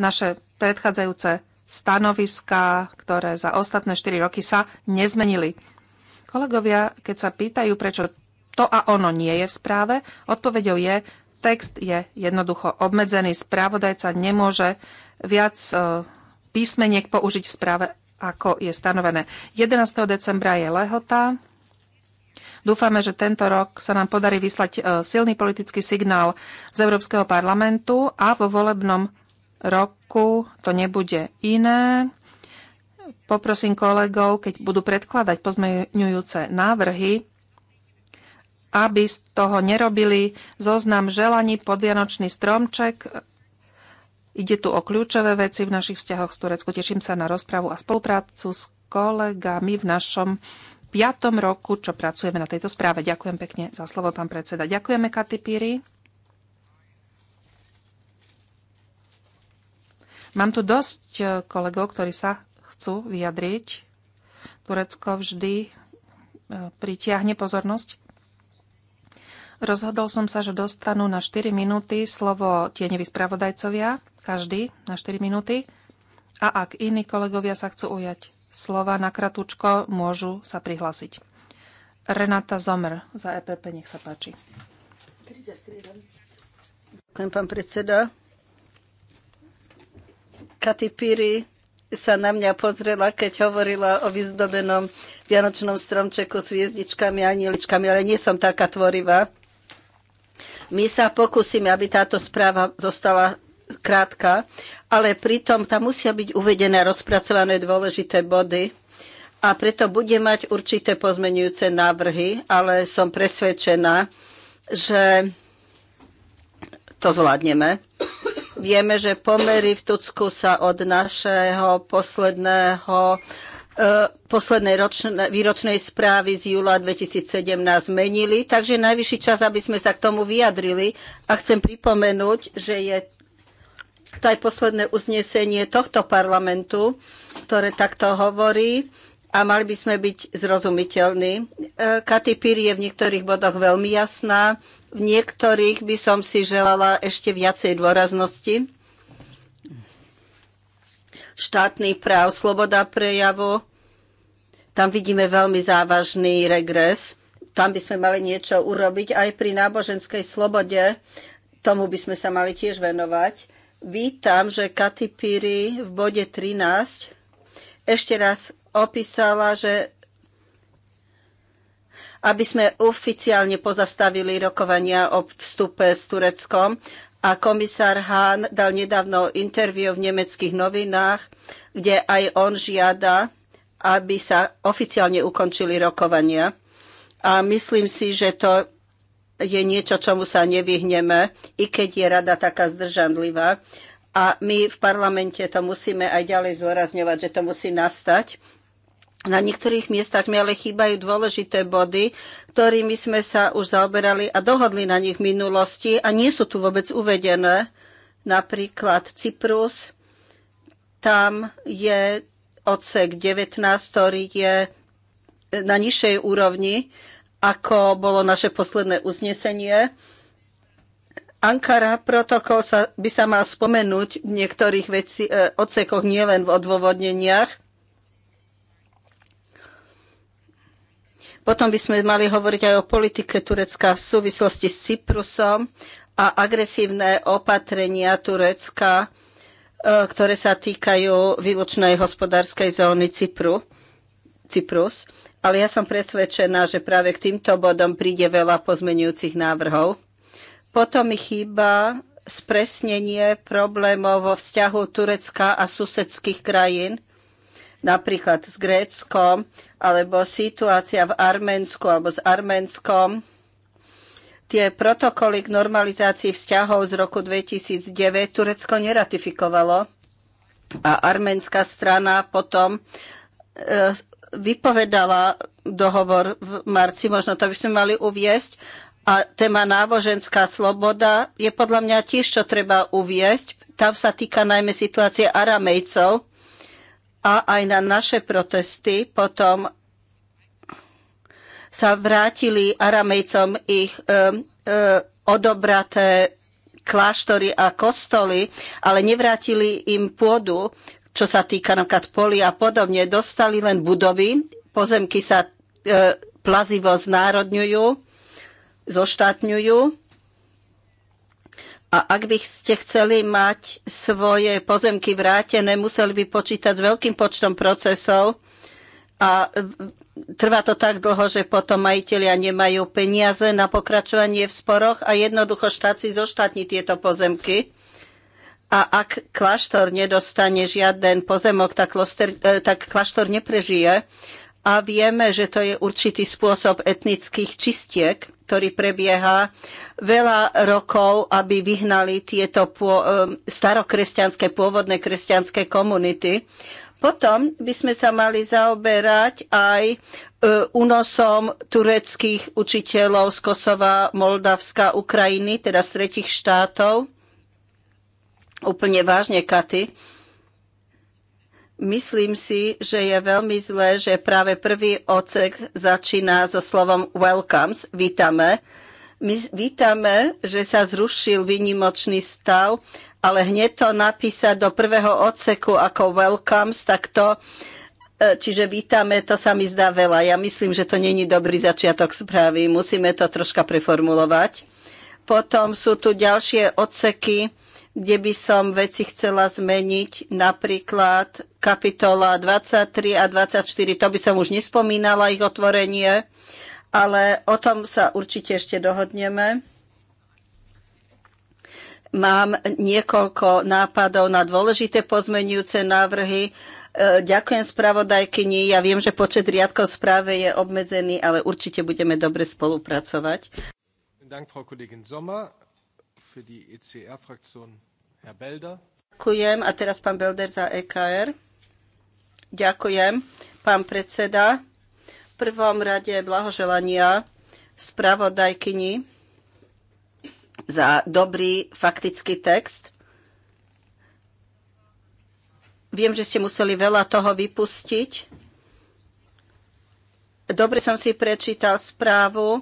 naše predchádzajúce stanoviská, ktoré za ostatné 4 roky sa nezmenili. Kolegovia, keď sa pýtajú, prečo to a ono nie je v správe, odpovedou je, text je jednoducho obmedzený. Správodajca nemôže viac e, písmeniek použiť v správe, ako je stanovené. 11. decembra je lehota. Dúfame, že tento rok sa nám podarí vyslať e, silný politický signál z Európskeho parlamentu a vo volebnom roku to nebude iné poprosím kolegov, keď budú predkladať pozmeňujúce návrhy, aby z toho nerobili zoznam želaní pod Vianočný stromček. Ide tu o kľúčové veci v našich vzťahoch s Turecku. Teším sa na rozpravu a spoluprácu s kolegami v našom piatom roku, čo pracujeme na tejto správe. Ďakujem pekne za slovo, pán predseda. Ďakujeme, Katy Píry. Mám tu dosť eh, kolegov, ktorí sa chcú vyjadriť. Turecko vždy e, pritiahne pozornosť. Rozhodol som sa, že dostanú na 4 minúty slovo tieňoví spravodajcovia, každý na 4 minúty. A ak iní kolegovia sa chcú ujať slova na kratučko, môžu sa prihlásiť. Renata Zomer za EPP, nech sa páči. Ďakujem, pán predseda. Katy Piri sa na mňa pozrela, keď hovorila o vyzdobenom vianočnom stromčeku s hviezdičkami a aniličkami, ale nie som taká tvorivá. My sa pokúsime, aby táto správa zostala krátka, ale pritom tam musia byť uvedené rozpracované dôležité body a preto bude mať určité pozmenujúce návrhy, ale som presvedčená, že to zvládneme Vieme, že pomery v Tucku sa od našeho posledného e, poslednej ročne, výročnej správy z júla 2017 zmenili, takže najvyšší čas, aby sme sa k tomu vyjadrili. A chcem pripomenúť, že je to aj posledné uznesenie tohto parlamentu, ktoré takto hovorí a mali by sme byť zrozumiteľní. E, Katy Pyr je v niektorých bodoch veľmi jasná, v niektorých by som si želala ešte viacej dôraznosti. Štátny práv, sloboda prejavu. Tam vidíme veľmi závažný regres. Tam by sme mali niečo urobiť aj pri náboženskej slobode. Tomu by sme sa mali tiež venovať. Vítam, že Katy Piri v bode 13 ešte raz opísala, že aby sme oficiálne pozastavili rokovania o vstupe s Tureckom. A komisár Hahn dal nedávno interviu v nemeckých novinách, kde aj on žiada, aby sa oficiálne ukončili rokovania. A myslím si, že to je niečo, čomu sa nevyhneme, i keď je rada taká zdržanlivá. A my v parlamente to musíme aj ďalej zdôrazňovať, že to musí nastať. Na niektorých miestach mi ale chýbajú dôležité body, ktorými sme sa už zaoberali a dohodli na nich v minulosti a nie sú tu vôbec uvedené. Napríklad Cyprus, tam je odsek 19, ktorý je na nižšej úrovni, ako bolo naše posledné uznesenie. Ankara protokol sa, by sa mal spomenúť v niektorých veci, e, odsekoch, nielen v odôvodneniach Potom by sme mali hovoriť aj o politike Turecka v súvislosti s Cyprusom a agresívne opatrenia Turecka, e, ktoré sa týkajú výlučnej hospodárskej zóny Cypru, Cyprus. Ale ja som presvedčená, že práve k týmto bodom príde veľa pozmenujúcich návrhov. Potom mi chýba spresnenie problémov vo vzťahu Turecka a susedských krajín napríklad s Gréckom, alebo situácia v Arménsku alebo s Arménskom. Tie protokoly k normalizácii vzťahov z roku 2009 Turecko neratifikovalo a arménska strana potom e, vypovedala dohovor v marci, možno to by sme mali uviesť. A téma náboženská sloboda je podľa mňa tiež, čo treba uviesť. Tam sa týka najmä situácie aramejcov, a aj na naše protesty potom sa vrátili Aramejcom ich e, e, odobraté kláštory a kostoly, ale nevrátili im pôdu, čo sa týka napríklad poli a podobne. Dostali len budovy, pozemky sa e, plazivo znárodňujú, zoštátňujú a ak by ste chceli mať svoje pozemky vrátené, museli by počítať s veľkým počtom procesov a trvá to tak dlho, že potom majiteľia nemajú peniaze na pokračovanie v sporoch a jednoducho štát si zoštátni tieto pozemky. A ak kláštor nedostane žiaden pozemok, tak, kloster, eh, tak kláštor neprežije a vieme, že to je určitý spôsob etnických čistiek, ktorý prebieha veľa rokov, aby vyhnali tieto starokresťanské, pôvodné kresťanské komunity. Potom by sme sa mali zaoberať aj e, únosom tureckých učiteľov z Kosova, Moldavska, Ukrajiny, teda z tretich štátov. Úplne vážne, Katy Myslím si, že je veľmi zlé, že práve prvý ocek začína so slovom welcomes, vítame. My vítame, že sa zrušil výnimočný stav, ale hneď to napísať do prvého odseku ako welcomes, tak to, e, čiže vítame, to sa mi zdá veľa. Ja myslím, že to není dobrý začiatok správy, musíme to troška preformulovať. Potom sú tu ďalšie odseky, kde by som veci chcela zmeniť, napríklad kapitola 23 a 24, to by som už nespomínala, ich otvorenie, ale o tom sa určite ešte dohodneme. Mám niekoľko nápadov na dôležité pozmenujúce návrhy. E, ďakujem spravodajkyni. Ja viem, že počet riadkov správe je obmedzený, ale určite budeme dobre spolupracovať. Dank, Frau Kollegin Sommer für die ECR-Fraktion Herr Belder. Ďakujem. A teraz pán Belder za EKR. Ďakujem. Pán predseda, v prvom rade blahoželania spravodajkyni za dobrý faktický text. Viem, že ste museli veľa toho vypustiť. Dobre som si prečítal správu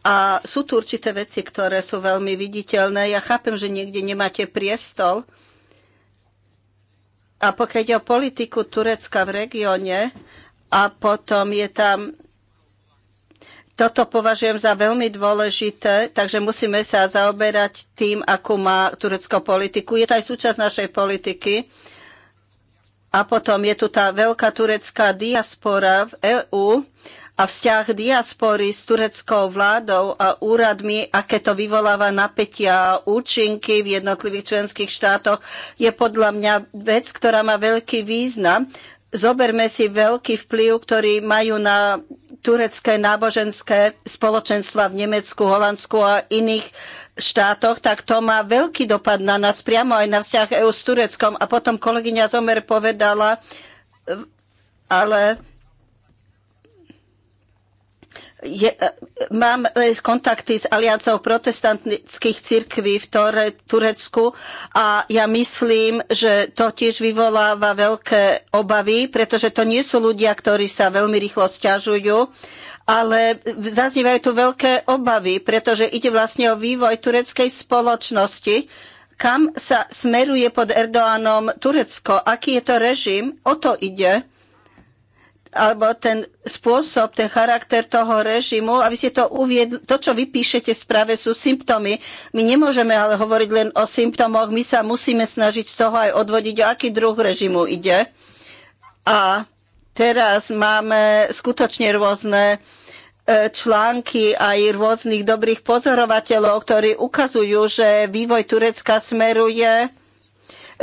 a sú tu určité veci, ktoré sú veľmi viditeľné. Ja chápem, že niekde nemáte priestol. A pokiaľ ide o politiku Turecka v regióne, a potom je tam toto považujem za veľmi dôležité, takže musíme sa zaoberať tým, akú má turecko politiku. Je to aj súčasť našej politiky. A potom je tu tá veľká turecká diaspora v EÚ, a vzťah diaspory s tureckou vládou a úradmi, aké to vyvoláva napätia a účinky v jednotlivých členských štátoch, je podľa mňa vec, ktorá má veľký význam. Zoberme si veľký vplyv, ktorý majú na turecké náboženské spoločenstva v Nemecku, Holandsku a iných štátoch, tak to má veľký dopad na nás priamo aj na vzťah EU s Tureckom. A potom kolegyňa Zomer povedala, ale je, e, mám e, kontakty s aliancou protestantských cirkví v Tore, Turecku a ja myslím, že to tiež vyvoláva veľké obavy, pretože to nie sú ľudia, ktorí sa veľmi rýchlo sťažujú, ale zaznievajú tu veľké obavy, pretože ide vlastne o vývoj tureckej spoločnosti, kam sa smeruje pod Erdoánom Turecko, aký je to režim, o to ide alebo ten spôsob, ten charakter toho režimu aby ste to uviedli, to, čo vy píšete v správe, sú symptómy. My nemôžeme ale hovoriť len o symptómoch, my sa musíme snažiť z toho aj odvodiť, o aký druh režimu ide. A teraz máme skutočne rôzne e, články aj rôznych dobrých pozorovateľov, ktorí ukazujú, že vývoj Turecka smeruje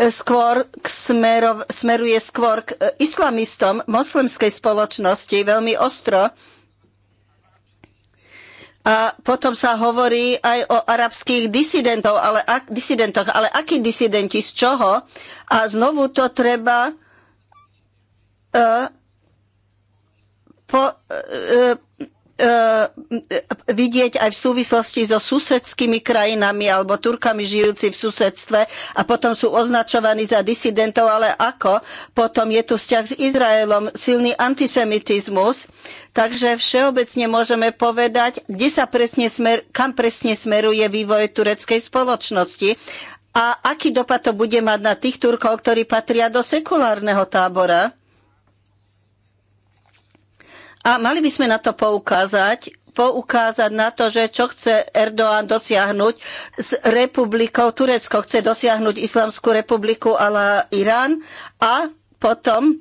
skôr k smerov, smeruje skôr k islamistom moslimskej spoločnosti veľmi ostro. A potom sa hovorí aj o arabských disidentov, ale, ak, disidentoch, ale akí disidenti, z čoho? A znovu to treba uh, po, uh, E, vidieť aj v súvislosti so susedskými krajinami alebo Turkami žijúci v susedstve a potom sú označovaní za disidentov, ale ako? Potom je tu vzťah s Izraelom, silný antisemitizmus. Takže všeobecne môžeme povedať, kde sa presne smer, kam presne smeruje vývoj tureckej spoločnosti a aký dopad to bude mať na tých Turkov, ktorí patria do sekulárneho tábora a mali by sme na to poukázať, poukázať na to, že čo chce Erdoğan dosiahnuť s republikou Turecko. Chce dosiahnuť Islamskú republiku a Irán a potom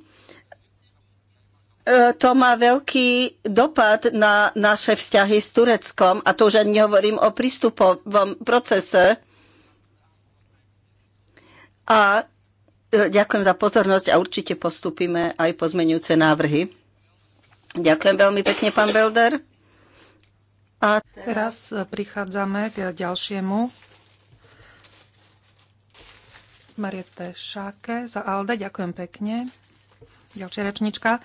e, to má veľký dopad na naše vzťahy s Tureckom a to už ani nehovorím o prístupovom procese. A e, ďakujem za pozornosť a určite postupíme aj pozmeňujúce návrhy. Ďakujem veľmi pekne, pán Belder. A teraz prichádzame k ďalšiemu. Mariette Šáke za Alde, ďakujem pekne. Ďalšia rečnička.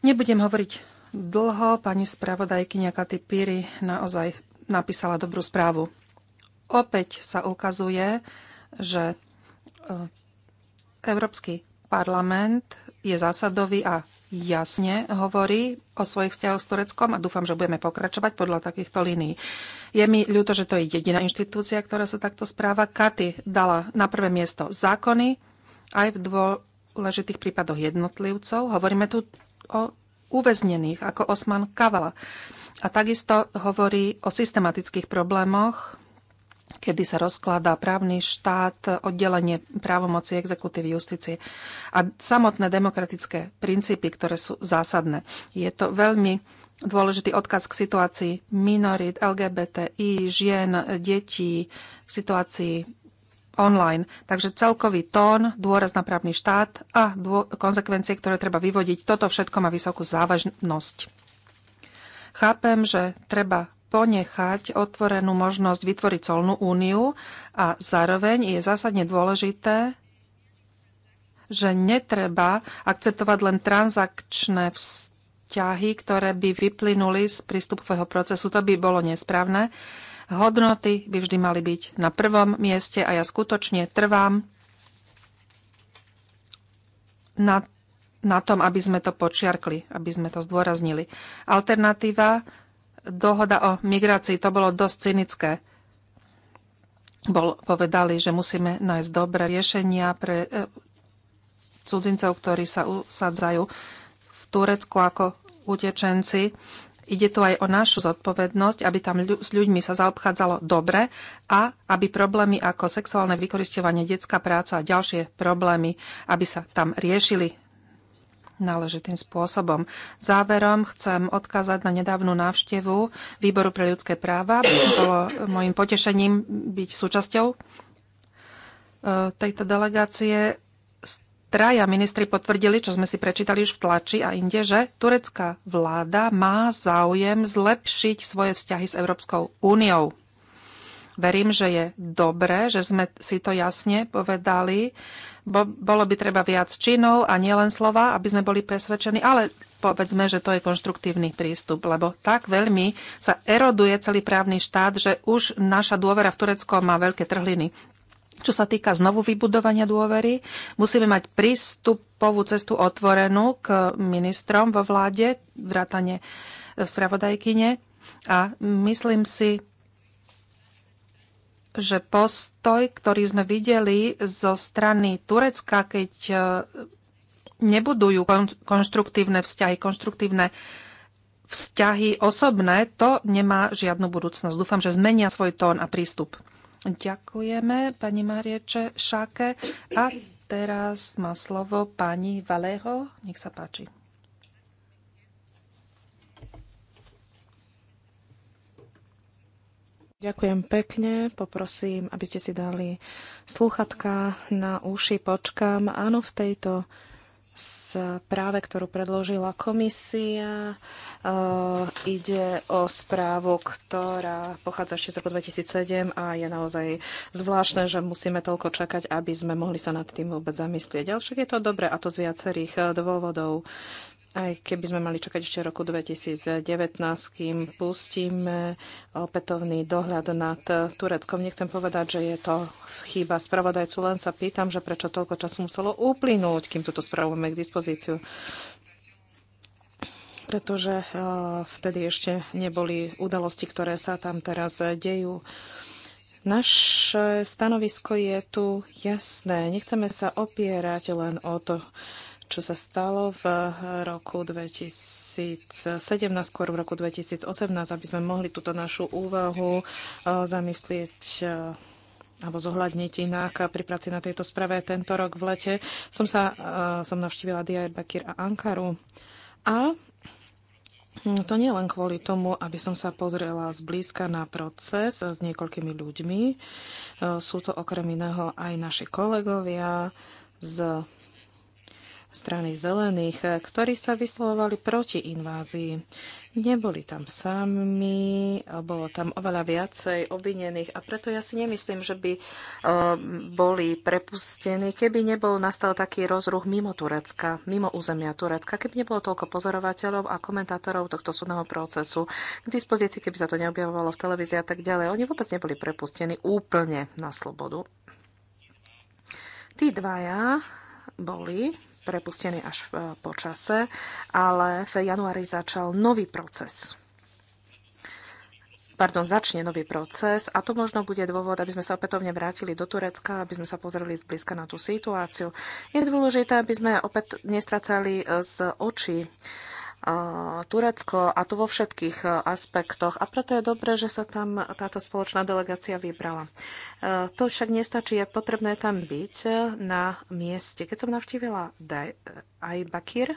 Nebudem hovoriť dlho, pani spravodajky Katy Píry naozaj napísala dobrú správu. Opäť sa ukazuje, že e, Európsky parlament je zásadový a jasne hovorí o svojich vzťahoch s Tureckom a dúfam, že budeme pokračovať podľa takýchto línií. Je mi ľúto, že to je jediná inštitúcia, ktorá sa takto správa. Katy dala na prvé miesto zákony, aj v dôležitých prípadoch jednotlivcov. Hovoríme tu o uväznených, ako Osman Kavala. A takisto hovorí o systematických problémoch kedy sa rozkladá právny štát, oddelenie právomoci exekutívy justície a samotné demokratické princípy, ktoré sú zásadné. Je to veľmi dôležitý odkaz k situácii minorít, LGBTI, žien, detí, k situácii online. Takže celkový tón, dôraz na právny štát a dô- konsekvencie, ktoré treba vyvodiť, toto všetko má vysokú závažnosť. Chápem, že treba ponechať otvorenú možnosť vytvoriť colnú úniu a zároveň je zásadne dôležité, že netreba akceptovať len transakčné vzťahy, ktoré by vyplynuli z prístupového procesu. To by bolo nesprávne. Hodnoty by vždy mali byť na prvom mieste a ja skutočne trvám na, na tom, aby sme to počiarkli, aby sme to zdôraznili. Alternatíva dohoda o migrácii, to bolo dosť cynické. Bol, povedali, že musíme nájsť dobré riešenia pre e, cudzincov, ktorí sa usadzajú v Turecku ako utečenci. Ide tu aj o našu zodpovednosť, aby tam ľu- s ľuďmi sa zaobchádzalo dobre a aby problémy ako sexuálne vykoristovanie, detská práca a ďalšie problémy, aby sa tam riešili náležitým spôsobom. Záverom chcem odkázať na nedávnu návštevu Výboru pre ľudské práva. Bolo môjim potešením byť súčasťou e, tejto delegácie. Traja ministri potvrdili, čo sme si prečítali už v tlači a inde, že turecká vláda má záujem zlepšiť svoje vzťahy s Európskou úniou. Verím, že je dobré, že sme si to jasne povedali. Bo, bolo by treba viac činov a nielen slova, aby sme boli presvedčení, ale povedzme, že to je konštruktívny prístup, lebo tak veľmi sa eroduje celý právny štát, že už naša dôvera v Turecko má veľké trhliny. Čo sa týka znovu vybudovania dôvery, musíme mať prístupovú cestu otvorenú k ministrom vo vláde, vrátane spravodajkyne. A myslím si, že postoj, ktorý sme videli zo strany Turecka, keď e, nebudujú konštruktívne vzťahy, konštruktívne vzťahy osobné, to nemá žiadnu budúcnosť. Dúfam, že zmenia svoj tón a prístup. Ďakujeme pani Marieče Šáke. A teraz má slovo pani Valého. Nech sa páči. Ďakujem pekne. Poprosím, aby ste si dali sluchatka na uši. Počkám. Áno, v tejto správe, ktorú predložila komisia, uh, ide o správu, ktorá pochádza ešte z roku 2007 a je naozaj zvláštne, že musíme toľko čakať, aby sme mohli sa nad tým vôbec zamyslieť. Ale však je to dobré a to z viacerých eh, dôvodov aj keby sme mali čakať ešte roku 2019, kým pustíme opätovný dohľad nad Tureckom. Nechcem povedať, že je to chyba spravodajcu, len sa pýtam, že prečo toľko času muselo uplynúť, kým túto správu máme k dispozíciu pretože eh, vtedy ešte neboli udalosti, ktoré sa tam teraz dejú. Naše stanovisko je tu jasné. Nechceme sa opierať len o to, čo sa stalo v roku 2017, skôr v roku 2018, aby sme mohli túto našu úvahu e, zamyslieť e, alebo zohľadniť inak pri práci na tejto sprave tento rok v lete. Som sa e, som navštívila Diyarbakir a Ankaru a hm, to nie len kvôli tomu, aby som sa pozrela zblízka na proces s niekoľkými ľuďmi. Sú to okrem iného aj naši kolegovia z strany zelených, eh, ktorí sa vyslovovali proti invázii. Neboli tam sami, bolo tam oveľa viacej obvinených a preto ja si nemyslím, že by eh, boli prepustení, keby nebol nastal taký rozruch mimo Turecka, mimo územia Turecka, keby nebolo toľko pozorovateľov a komentátorov tohto súdneho procesu k dispozícii, keby sa to neobjavovalo v televízii a tak ďalej. Oni vôbec neboli prepustení úplne na slobodu. Tí dvaja boli prepustený až e, po čase, ale v januári začal nový proces. Pardon, začne nový proces a to možno bude dôvod, aby sme sa opätovne vrátili do Turecka, aby sme sa pozreli zblízka na tú situáciu. Je dôležité, aby sme opäť nestracali e, z očí Turecko a to vo všetkých e, aspektoch. A preto je dobré, že sa tam táto spoločná delegácia vybrala. E, to však nestačí, je potrebné tam byť e, na mieste. Keď som navštívila aj Bakír,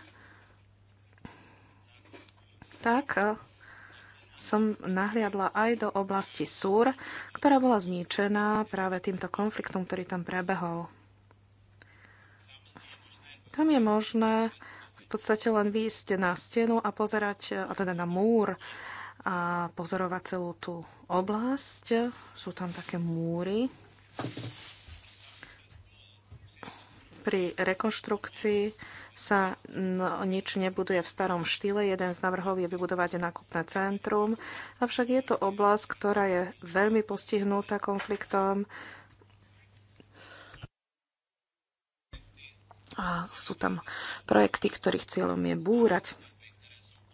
tak som nahliadla aj do oblasti Súr, ktorá bola zničená práve týmto konfliktom, ktorý tam prebehol. Tam je možné podstate len výjsť na stenu a pozerať, a teda na múr a pozorovať celú tú oblasť. Sú tam také múry. Pri rekonštrukcii sa no, nič nebuduje v starom štýle. Jeden z navrhov je vybudovať nákupné centrum. Avšak je to oblasť, ktorá je veľmi postihnutá konfliktom A sú tam projekty, ktorých cieľom je búrať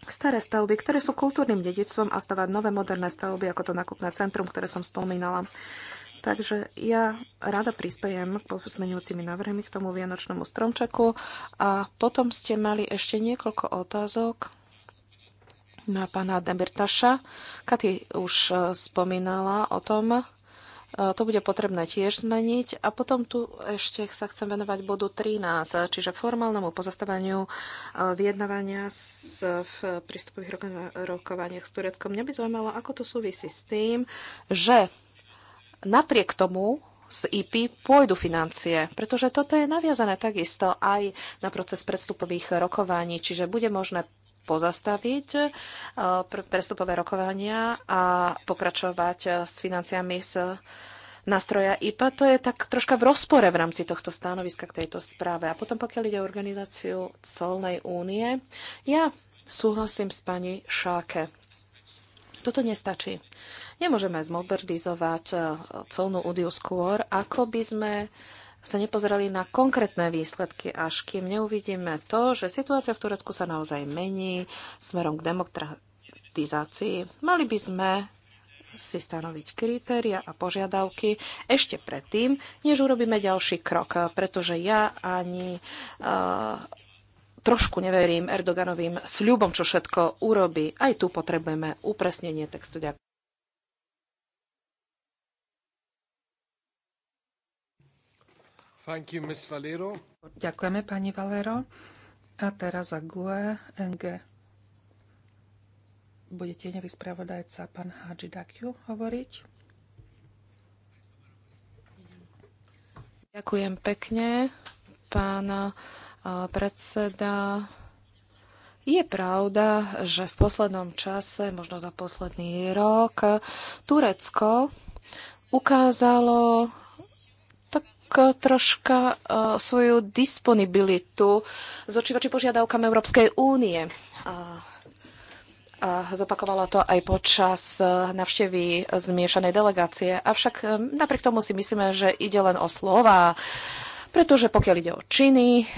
staré stavby, ktoré sú kultúrnym dedičstvom a stavať nové moderné stavby, ako to nakupné centrum, ktoré som spomínala. Takže ja rada prispiejem pozmeňujúcimi návrhmi k tomu vianočnému stromčeku. A potom ste mali ešte niekoľko otázok na pána Demirtaša. Katy už e, spomínala o tom, Eh, to bude potrebné tiež zmeniť. A potom tu ešte sa chcem venovať bodu 13, eh, čiže formálnemu pozastavaniu eh, vyjednávania v prístupových rokovaniach s Tureckom. Mňa by zaujímalo, ako to súvisí s tým, že napriek tomu, z IP pôjdu financie, pretože toto je naviazané takisto aj na proces predstupových rokovaní, čiže bude možné pozastaviť eh, prestupové rokovania a pokračovať eh, s financiami z nástroja IPA. To je tak troška v rozpore v rámci tohto stanoviska k tejto správe. A potom, pokiaľ ide o organizáciu colnej únie, ja súhlasím s pani Šáke. Toto nestačí. Nemôžeme zmodernizovať eh, colnú údiu skôr, ako by sme uh, sa nepozerali na konkrétne výsledky, až kým neuvidíme to, že situácia v Turecku sa naozaj mení smerom k demokratizácii. Mali by sme si stanoviť kritéria a požiadavky ešte predtým, než urobíme ďalší krok, pretože ja ani uh, trošku neverím Erdoganovým sľubom, čo všetko urobí. Aj tu potrebujeme upresnenie textu. Ďakujem. Thank you, Ms. Valero. Ďakujeme, pani Valero. A teraz za GUE NG. Bude tieňový spravodajca pán Hadži Dakiu hovoriť. Ďakujem pekne, pán predseda. Je pravda, že v poslednom čase, možno za posledný rok, Turecko ukázalo troška e, svoju disponibilitu z očívači požiadavkám Európskej únie. A zopakovala to aj počas e, navštevy zmiešanej delegácie. Avšak e, napriek tomu si myslíme, že ide len o slova, pretože pokiaľ ide o činy,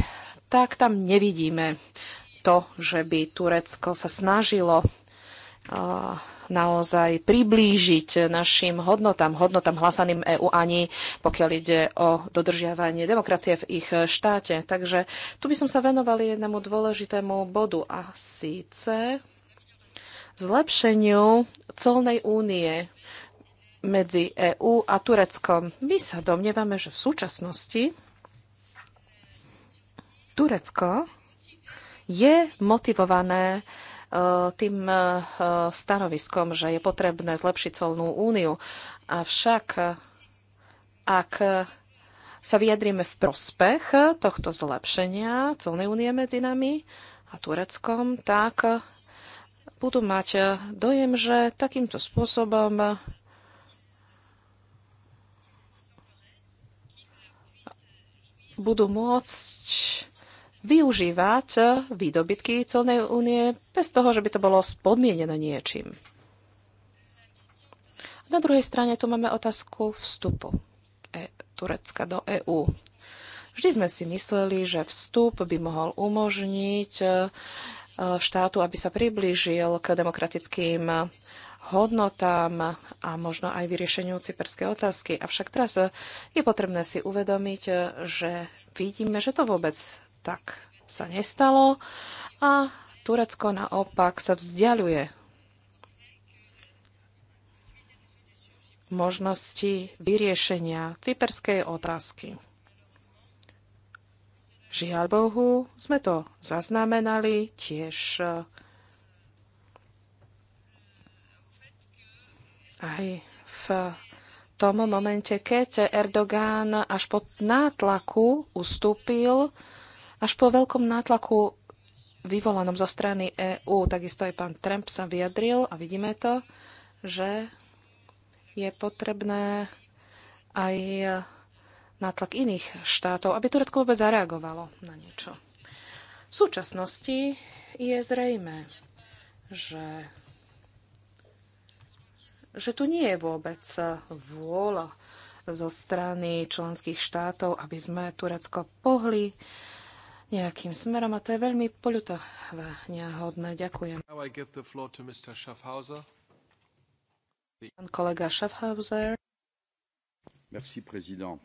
tak tam nevidíme to, že by Turecko sa snažilo naozaj priblížiť našim hodnotám, hodnotám hlasaným EÚ ani pokiaľ ide o dodržiavanie demokracie v ich štáte. Takže tu by som sa venovali jednému dôležitému bodu a síce zlepšeniu celnej únie medzi EÚ a Tureckom. My sa domnievame, že v súčasnosti Turecko je motivované uh, Eh, tým eh, eh, stanoviskom, že je potrebné zlepšiť colnú úniu. Avšak ak sa vyjadríme v prospech tohto zlepšenia colnej únie medzi nami a Tureckom, tak budú mať dojem, že takýmto spôsobom budú môcť využívať výdobytky celnej únie bez toho, že by to bolo spodmienené niečím. Na druhej strane tu máme otázku vstupu e- Turecka do EÚ. Vždy sme si mysleli, že vstup by mohol umožniť e, štátu, aby sa priblížil k demokratickým hodnotám a možno aj vyriešeniu cyperskej otázky. Avšak teraz je potrebné si uvedomiť, e, že vidíme, že to vôbec tak sa nestalo a Turecko naopak sa vzdialuje možnosti vyriešenia cyperskej otázky. Žiaľ Bohu, sme to zaznamenali tiež aj v tom momente, keď Erdogán až pod nátlaku ustúpil až po veľkom nátlaku vyvolanom zo strany EÚ, takisto aj pán Trump sa vyjadril a vidíme to, že je potrebné aj nátlak iných štátov, aby Turecko vôbec zareagovalo na niečo. V súčasnosti je zrejme, že, že tu nie je vôbec vôľa zo strany členských štátov, aby sme Turecko pohli nejakým smerom a to je veľmi poľutovania hodné. Ďakujem. Pán kolega Schaffhauser. Merci, prezident.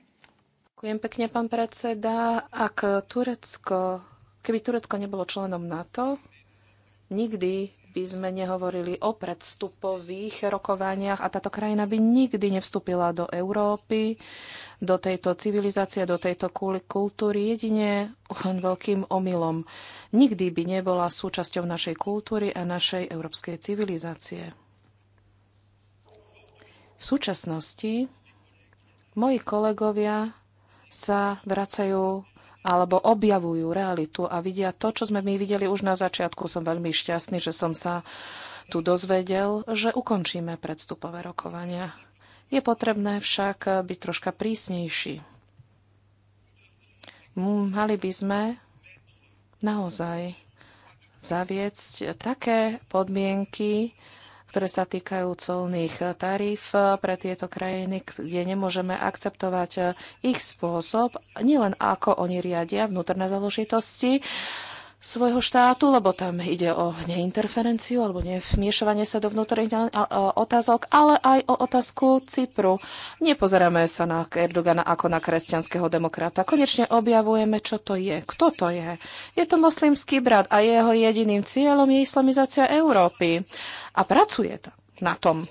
Ďakujem pekne, pán predseda. Ak Turecko, keby Turecko nebolo členom NATO, nikdy by sme nehovorili o predstupových rokovaniach a táto krajina by nikdy nevstúpila do Európy, do tejto civilizácie, do tejto kultúry jedine len veľkým omylom. Nikdy by nebola súčasťou našej kultúry a našej európskej civilizácie. V súčasnosti moji kolegovia sa vracajú alebo objavujú realitu a vidia to, čo sme my videli už na začiatku. Som veľmi šťastný, že som sa tu dozvedel, že ukončíme predstupové rokovania. Je potrebné však byť troška prísnejší. Mali by sme naozaj zaviesť také podmienky, ktoré sa týkajú colných taríf pre tieto krajiny, kde nemôžeme akceptovať eh, ich spôsob, nielen ako oni riadia vnútorné záležitosti, svojho štátu, lebo tam ide o neinterferenciu alebo nevmiešovanie sa do vnútorných otázok, ale aj o otázku Cypru. Nepozeráme sa na Erdogana ako na kresťanského demokrata. Konečne objavujeme, čo to je, kto to je. Je to moslimský brat a jeho jediným cieľom je islamizácia Európy. A pracuje to na tom.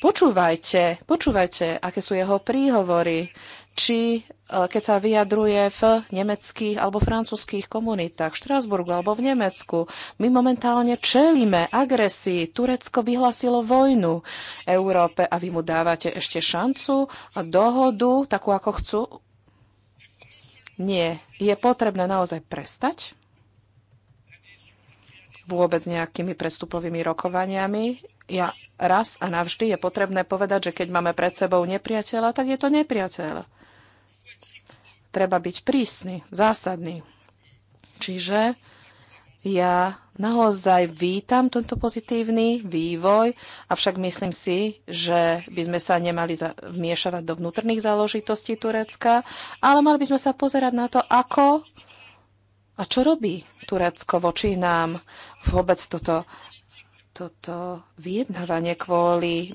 Počúvajte, počúvajte, aké sú jeho príhovory či eh, keď sa vyjadruje v nemeckých alebo francúzských komunitách, v Štrásburgu alebo v Nemecku. My momentálne čelíme agresii. Turecko vyhlasilo vojnu Európe a vy mu dávate ešte šancu a dohodu, takú ako chcú. Nie. Je potrebné naozaj prestať vôbec nejakými prestupovými rokovaniami. Ja raz a navždy je potrebné povedať, že keď máme pred sebou nepriateľa, tak je to nepriateľ treba byť prísny, zásadný. Čiže ja naozaj vítam tento pozitívny vývoj, avšak myslím si, že by sme sa nemali vmiešavať do vnútorných záležitostí Turecka, ale mali by sme sa pozerať na to, ako a čo robí Turecko voči nám vôbec toto toto vyjednávanie kvôli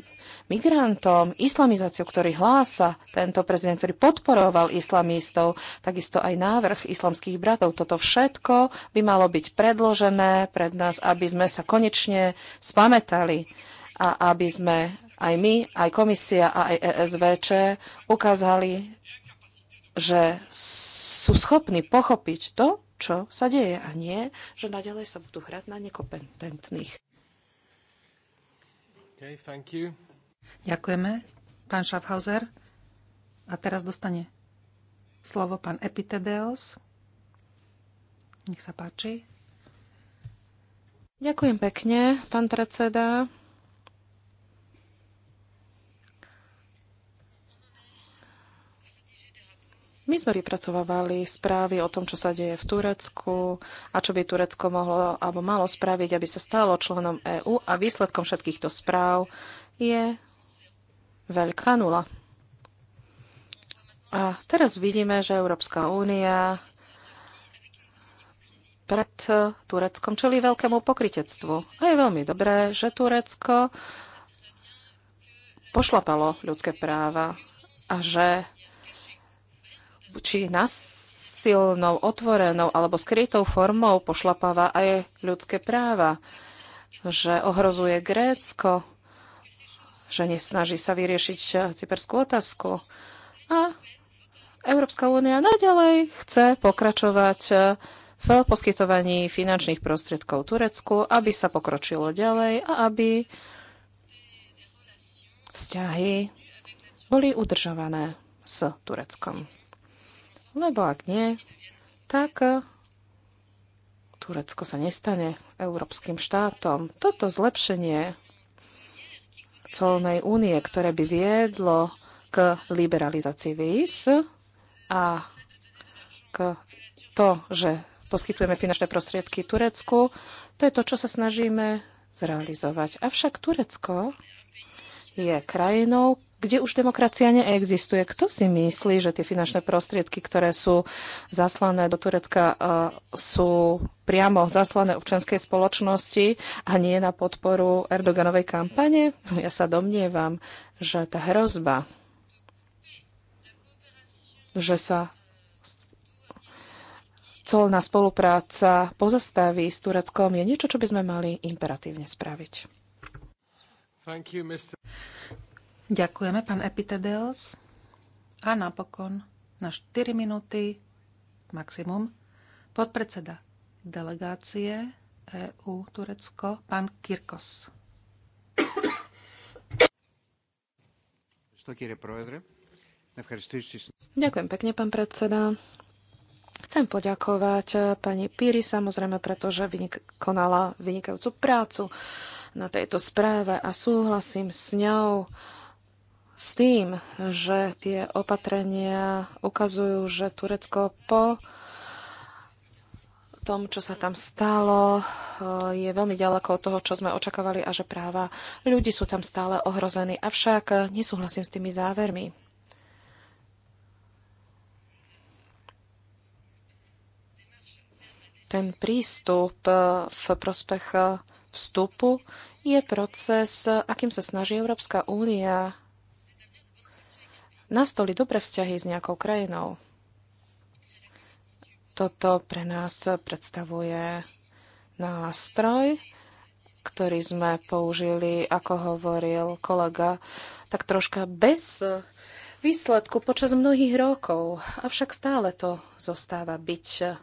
migrantom, islamizáciu, ktorý hlása tento prezident, ktorý podporoval islamistov, takisto aj návrh islamských bratov. Toto všetko by malo byť predložené pred nás, aby sme sa konečne spametali a aby sme aj my, aj komisia a aj ESVČ ukázali, že sú schopní pochopiť to, čo sa deje a nie, že naďalej sa budú hrať na nekompetentných. Okay, thank you. Ďakujeme, pán Schaffhauser. A teraz dostane slovo pán Epitedeos. Nech sa páči. Ďakujem pekne, pán predseda. My sme vypracovávali správy o tom, čo sa deje v Turecku a čo by Turecko mohlo alebo malo spraviť, aby sa stalo členom EÚ a výsledkom všetkýchto správ je veľká nula. A teraz vidíme, že Európska únia pred Tureckom čelí veľkému pokritectvu. A je veľmi dobré, že Turecko pošlapalo ľudské práva a že či nasilnou, otvorenou alebo skrytou formou pošlapáva aj ľudské práva, že ohrozuje Grécko, že nesnaží sa vyriešiť cyperskú otázku. A Európska únia naďalej chce pokračovať v poskytovaní finančných prostriedkov Turecku, aby sa pokročilo ďalej a aby vzťahy boli udržované s Tureckom. Lebo ak nie, tak eh, Turecko sa nestane európskym štátom. Toto zlepšenie colnej únie, ktoré by viedlo k liberalizácii víz a k to, že poskytujeme finančné prostriedky Turecku, to je to, čo sa snažíme zrealizovať. Avšak Turecko je krajinou, kde už demokracia neexistuje. Kto si myslí, že tie finančné prostriedky, ktoré sú zaslané do Turecka, e, sú priamo zaslané občanskej spoločnosti a nie na podporu Erdoganovej kampane? No, ja sa domnievam, že tá hrozba, že sa colná spolupráca pozastaví s Tureckom, je niečo, čo by sme mali imperatívne spraviť. You, Ďakujeme, pán Epitedeos. A napokon na 4 minúty maximum podpredseda delegácie EU Turecko, pán Kirkos. Ďakujem pekne, pán predseda. Chcem poďakovať eh, pani Píri, samozrejme, pretože vynik- konala vynikajúcu prácu na tejto správe a súhlasím s ňou s tým, že tie opatrenia ukazujú, že Turecko po tom, čo sa tam stalo, eh, je veľmi ďaleko od toho, čo sme očakávali a že práva ľudí sú tam stále ohrození. Avšak eh, nesúhlasím s tými závermi. Ten prístup eh, v prospech vstupu je proces, akým sa snaží Európska únia nastoli dobré vzťahy s nejakou krajinou. Toto pre nás predstavuje nástroj, ktorý sme použili, ako hovoril kolega, tak troška bez výsledku počas mnohých rokov. Avšak stále to zostáva byť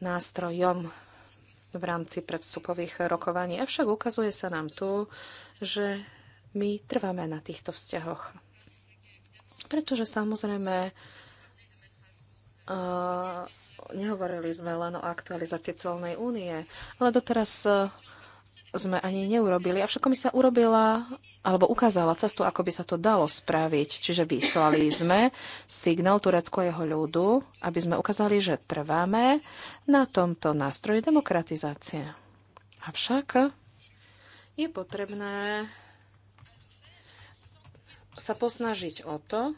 nástrojom v rámci predstupových rokovaní. Avšak ukazuje sa nám tu, že my trváme na týchto vzťahoch. Pretože samozrejme eh, nehovorili sme len o aktualizácii celnej únie, ale doteraz eh, sme ani neurobili. Avšak komisia urobila alebo ukázala cestu, ako by sa to dalo spraviť. Čiže vyslali sme signál Turecku a jeho ľudu, aby sme ukázali, že trváme na tomto nástroji demokratizácie. Avšak je potrebné sa posnažiť o to,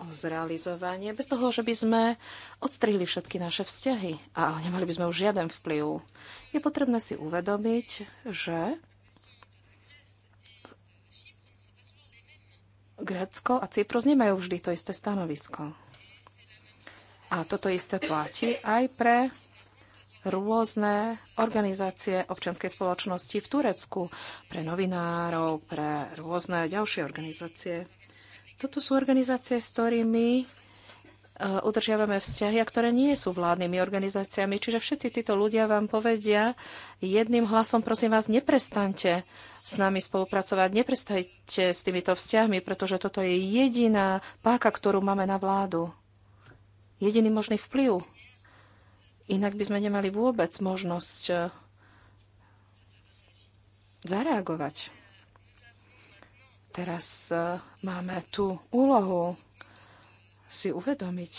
o zrealizovanie, bez toho, že by sme odstrihli všetky naše vzťahy a nemali by sme už žiaden vplyv. Je potrebné si uvedomiť, že Grécko a Cyprus nemajú vždy to isté stanovisko. A toto isté platí aj pre rôzne organizácie občianskej spoločnosti v Turecku, pre novinárov, pre rôzne ďalšie organizácie. Toto sú organizácie, s ktorými e, udržiavame vzťahy, a ktoré nie sú vládnymi organizáciami. Čiže všetci títo ľudia vám povedia jedným hlasom, prosím vás, neprestaňte s nami spolupracovať, neprestajte s týmito vzťahmi, pretože toto je jediná páka, ktorú máme na vládu. Jediný možný vplyv. Inak by sme nemali vôbec možnosť e, zareagovať. Teraz e, máme tú úlohu si uvedomiť,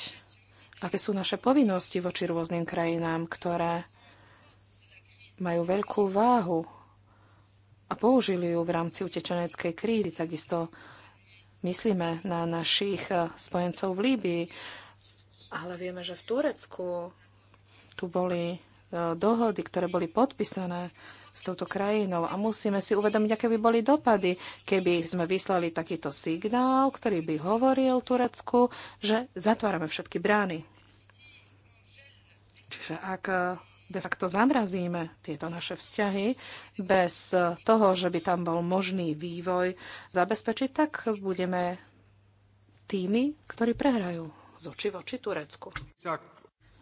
aké sú naše povinnosti voči rôznym krajinám, ktoré majú veľkú váhu a použili ju v rámci utečeneckej krízy. Takisto myslíme na našich e, spojencov v Líbii, ale vieme, že v Turecku tu boli e, dohody, ktoré boli podpísané s touto krajinou a musíme si uvedomiť, aké by boli dopady, keby sme vyslali takýto signál, ktorý by hovoril Turecku, že zatvárame všetky brány. Čiže ak e, de facto zamrazíme tieto naše vzťahy bez e, toho, že by tam bol možný vývoj zabezpečiť, tak budeme tými, ktorí prehrajú z oči voči Turecku. Tak.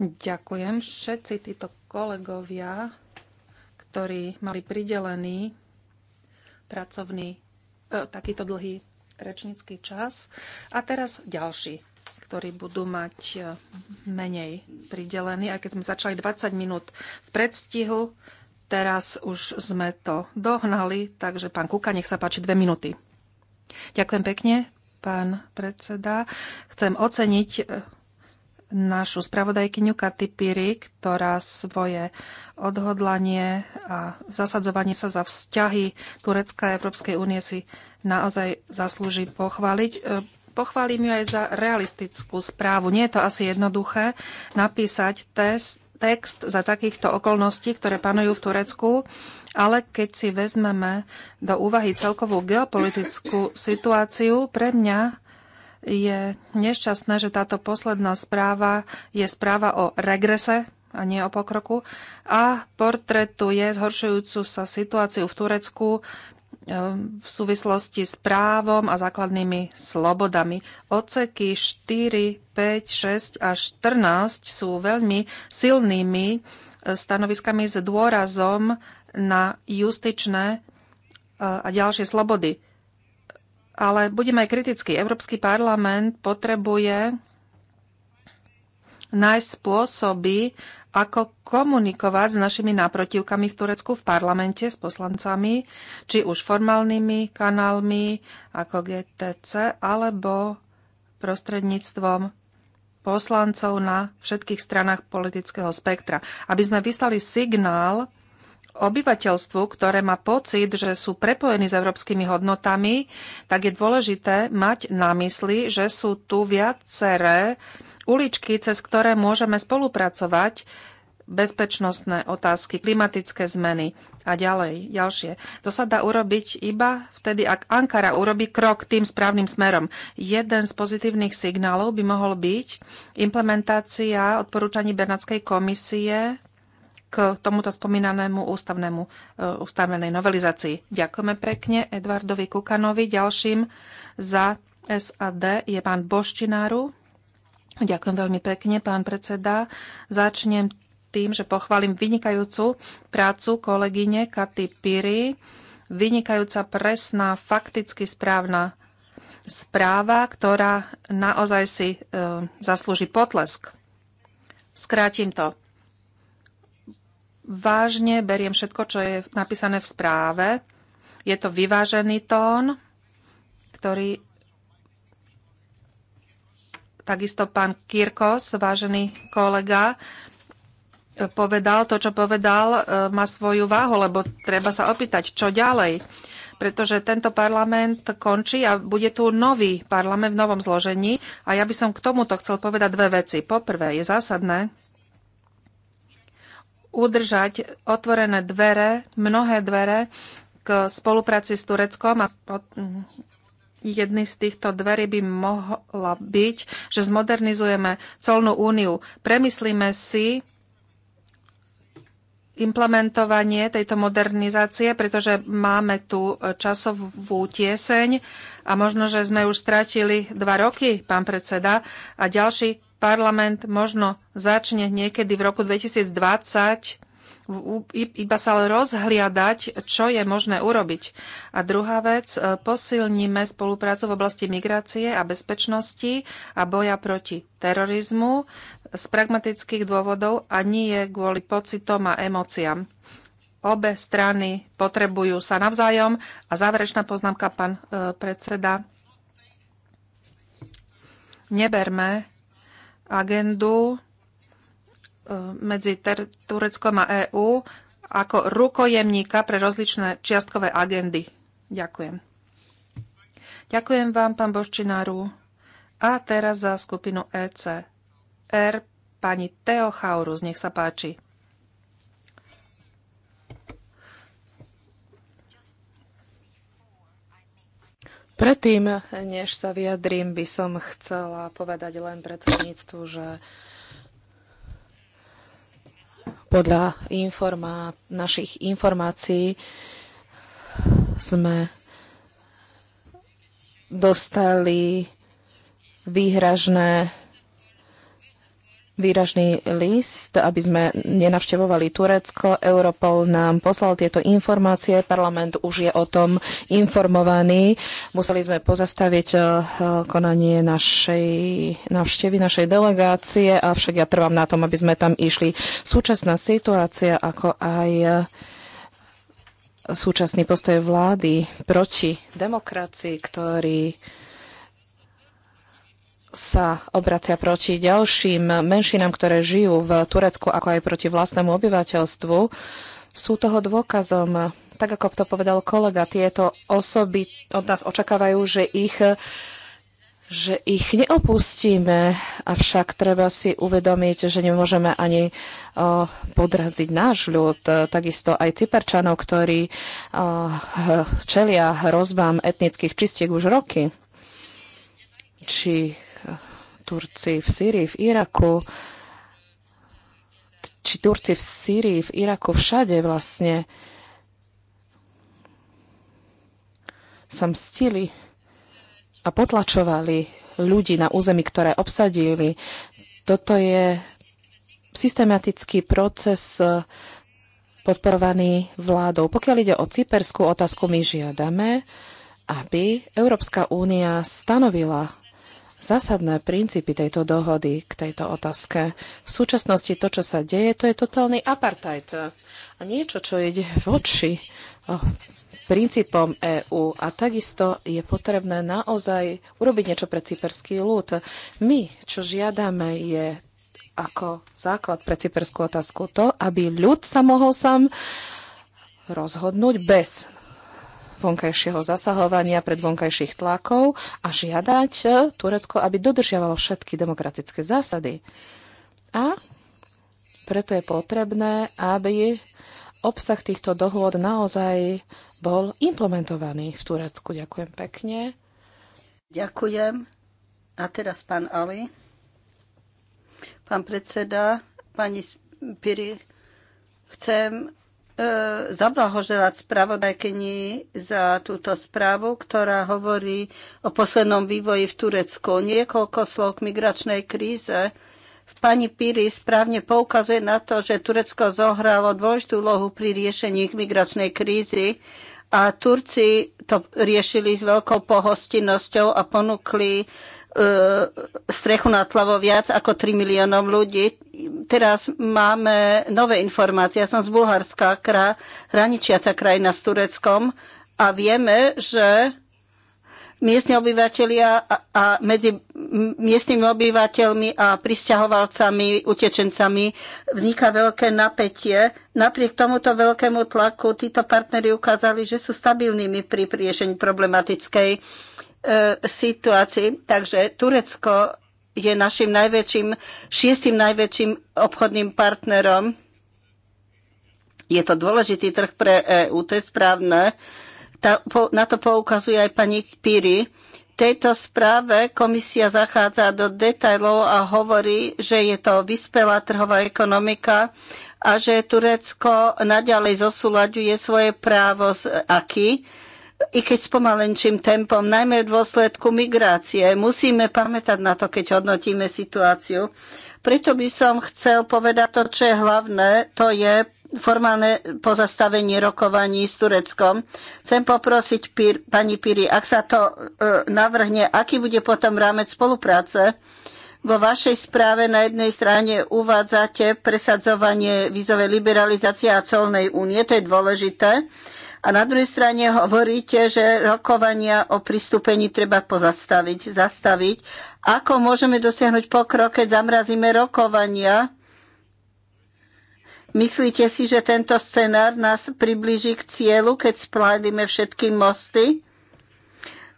Ďakujem. Všetci títo kolegovia, ktorí mali pridelený pracovný, e, takýto dlhý rečnícky čas. A teraz ďalší, ktorí budú mať e, menej pridelený. Aj keď sme začali 20 minút v predstihu, teraz už sme to dohnali. Takže pán Kuka, nech sa páči dve minúty. Ďakujem pekne, pán predseda. Chcem oceniť e, našu spravodajkyňu Katy Piri, ktorá svoje odhodlanie a zasadzovanie sa za vzťahy Turecka a Európskej únie si naozaj zaslúži pochváliť. E, pochválim ju aj za realistickú správu. Nie je to asi jednoduché napísať test, text za takýchto okolností, ktoré panujú v Turecku, ale keď si vezmeme do úvahy celkovú geopolitickú situáciu, pre mňa je nešťastné, že táto posledná správa je správa o regrese a nie o pokroku a portretuje zhoršujúcu sa situáciu v Turecku e, v súvislosti s právom a základnými slobodami. Oceky 4, 5, 6 a 14 sú veľmi silnými e, stanoviskami s dôrazom na justičné e, a ďalšie slobody. Ale budeme aj kritický. Európsky parlament potrebuje nájsť spôsoby, ako komunikovať s našimi náprotivkami v Turecku v parlamente s poslancami, či už formálnymi kanálmi ako GTC, alebo prostredníctvom poslancov na všetkých stranách politického spektra. Aby sme vyslali signál, obyvateľstvu, ktoré má pocit, že sú prepojení s európskymi hodnotami, tak je dôležité mať na mysli, že sú tu viaceré uličky, cez ktoré môžeme spolupracovať, bezpečnostné otázky, klimatické zmeny a ďalej, ďalšie. To sa dá urobiť iba vtedy, ak Ankara urobí krok tým správnym smerom. Jeden z pozitívnych signálov by mohol byť implementácia odporúčaní Bernátskej komisie k tomuto spomínanému ústavnému, e, ústavnej novelizácii. Ďakujeme pekne Edvardovi Kukanovi. Ďalším za SAD je pán Boščináru. Ďakujem veľmi pekne, pán predseda. Začnem tým, že pochválim vynikajúcu prácu kolegyne Katy Piri. Vynikajúca, presná, fakticky správna správa, ktorá naozaj si e, zaslúži potlesk. Skrátim to vážne beriem všetko, čo je napísané v správe. Je to vyvážený tón, ktorý takisto pán Kirkos, vážený kolega, povedal, to, čo povedal, e, má svoju váhu, lebo treba sa opýtať, čo ďalej. Pretože tento parlament končí a bude tu nový parlament v novom zložení. A ja by som k tomuto chcel povedať dve veci. Poprvé, je zásadné, udržať otvorené dvere, mnohé dvere k spolupráci s Tureckom a jedný z týchto dverí by mohla byť, že zmodernizujeme colnú úniu. Premyslíme si implementovanie tejto modernizácie, pretože máme tu časovú tieseň a možno, že sme už stratili dva roky, pán predseda, a ďalší parlament možno začne niekedy v roku 2020 iba sa ale rozhliadať, čo je možné urobiť. A druhá vec, e, posilníme spoluprácu v oblasti migrácie a bezpečnosti a boja proti terorizmu z pragmatických dôvodov a nie kvôli pocitom a emóciám. Obe strany potrebujú sa navzájom. A záverečná poznámka, pán e, predseda. Neberme agendu e, medzi Tureckom a EÚ ako rukojemníka pre rozličné čiastkové agendy. Ďakujem. Ďakujem vám, pán Boščináru. A teraz za skupinu ECR pani Teo Chaurus. Nech sa páči. Predtým, než sa vyjadrím, by som chcela povedať len predsedníctvu, že podľa informá- našich informácií sme dostali výhražné výražný list, aby sme nenavštevovali Turecko. Europol nám poslal tieto informácie, parlament už je o tom informovaný. Museli sme pozastaviť eh, konanie našej návštevy, našej delegácie, avšak ja trvám na tom, aby sme tam išli. Súčasná situácia, ako aj eh, súčasný postoj vlády proti demokracii, ktorý sa obracia proti ďalším menšinám, ktoré žijú v Turecku, ako aj proti vlastnému obyvateľstvu, sú toho dôkazom. Tak ako to povedal kolega, tieto osoby od nás očakávajú, že ich že ich neopustíme, avšak treba si uvedomiť, že nemôžeme ani o, podraziť náš ľud, takisto aj Cyperčanov, ktorí o, čelia hrozbám etnických čistiek už roky. Či Turci v Syrii, v Iraku, či Turci v Syrii, v Iraku, všade vlastne sa mstili a potlačovali ľudí na území, ktoré obsadili. Toto je systematický proces eh, podporovaný vládou. Pokiaľ ide o cyperskú otázku, my žiadame, aby Európska únia stanovila zásadné princípy tejto dohody k tejto otázke. V súčasnosti to, čo sa deje, to je totálny apartheid. A niečo, čo ide voči oh, princípom EÚ. A takisto je potrebné naozaj urobiť niečo pre cyperský ľud. My, čo žiadame, je ako základ pre cyperskú otázku to, aby ľud sa mohol sám rozhodnúť bez vonkajšieho zasahovania, pred vonkajších tlakov a žiadať e, Turecko, aby dodržiavalo všetky demokratické zásady. A preto je potrebné, aby obsah týchto dohôd naozaj bol implementovaný v Turecku. Ďakujem pekne. Ďakujem. A teraz pán Ali. Pán predseda, pani Piri, chcem E, zablahoželať spravodajkyni za túto správu, ktorá hovorí o poslednom vývoji v Turecku. Niekoľko slov k migračnej kríze. Pani Piri správne poukazuje na to, že Turecko zohralo dôležitú úlohu pri riešení migračnej krízy a Turci to riešili s veľkou pohostinnosťou a ponúkli E, strechu nad hlavou viac ako 3 miliónov ľudí. Teraz máme nové informácie. Ja som z Bulharska, kra, hraničiaca krajina s Tureckom a vieme, že miestni obyvateľia a, a medzi miestnymi obyvateľmi a pristahovalcami, utečencami vzniká veľké napätie. Napriek tomuto veľkému tlaku títo partnery ukázali, že sú stabilnými pri riešení problematickej E, situácii. Takže Turecko je našim najväčším, šiestým najväčším obchodným partnerom. Je to dôležitý trh pre EU, to je správne. Tá, po, na to poukazuje aj pani Píry. V tejto správe komisia zachádza do detajlov a hovorí, že je to vyspelá trhová ekonomika a že Turecko naďalej zosúľaďuje svoje právo z AKI i keď pomalenčím tempom, najmä v dôsledku migrácie. Musíme pamätať na to, keď hodnotíme situáciu. Preto by som chcel povedať to, čo je hlavné, to je formálne pozastavenie rokovaní s Tureckom. Chcem poprosiť pír, pani Piri, ak sa to e, navrhne, aký bude potom rámec spolupráce. Vo vašej správe na jednej strane uvádzate presadzovanie vízovej liberalizácie a colnej únie, to je dôležité. A na druhej strane hovoríte, že rokovania o pristúpení treba pozastaviť, zastaviť. Ako môžeme dosiahnuť pokrok, keď zamrazíme rokovania? Myslíte si, že tento scenár nás priblíži k cieľu, keď spládime všetky mosty?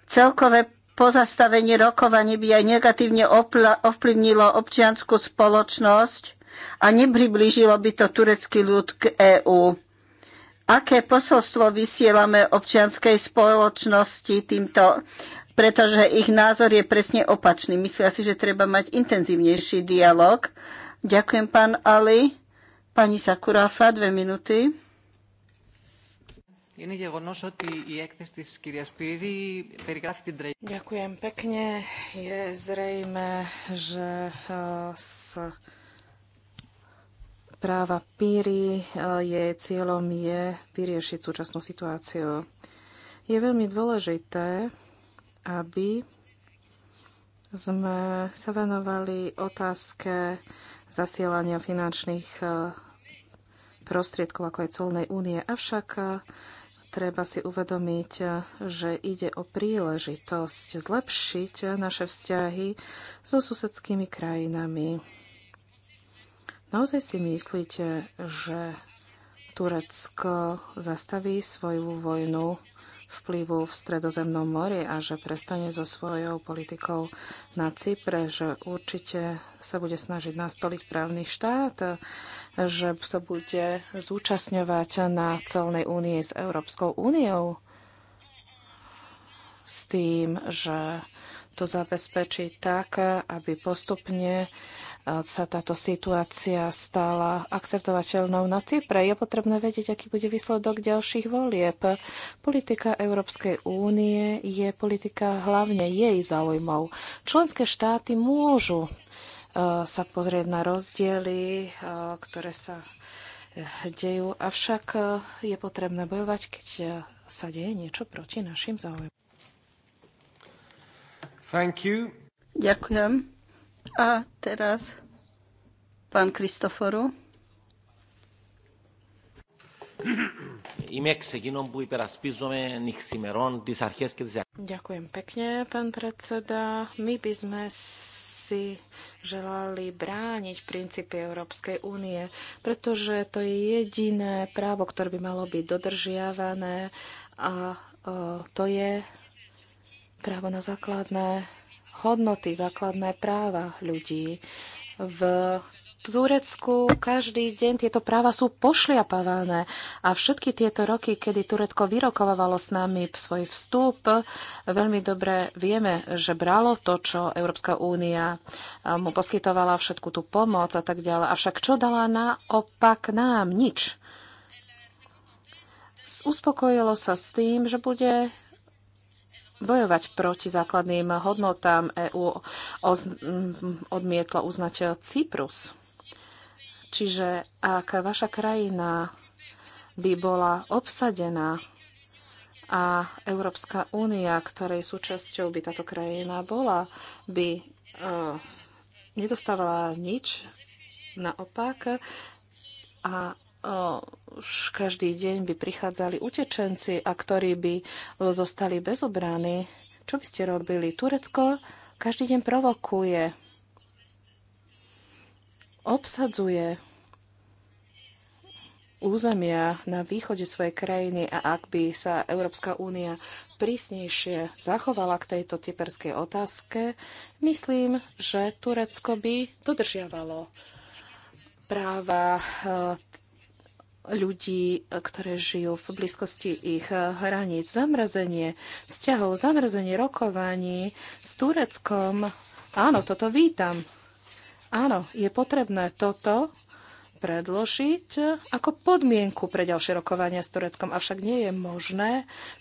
Celkové pozastavenie rokovaní by aj negatívne ovplyvnilo občianskú spoločnosť a nepriblížilo by to turecký ľud k EÚ aké posolstvo vysielame občianskej spoločnosti týmto, pretože ich názor je presne opačný. Myslia si, že treba mať intenzívnejší dialog. Ďakujem, pán Ali. Pani Sakurafa, dve minúty. Ďakujem pekne. Je zrejme, že s Správa Píry, e, jej cieľom je vyriešiť súčasnú situáciu. Je veľmi dôležité, aby sme sa venovali otázke zasielania finančných e, prostriedkov, ako aj colnej únie. Avšak e, treba si uvedomiť, že ide o príležitosť zlepšiť naše vzťahy so susedskými krajinami. Naozaj si myslíte, že Turecko zastaví svoju vojnu vplyvu v Stredozemnom mori a že prestane so svojou politikou na Cypre, že určite sa bude snažiť nastoliť právny štát, že sa bude zúčastňovať na celnej únie s Európskou úniou s tým, že to zabezpečí tak, aby postupne sa táto situácia stala akceptovateľnou na Cypre. Je potrebné vedieť, aký bude výsledok ďalších volieb. Politika Európskej únie je politika hlavne jej záujmov. Členské štáty môžu e, sa pozrieť na rozdiely, e, ktoré sa e, dejú, avšak je potrebné bojovať, keď sa deje niečo proti našim záujmom. Ďakujem. A teraz pán Kristoforu. Ďakujem pekne, pán predseda. My by sme si želali brániť princípy Európskej únie, pretože to je jediné právo, ktoré by malo byť dodržiavané a e, to je právo na základné hodnoty, základné práva ľudí. V Turecku každý deň tieto práva sú pošliapavané a všetky tieto roky, kedy Turecko vyrokovávalo s nami svoj vstup, veľmi dobre vieme, že bralo to, čo Európska únia mu poskytovala, všetku tú pomoc a tak ďalej. Avšak čo dala naopak nám? Nič. Uspokojilo sa s tým, že bude bojovať proti základným hodnotám. EÚ odmietla uznať Cyprus. Čiže ak vaša krajina by bola obsadená a Európska únia, ktorej súčasťou by táto krajina bola, by e, nedostávala nič, naopak, a už každý deň by prichádzali utečenci a ktorí by zostali bez obrany, čo by ste robili? Turecko každý deň provokuje, obsadzuje územia na východe svojej krajiny a ak by sa Európska únia prísnejšie zachovala k tejto cyperskej otázke, myslím, že Turecko by dodržiavalo práva eh, ľudí, ktoré žijú v blízkosti ich hraníc. Zamrazenie vzťahov, zamrazenie rokovaní s Tureckom. Áno, toto vítam. Áno, je potrebné toto predložiť ako podmienku pre ďalšie rokovania s Tureckom. Avšak nie je možné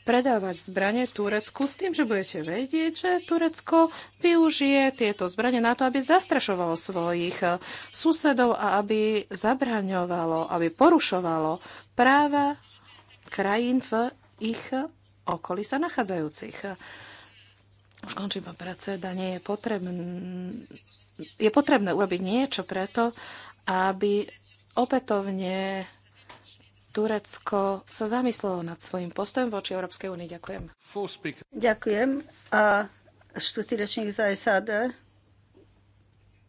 predávať zbranie Turecku s tým, že budete vedieť, že Turecko využije tieto zbranie na to, aby zastrašovalo svojich susedov a aby zabraňovalo, aby porušovalo práva krajín v ich okolí sa nachádzajúcich. Už končím, pán predseda, nie je potrebné, je potrebné urobiť niečo preto, aby opätovne Turecko sa zamyslelo nad svojim postojom voči Európskej únii. Ďakujem. Ďakujem. A štutý rečník za SAD.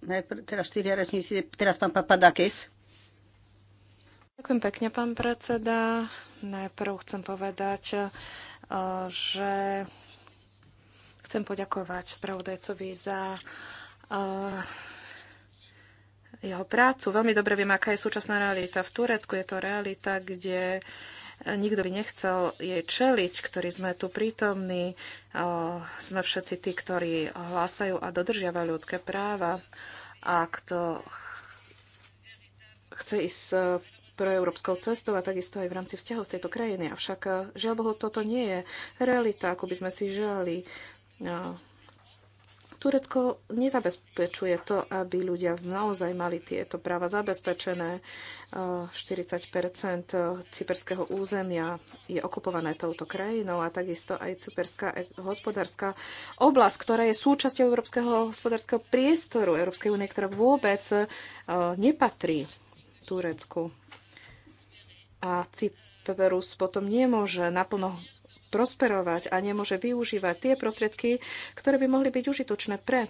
Najprv, teraz štyria rečníci, teraz pán Papadakis. Ďakujem pekne, pán predseda. Najprv chcem povedať, e, že chcem poďakovať spravodajcovi za e, jeho prácu. Veľmi dobre viem, aká je súčasná realita. V Turecku je to realita, kde e, nikto by nechcel jej čeliť, ktorí sme tu prítomní. E, sme všetci tí, ktorí hlásajú a dodržiavajú ľudské práva. A kto chce ísť e, proeurópskou cestou a takisto aj v rámci vzťahov z tejto krajiny. Avšak žiaľ Bohu, toto nie je realita, ako by sme si želali. Turecko nezabezpečuje to, aby ľudia naozaj mali tieto práva zabezpečené. 40 eh, eh, cyperského územia je okupované touto krajinou a takisto aj cyperská e- hospodárska oblasť, ktorá je súčasťou európskeho hospodárskeho priestoru Európskej únie, ktorá vôbec eh, nepatrí Turecku. A Cyperus potom nemôže naplno prosperovať a nemôže využívať tie prostriedky, ktoré by mohli byť užitočné pre e,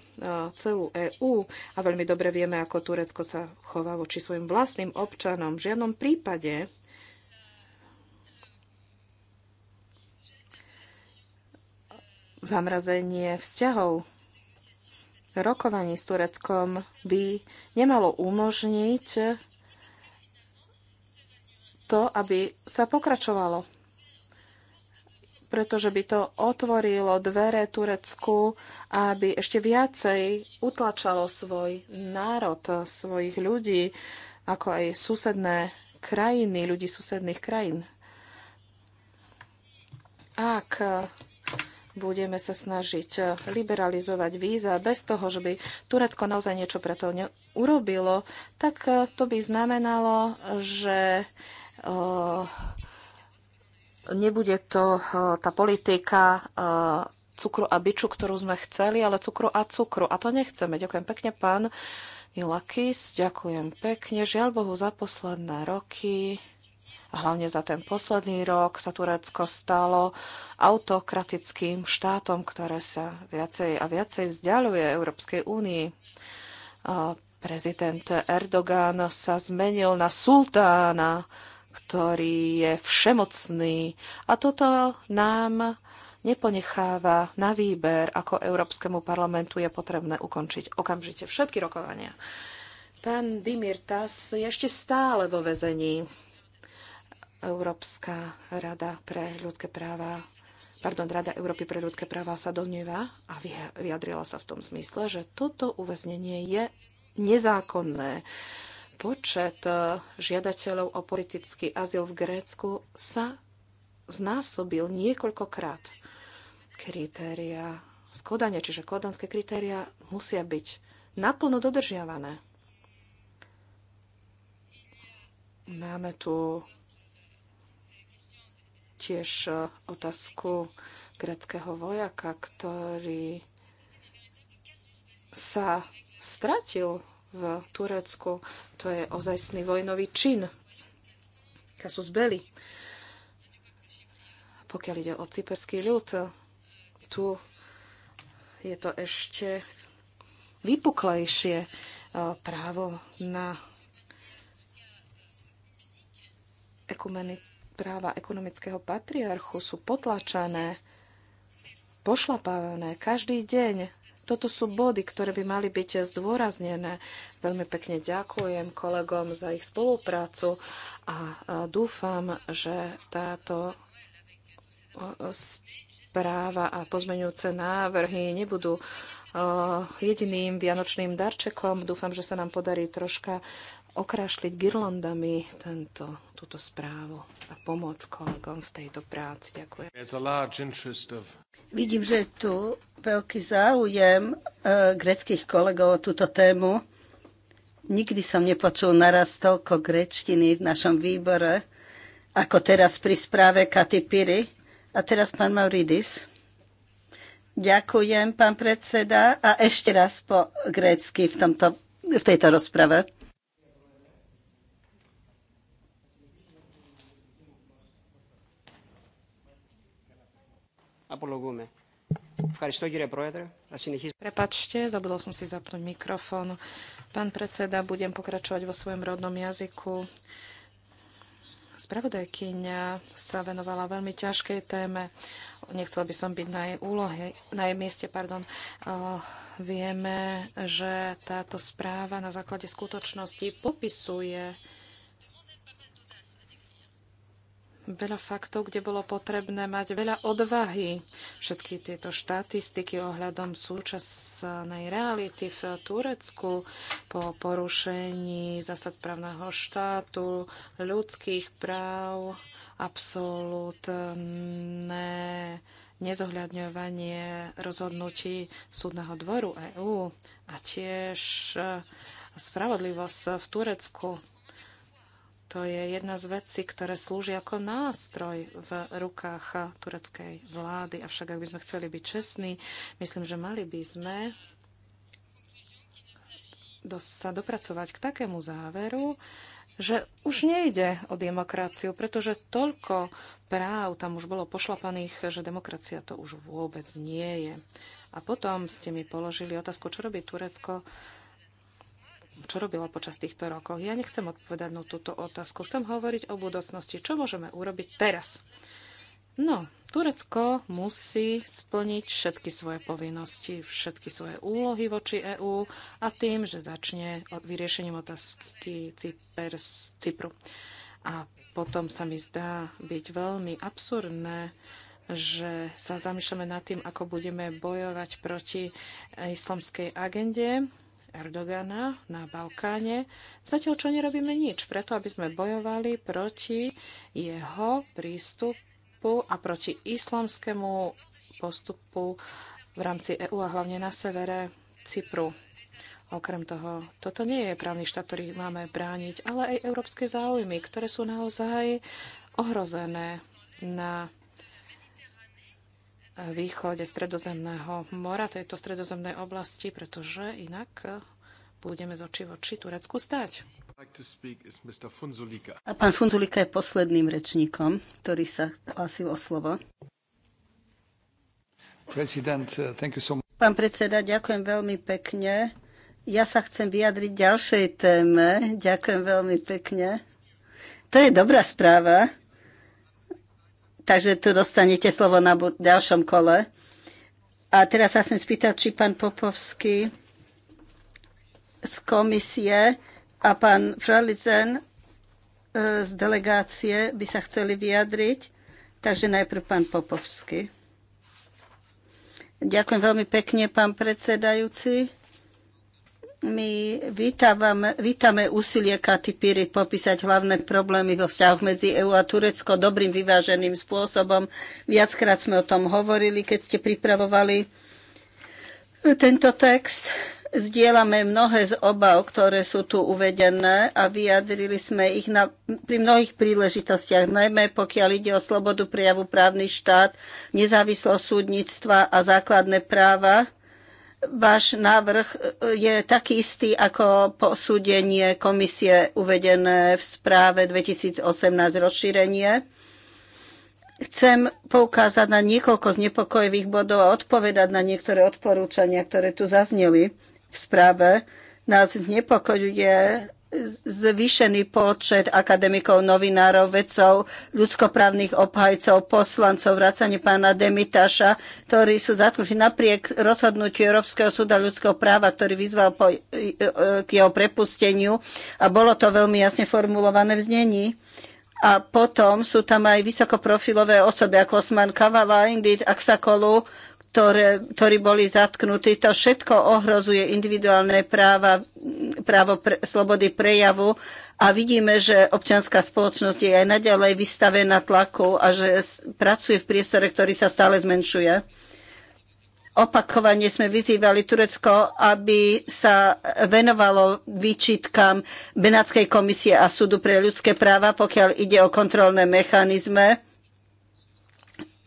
celú EÚ. A veľmi dobre vieme, ako Turecko sa chová voči svojim vlastným občanom. V žiadnom prípade zamrazenie vzťahov rokovaní s Tureckom by nemalo umožniť to, aby sa pokračovalo pretože by to otvorilo dvere Turecku, aby ešte viacej utlačalo svoj národ, svojich ľudí, ako aj susedné krajiny, ľudí susedných krajín. Ak budeme sa snažiť liberalizovať víza bez toho, že by Turecko naozaj niečo pre to urobilo, tak to by znamenalo, že eh, nebude to e, tá politika e, cukru a biču, ktorú sme chceli, ale cukru a cukru. A to nechceme. Ďakujem pekne, pán Ilakis. Ďakujem pekne. Žiaľ Bohu, za posledné roky a hlavne za ten posledný rok sa Turecko stalo autokratickým štátom, ktoré sa viacej a viacej vzdialuje Európskej únii. E, prezident Erdogan sa zmenil na sultána ktorý je všemocný. A toto nám neponecháva na výber, ako Európskemu parlamentu je potrebné ukončiť okamžite všetky rokovania. Pán Dimirtas Tas je ešte stále vo vezení. Európska rada pre ľudské práva pardon, Rada Európy pre ľudské práva sa domnieva a vyjadrila sa v tom zmysle, že toto uväznenie je nezákonné počet e, žiadateľov o politický azyl v Grécku sa znásobil niekoľkokrát. Kritéria skodania, čiže kodanské kritéria, musia byť naplno dodržiavané. Máme tu tiež e, otázku greckého vojaka, ktorý sa stratil v Turecku. To je ozajstný vojnový čin. Kasus Belli. Pokiaľ ide o cyperský ľud, tu je to ešte vypuklejšie e, právo na práva ekonomického patriarchu sú potlačané, pošlapávané každý deň toto sú body, ktoré by mali byť zdôraznené. Veľmi pekne ďakujem kolegom za ich spoluprácu a dúfam, že táto správa a pozmeňujúce návrhy nebudú jediným vianočným darčekom. Dúfam, že sa nám podarí troška okrašliť girlandami tento túto správu a pomoc kolegom v tejto práci. Ďakujem. Of... Vidím, že tu veľký záujem uh, greckých kolegov o túto tému. Nikdy som nepočul naraz toľko grečtiny v našom výbore, ako teraz pri správe Katy Piri. A teraz pán Mauridis. Ďakujem, pán predseda. A ešte raz po grécky v, tomto, v tejto rozprave. Apologúme. Prepačte, zabudol som si zapnúť mikrofón. Pán predseda, budem pokračovať vo svojom rodnom jazyku. Spravodajkyňa sa venovala veľmi ťažkej téme. Nechcela by som byť na jej úlohe, na jej mieste, pardon. vieme, že táto správa na základe skutočnosti popisuje veľa faktov, kde bolo potrebné mať veľa odvahy. Všetky tieto štatistiky ohľadom súčasnej reality v Turecku po porušení zásad právneho štátu, ľudských práv, absolútne nezohľadňovanie rozhodnutí súdneho dvoru EÚ a tiež spravodlivosť v Turecku to je jedna z vecí, ktoré slúži ako nástroj v rukách tureckej vlády. Avšak ak by sme chceli byť čestní, myslím, že mali by sme sa dopracovať k takému záveru, že už nejde o demokraciu, pretože toľko práv tam už bolo pošlapaných, že demokracia to už vôbec nie je. A potom ste mi položili otázku, čo robí Turecko čo robila počas týchto rokov. Ja nechcem odpovedať na túto otázku. Chcem hovoriť o budúcnosti. Čo môžeme urobiť teraz? No, Turecko musí splniť všetky svoje povinnosti, všetky svoje úlohy voči EÚ a tým, že začne od vyriešením otázky z Cypru. A potom sa mi zdá byť veľmi absurdné, že sa zamýšľame nad tým, ako budeme bojovať proti islamskej agende Erdogana na Balkáne, zatiaľ čo nerobíme nič, preto aby sme bojovali proti jeho prístupu a proti islamskému postupu v rámci EÚ a hlavne na severe Cypru. Okrem toho, toto nie je právny štát, ktorý máme brániť, ale aj európske záujmy, ktoré sú naozaj ohrozené na východe Stredozemného mora, tejto stredozemnej oblasti, pretože inak e, budeme z očí v oči Turecku stať. A pán Funzulika je posledným rečníkom, ktorý sa hlásil o slovo. E, pán predseda, ďakujem veľmi pekne. Ja sa chcem vyjadriť ďalšej téme. Ďakujem veľmi pekne. To je dobrá správa. Takže tu dostanete slovo na ďalšom kole. A teraz sa chcem spýtať, či pán Popovský z komisie a pán Fralizen e, z delegácie by sa chceli vyjadriť. Takže najprv pán Popovský. Ďakujem veľmi pekne, pán predsedajúci. My vítame, vítame úsilie Katy Piri popísať hlavné problémy vo vzťahoch medzi EÚ a Turecko dobrým vyváženým spôsobom. Viackrát sme o tom hovorili, keď ste pripravovali tento text. Zdieľame mnohé z obav, ktoré sú tu uvedené a vyjadrili sme ich na, pri mnohých príležitostiach, najmä pokiaľ ide o slobodu prejavu právny štát, nezávislosť súdnictva a základné práva váš návrh e, je taký istý ako posúdenie komisie uvedené v správe 2018 rozšírenie. Chcem poukázať na niekoľko znepokojivých bodov a odpovedať na niektoré odporúčania, ktoré tu zazneli v správe. Nás znepokojuje zvýšený počet akademikov, novinárov, vedcov, ľudskoprávnych obhajcov, poslancov, vracanie pána Demitaša, ktorí sú zatknutí napriek rozhodnutiu Európskeho súda ľudského práva, ktorý vyzval po, e, e, k jeho prepusteniu a bolo to veľmi jasne formulované v znení. A potom sú tam aj vysokoprofilové osoby ako Osman Kavala, Ingrid Aksakolu, ktoré, ktorí boli zatknutí. To všetko ohrozuje individuálne práva, právo pre, slobody prejavu a vidíme, že občianská spoločnosť je aj naďalej vystavená tlaku a že pracuje v priestore, ktorý sa stále zmenšuje. Opakovane sme vyzývali Turecko, aby sa venovalo výčitkám Benátskej komisie a súdu pre ľudské práva, pokiaľ ide o kontrolné mechanizme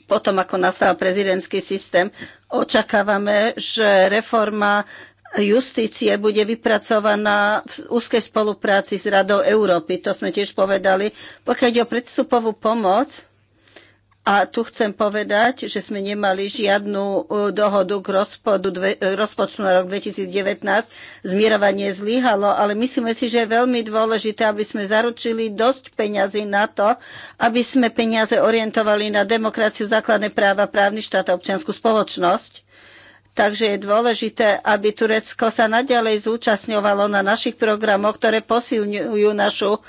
potom, ako nastal prezidentský systém. Očakávame, že reforma justície bude vypracovaná v úzkej spolupráci s Radou Európy. To sme tiež povedali. Pokiaľ ide o predstupovú pomoc, a tu chcem povedať, že sme nemali žiadnu e, dohodu k rozpodu, e, rozpočtu na rok 2019. Zmierovanie zlyhalo, ale myslíme si, že je veľmi dôležité, aby sme zaručili dosť peňazí na to, aby sme peniaze orientovali na demokraciu, základné práva, právny štát a občianskú spoločnosť. Takže je dôležité, aby Turecko sa naďalej zúčastňovalo na našich programoch, ktoré posilňujú našu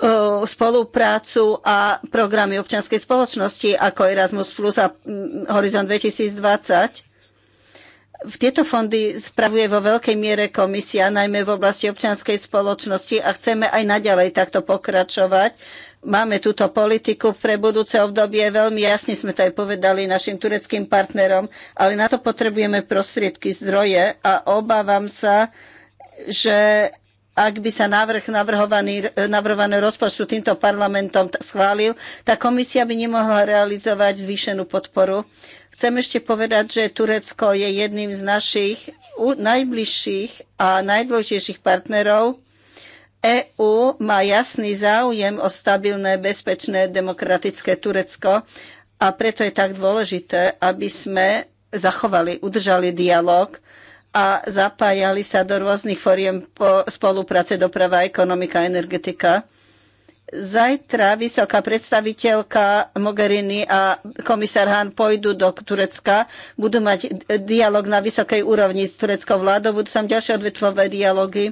E, spoluprácu a programy občianskej spoločnosti ako Erasmus Plus a Horizon 2020. V tieto fondy spravuje vo veľkej miere komisia, najmä v oblasti občianskej spoločnosti a chceme aj naďalej takto pokračovať. Máme túto politiku pre budúce obdobie, veľmi jasne sme to aj povedali našim tureckým partnerom, ale na to potrebujeme prostriedky, zdroje a obávam sa, že ak by sa návrh navrhovaný e, rozpočtu týmto parlamentom schválil, tá komisia by nemohla realizovať zvýšenú podporu. Chcem ešte povedať, že Turecko je jedným z našich najbližších a najdôležitejších partnerov. EÚ má jasný záujem o stabilné, bezpečné, demokratické Turecko a preto je tak dôležité, aby sme zachovali, udržali dialog a zapájali sa do rôznych foriem spolupráce doprava, ekonomika, energetika. Zajtra vysoká predstaviteľka Mogherini a komisár Hahn pôjdu do Turecka, budú mať dialog na vysokej úrovni s tureckou vládou, budú tam ďalšie odvetvové dialógy,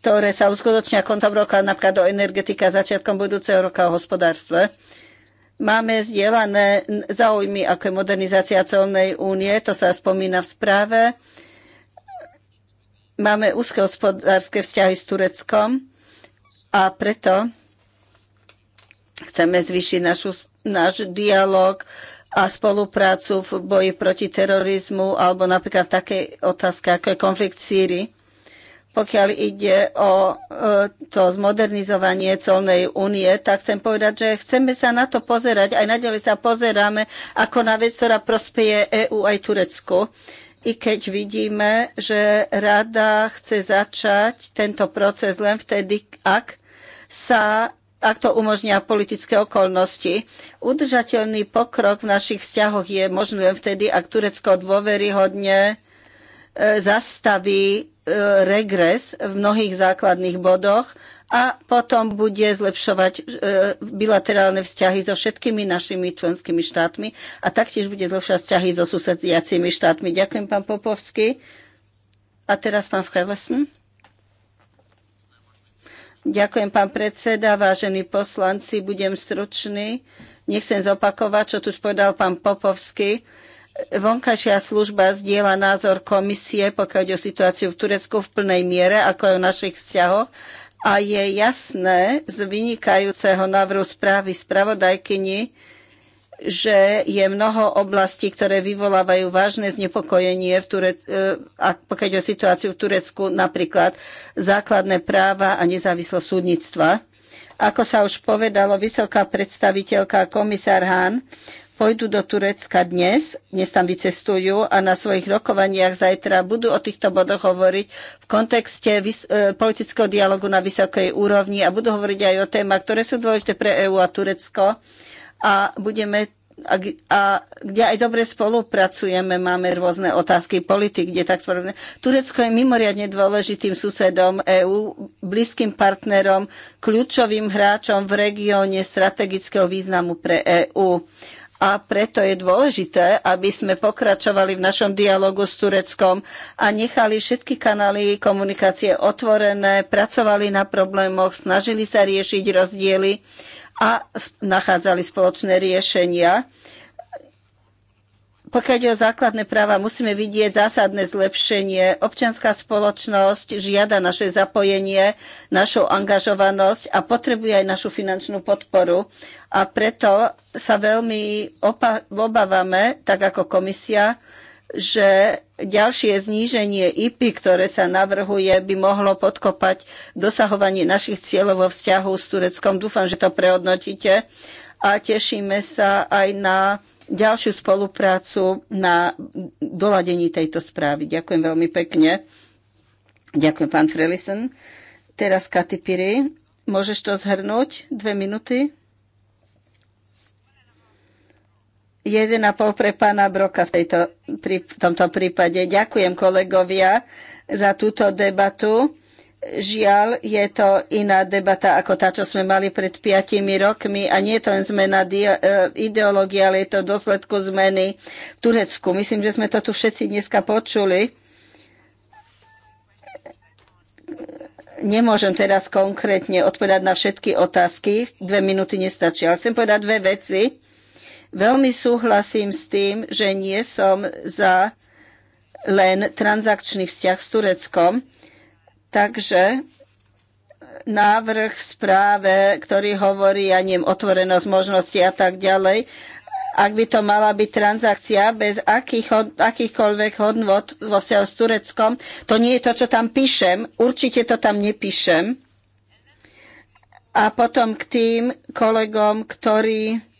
ktoré sa uskutočnia koncom roka, napríklad do energetika, začiatkom budúceho roka o hospodárstve. Máme zdieľané záujmy, ako je modernizácia celnej únie, to sa spomína v správe. Máme úzke hospodárske vzťahy s Tureckom a preto chceme zvýšiť našu, náš dialog a spoluprácu v boji proti terorizmu alebo napríklad v takej otázke, ako je konflikt v Sýrii. Pokiaľ ide o e, to zmodernizovanie celnej únie, tak chcem povedať, že chceme sa na to pozerať, aj naďalej sa pozeráme ako na vec, ktorá prospeje EÚ aj Turecku i keď vidíme, že rada chce začať tento proces len vtedy, ak sa ak to umožnia politické okolnosti. Udržateľný pokrok v našich vzťahoch je možný len vtedy, ak Turecko dôveryhodne e, zastaví e, regres v mnohých základných bodoch a potom bude zlepšovať e, bilaterálne vzťahy so všetkými našimi členskými štátmi a taktiež bude zlepšovať vzťahy so susediacimi štátmi. Ďakujem, pán Popovský. A teraz pán Vkarlesen. Ďakujem, pán predseda, vážení poslanci, budem stručný. Nechcem zopakovať, čo tu už povedal pán Popovský. Vonkajšia služba zdieľa názor komisie, pokiaľ ide o situáciu v Turecku v plnej miere, ako aj o našich vzťahoch a je jasné z vynikajúceho návrhu správy spravodajkyni, že je mnoho oblastí, ktoré vyvolávajú vážne znepokojenie v Turec- e, a pokiaľ o situáciu v Turecku, napríklad základné práva a nezávislosť súdnictva. Ako sa už povedalo, vysoká predstaviteľka komisár Hahn pôjdu do Turecka dnes, dnes tam vycestujú a na svojich rokovaniach zajtra budú o týchto bodoch hovoriť v kontekste e, politického dialogu na vysokej úrovni a budú hovoriť aj o témach, ktoré sú dôležité pre EÚ a Turecko a budeme a, a kde aj dobre spolupracujeme, máme rôzne otázky politik, kde tak spolupracujeme. Turecko je mimoriadne dôležitým susedom EÚ, blízkym partnerom, kľúčovým hráčom v regióne strategického významu pre EÚ a preto je dôležité, aby sme pokračovali v našom dialogu s Tureckom a nechali všetky kanály komunikácie otvorené, pracovali na problémoch, snažili sa riešiť rozdiely a nachádzali spoločné riešenia. Pokiaľ ide o základné práva, musíme vidieť zásadné zlepšenie. Občianská spoločnosť žiada naše zapojenie, našu angažovanosť a potrebuje aj našu finančnú podporu. A preto sa veľmi obávame, tak ako komisia, že ďalšie zníženie IP, ktoré sa navrhuje, by mohlo podkopať dosahovanie našich cieľov vo vzťahu s Tureckom. Dúfam, že to prehodnotíte a tešíme sa aj na ďalšiu spoluprácu na doladení tejto správy. Ďakujem veľmi pekne. Ďakujem, pán Frelison. Teraz Katy Piri, môžeš to zhrnúť? Dve minúty. pol pre pána Broka v, tejto, pri, v tomto prípade. Ďakujem kolegovia za túto debatu. Žiaľ, je to iná debata ako tá, čo sme mali pred piatimi rokmi a nie je to len zmena e, ideológie, ale je to dosledku dôsledku zmeny v Turecku. Myslím, že sme to tu všetci dneska počuli. nemôžem teraz konkrétne odpovedať na všetky otázky, dve minúty nestačí, ale chcem povedať dve veci. Veľmi súhlasím s tým, že nie som za len transakčný vzťah s Tureckom, takže návrh v správe, ktorý hovorí, ja neviem, otvorenosť možnosti a tak ďalej, ak by to mala byť transakcia bez akých, akýchkoľvek hodnot vo vzťahu s Tureckom, to nie je to, čo tam píšem. Určite to tam nepíšem. A potom k tým kolegom, ktorí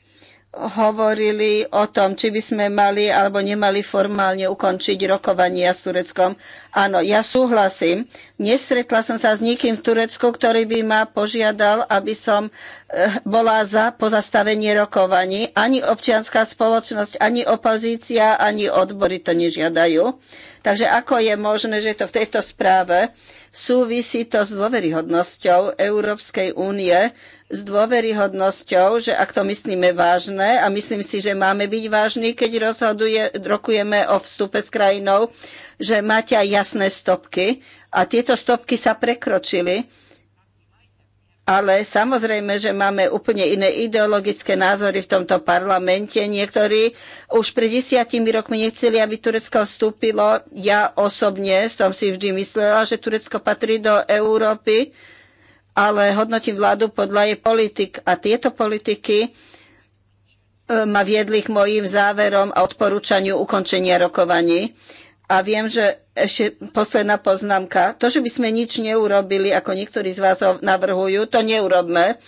hovorili o tom, či by sme mali alebo nemali formálne ukončiť rokovania s Tureckom. Áno, ja súhlasím. Nestretla som sa s nikým v Turecku, ktorý by ma požiadal, aby som eh, bola za pozastavenie rokovaní. Ani občianská spoločnosť, ani opozícia, ani odbory to nežiadajú. Takže ako je možné, že to v tejto správe súvisí to s dôveryhodnosťou Európskej únie s dôveryhodnosťou, že ak to myslíme vážne a myslím si, že máme byť vážni, keď rozhoduje, rokujeme o vstupe s krajinou, že máte aj jasné stopky a tieto stopky sa prekročili. Ale samozrejme, že máme úplne iné ideologické názory v tomto parlamente. Niektorí už pred desiatimi rokmi nechceli, aby Turecko vstúpilo. Ja osobne som si vždy myslela, že Turecko patrí do Európy ale hodnotím vládu podľa jej politik. A tieto politiky e, ma viedli k mojim záverom a odporúčaniu ukončenia rokovaní. A viem, že ešte posledná poznámka. To, že by sme nič neurobili, ako niektorí z vás navrhujú, to neurobme.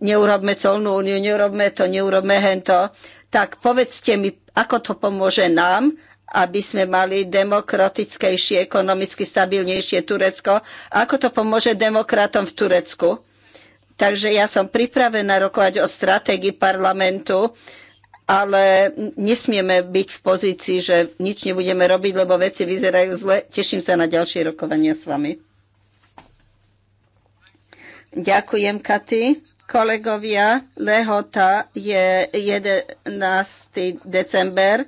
Neurobme colnú úniu, neurobme to, neurobme hento. Tak povedzte mi, ako to pomôže nám aby sme mali demokratickejšie, ekonomicky stabilnejšie Turecko. Ako to pomôže demokratom v Turecku? Takže ja som pripravená rokovať o stratégii parlamentu, ale nesmieme byť v pozícii, že nič nebudeme robiť, lebo veci vyzerajú zle. Teším sa na ďalšie rokovania s vami. Ďakujem, Katy. Kolegovia, lehota je 11. december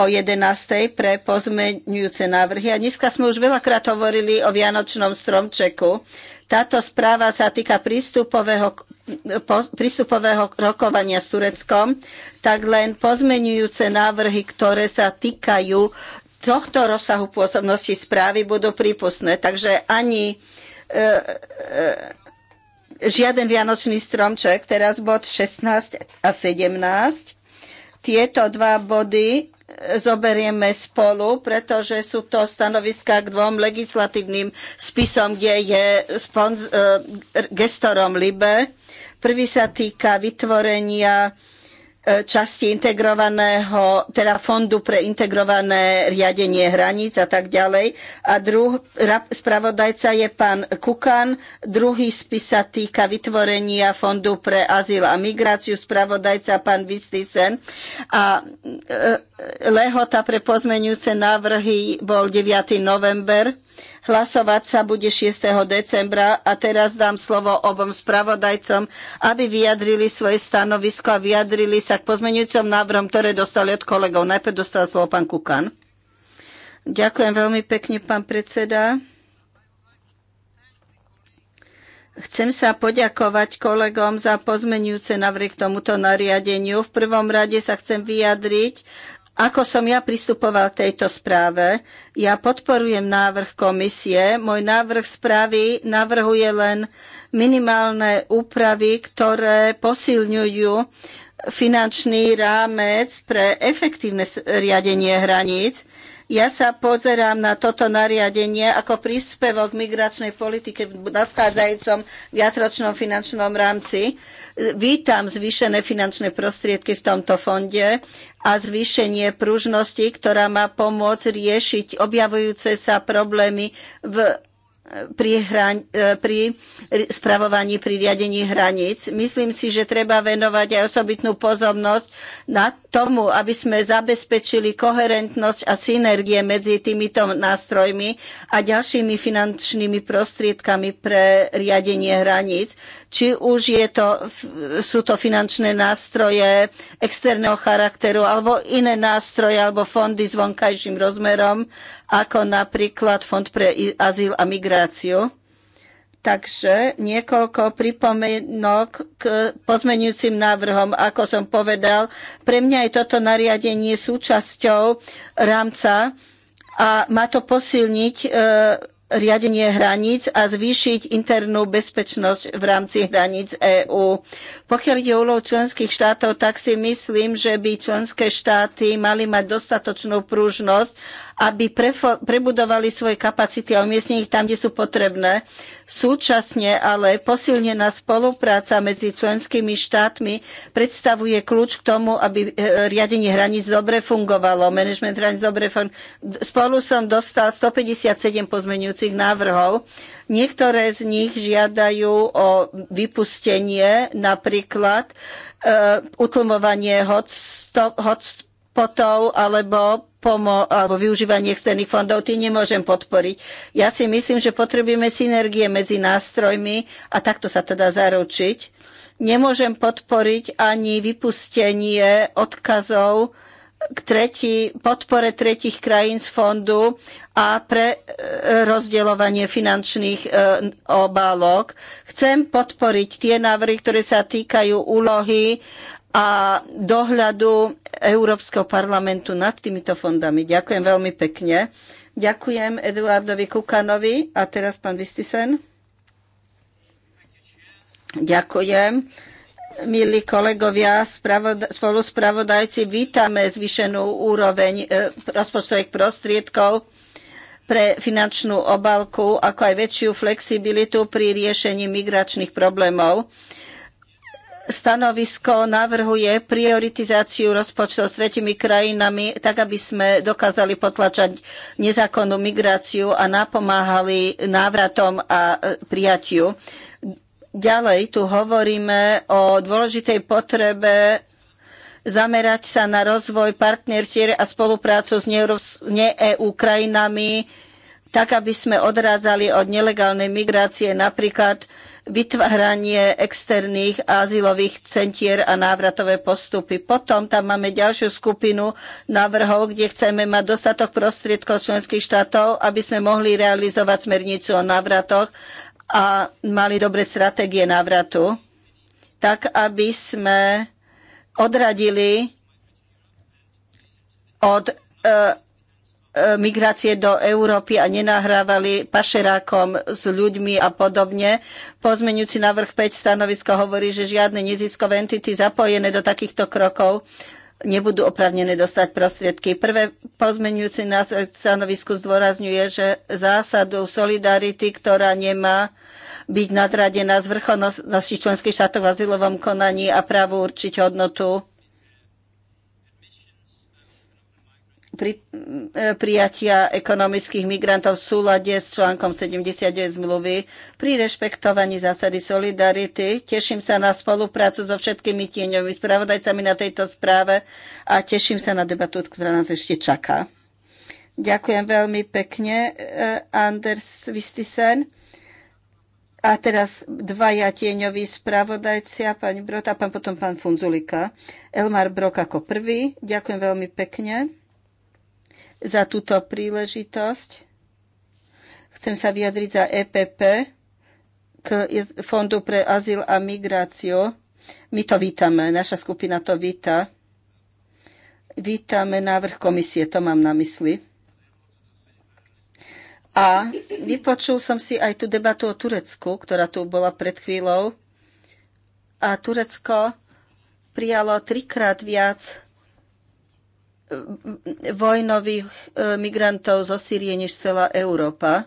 o 11. pre pozmeňujúce návrhy. A dneska sme už veľakrát hovorili o Vianočnom stromčeku. Táto správa sa týka prístupového, prístupového rokovania s Tureckom, tak len pozmeňujúce návrhy, ktoré sa týkajú tohto rozsahu pôsobnosti správy budú prípustné. Takže ani e, e, žiaden vianočný stromček, teraz bod 16 a 17. Tieto dva body zoberieme spolu, pretože sú to stanoviska k dvom legislatívnym spisom, kde je e, gestorom LIBE. Prvý sa týka vytvorenia E, časti integrovaného, teda fondu pre integrované riadenie hraníc a tak ďalej. A druh, spravodajca je pán Kukan, druhý spis sa týka vytvorenia fondu pre azyl a migráciu, spravodajca pán Vistisen a e, e, lehota pre pozmenujúce návrhy bol 9. november Hlasovať sa bude 6. decembra a teraz dám slovo obom spravodajcom, aby vyjadrili svoje stanovisko a vyjadrili sa k pozmeňujúcom návrhom, ktoré dostali od kolegov. Najprv dostal slovo pán Kukan. Ďakujem veľmi pekne, pán predseda. Chcem sa poďakovať kolegom za pozmenujúce návrhy k tomuto nariadeniu. V prvom rade sa chcem vyjadriť ako som ja pristupoval k tejto správe? Ja podporujem návrh komisie. Môj návrh správy navrhuje len minimálne úpravy, ktoré posilňujú finančný rámec pre efektívne riadenie hraníc. Ja sa pozerám na toto nariadenie ako príspevok migračnej politike v nadchádzajúcom viacročnom finančnom rámci. Vítam zvýšené finančné prostriedky v tomto fonde a zvýšenie pružnosti, ktorá má pomôcť riešiť objavujúce sa problémy v pri, e, pri spravovaní, pri riadení hraníc. Myslím si, že treba venovať aj osobitnú pozornosť na tomu, aby sme zabezpečili koherentnosť a synergie medzi týmito nástrojmi a ďalšími finančnými prostriedkami pre riadenie hraníc. Či už je to, sú to finančné nástroje externého charakteru alebo iné nástroje alebo fondy s vonkajším rozmerom, ako napríklad Fond pre azyl a migráciu Takže niekoľko pripomienok k pozmenujúcim návrhom. Ako som povedal, pre mňa je toto nariadenie súčasťou rámca a má to posilniť e, riadenie hraníc a zvýšiť internú bezpečnosť v rámci hraníc EÚ. Pokiaľ ide o členských štátov, tak si myslím, že by členské štáty mali mať dostatočnú pružnosť aby prebudovali svoje kapacity a umiestnili ich tam, kde sú potrebné. Súčasne ale posilnená spolupráca medzi členskými štátmi predstavuje kľúč k tomu, aby e, riadenie hraníc dobre fungovalo, management hraníc dobre fungovalo. Spolu som dostal 157 pozmenujúcich návrhov. Niektoré z nich žiadajú o vypustenie, napríklad e, utlmovanie hotspotov alebo pomo- alebo využívanie externých fondov, tie nemôžem podporiť. Ja si myslím, že potrebujeme synergie medzi nástrojmi a takto sa to dá zaručiť. Nemôžem podporiť ani vypustenie odkazov k tretí, podpore tretich krajín z fondu a pre e, rozdeľovanie finančných e, obálok. Chcem podporiť tie návrhy, ktoré sa týkajú úlohy a dohľadu Európskeho parlamentu nad týmito fondami. Ďakujem veľmi pekne. Ďakujem Eduardovi Kukanovi a teraz pán Vistisen. Ďakujem. Milí kolegovia, spoluspravodajci, vítame zvyšenú úroveň e, rozpočtových prostriedkov pre finančnú obalku, ako aj väčšiu flexibilitu pri riešení migračných problémov. Stanovisko navrhuje prioritizáciu rozpočtov s tretimi krajinami, tak aby sme dokázali potlačať nezákonnú migráciu a napomáhali návratom a e, prijatiu. Ďalej tu hovoríme o dôležitej potrebe zamerať sa na rozvoj partnerstier a spoluprácu s ne-EU e krajinami, tak aby sme odrádzali od nelegálnej migrácie napríklad vytváranie externých azylových centier a návratové postupy. Potom tam máme ďalšiu skupinu návrhov, kde chceme mať dostatok prostriedkov členských štátov, aby sme mohli realizovať smernicu o návratoch a mali dobré stratégie návratu, tak aby sme odradili od e, E, migrácie do Európy a nenahrávali pašerákom s ľuďmi a podobne. Pozmeňujúci návrh 5 stanovisko hovorí, že žiadne neziskové entity zapojené do takýchto krokov nebudú opravnené dostať prostriedky. Prvé pozmeňujúci návrh stanovisku zdôrazňuje, že zásadu solidarity, ktorá nemá byť nadradená z vrchonosti členských štátov v azylovom konaní a právo určiť hodnotu pri, mm, e, prijatia ekonomických migrantov v súlade s článkom 79 zmluvy pri rešpektovaní zásady solidarity. Teším sa na spoluprácu so všetkými tieňovými spravodajcami na tejto správe a teším sa na debatu, ktorá nás ešte čaká. Ďakujem veľmi pekne, e, Anders Vistisen. A teraz dvaja tieňoví spravodajcia, pani Brota a pán, potom pán Funzulika. Elmar Brok ako prvý. Ďakujem veľmi pekne za túto príležitosť. Chcem sa vyjadriť za EPP k Fondu pre azyl a migráciu. My to vítame, naša skupina to víta. Vítame návrh komisie, to mám na mysli. A vypočul som si aj tú debatu o Turecku, ktorá tu bola pred chvíľou. A Turecko prijalo trikrát viac vojnových e, migrantov zo Sýrie než celá Európa.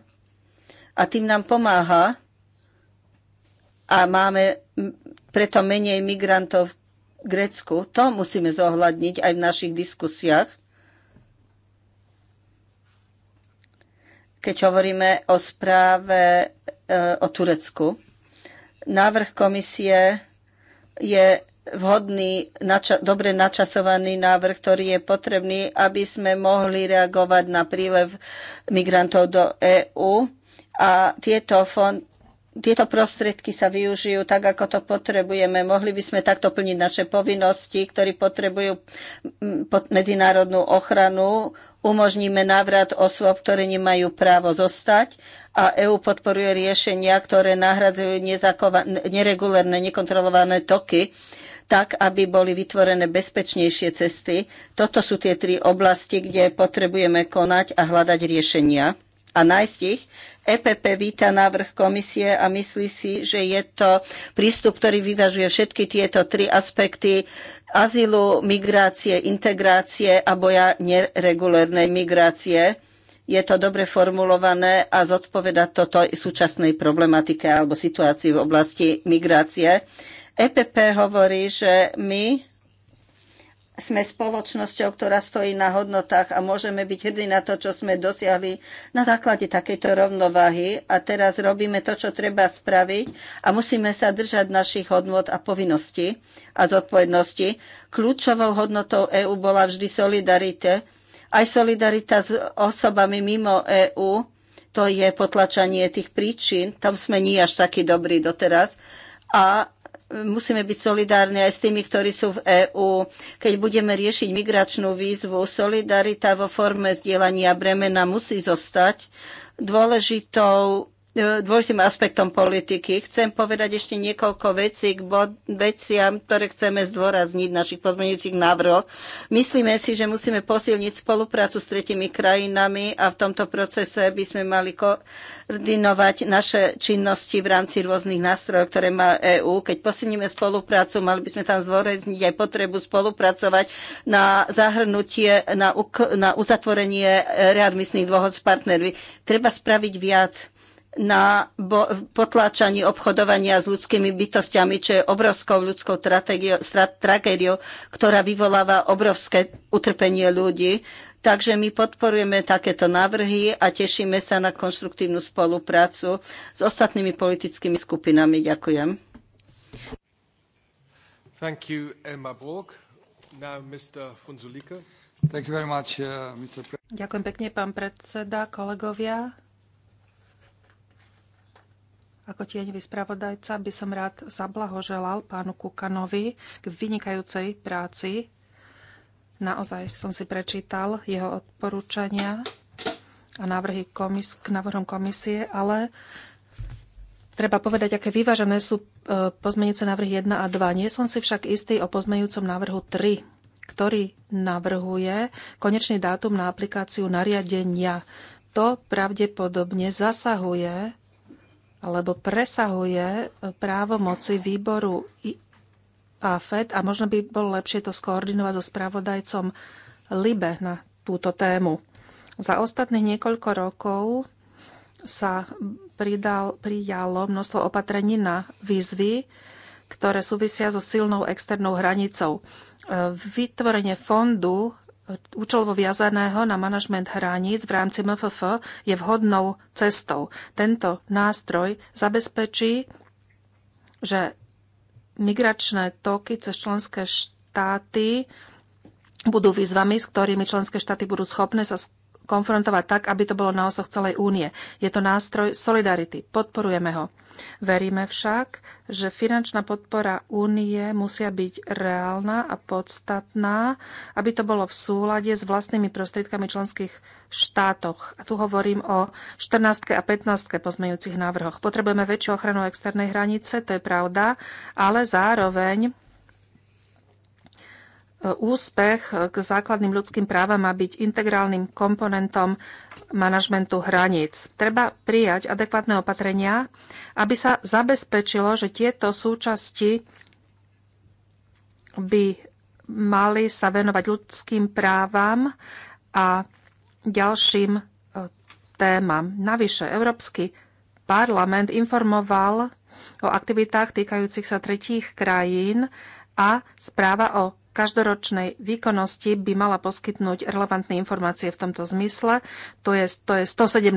A tým nám pomáha a máme preto menej migrantov v Grécku. To musíme zohľadniť aj v našich diskusiách. Keď hovoríme o správe e, o Turecku. Návrh komisie je vhodný, nača- dobre načasovaný návrh, ktorý je potrebný, aby sme mohli reagovať na prílev migrantov do EÚ. A tieto, fond- tieto prostriedky sa využijú tak, ako to potrebujeme. Mohli by sme takto plniť naše povinnosti, ktorí potrebujú mm, medzinárodnú ochranu. Umožníme návrat osôb, ktoré nemajú právo zostať a EÚ podporuje riešenia, ktoré nahradzujú neregulérne, nekontrolované toky tak aby boli vytvorené bezpečnejšie cesty. Toto sú tie tri oblasti, kde potrebujeme konať a hľadať riešenia a nájsť ich. EPP víta návrh komisie a myslí si, že je to prístup, ktorý vyvažuje všetky tieto tri aspekty azylu, migrácie, integrácie a boja neregulérnej migrácie. Je to dobre formulované a zodpoveda toto súčasnej problematike alebo situácii v oblasti migrácie. EPP hovorí, že my sme spoločnosťou, ktorá stojí na hodnotách a môžeme byť hrdí na to, čo sme dosiahli na základe takejto rovnováhy a teraz robíme to, čo treba spraviť a musíme sa držať našich hodnot a povinností a zodpovedností. Kľúčovou hodnotou EÚ bola vždy solidarita. aj solidarita s osobami mimo EÚ, to je potlačanie tých príčin, tam sme nie až takí dobrí doteraz, a musíme byť solidárni aj s tými, ktorí sú v EÚ. Keď budeme riešiť migračnú výzvu, solidarita vo forme zdieľania bremena musí zostať dôležitou dôležitým aspektom politiky. Chcem povedať ešte niekoľko vecí k bod, veciam, ktoré chceme zdôrazniť v našich pozmeňujúcich návrhoch. Myslíme si, že musíme posilniť spoluprácu s tretimi krajinami a v tomto procese by sme mali koordinovať naše činnosti v rámci rôznych nástrojov, ktoré má EÚ. Keď posilníme spoluprácu, mali by sme tam zdôrazniť aj potrebu spolupracovať na zahrnutie, na, na uzatvorenie readmisných dôhod s partnermi. Treba spraviť viac na potláčaní obchodovania s ľudskými bytostiami, čo je obrovskou ľudskou tragédiou, ktorá vyvoláva obrovské utrpenie ľudí. Takže my podporujeme takéto návrhy a tešíme sa na konštruktívnu spoluprácu s ostatnými politickými skupinami. Ďakujem. Thank you, Emma Borg. Now, Mr. Thank you very much, uh, Mr. Ďakujem pekne, pán predseda, kolegovia. Ako tieňový spravodajca by som rád zablahoželal pánu Kukanovi k vynikajúcej práci. Naozaj som si prečítal jeho odporúčania a návrhy komis- k návrhom komisie, ale treba povedať, aké vyvážené sú e, pozmeňujúce návrhy 1 a 2. Nie som si však istý o pozmeňujúcom návrhu 3, ktorý navrhuje konečný dátum na aplikáciu nariadenia. To pravdepodobne zasahuje alebo presahuje e, právo moci výboru AFED a možno by bolo lepšie to skoordinovať so spravodajcom LIBE na túto tému. Za ostatných niekoľko rokov sa pridal, prijalo množstvo opatrení na výzvy, ktoré súvisia so silnou externou hranicou. E, vytvorenie fondu účelovo viazaného na manažment hraníc v rámci MFF je vhodnou cestou. Tento nástroj zabezpečí, že migračné toky cez členské štáty budú výzvami, s ktorými členské štáty budú schopné sa konfrontovať tak, aby to bolo na osoch celej únie. Je to nástroj solidarity. Podporujeme ho. Veríme však, že finančná podpora únie musia byť reálna a podstatná, aby to bolo v súlade s vlastnými prostriedkami členských štátoch. A tu hovorím o 14. a 15. pozmejúcich návrhoch. Potrebujeme väčšiu ochranu externej hranice, to je pravda, ale zároveň Úspech k základným ľudským právam má byť integrálnym komponentom manažmentu hraníc. Treba prijať adekvátne opatrenia, aby sa zabezpečilo, že tieto súčasti by mali sa venovať ľudským právam a ďalším e, témam. Navyše, Európsky parlament informoval o aktivitách týkajúcich sa tretích krajín a správa o každoročnej výkonnosti by mala poskytnúť relevantné informácie v tomto zmysle. To je, to je 117.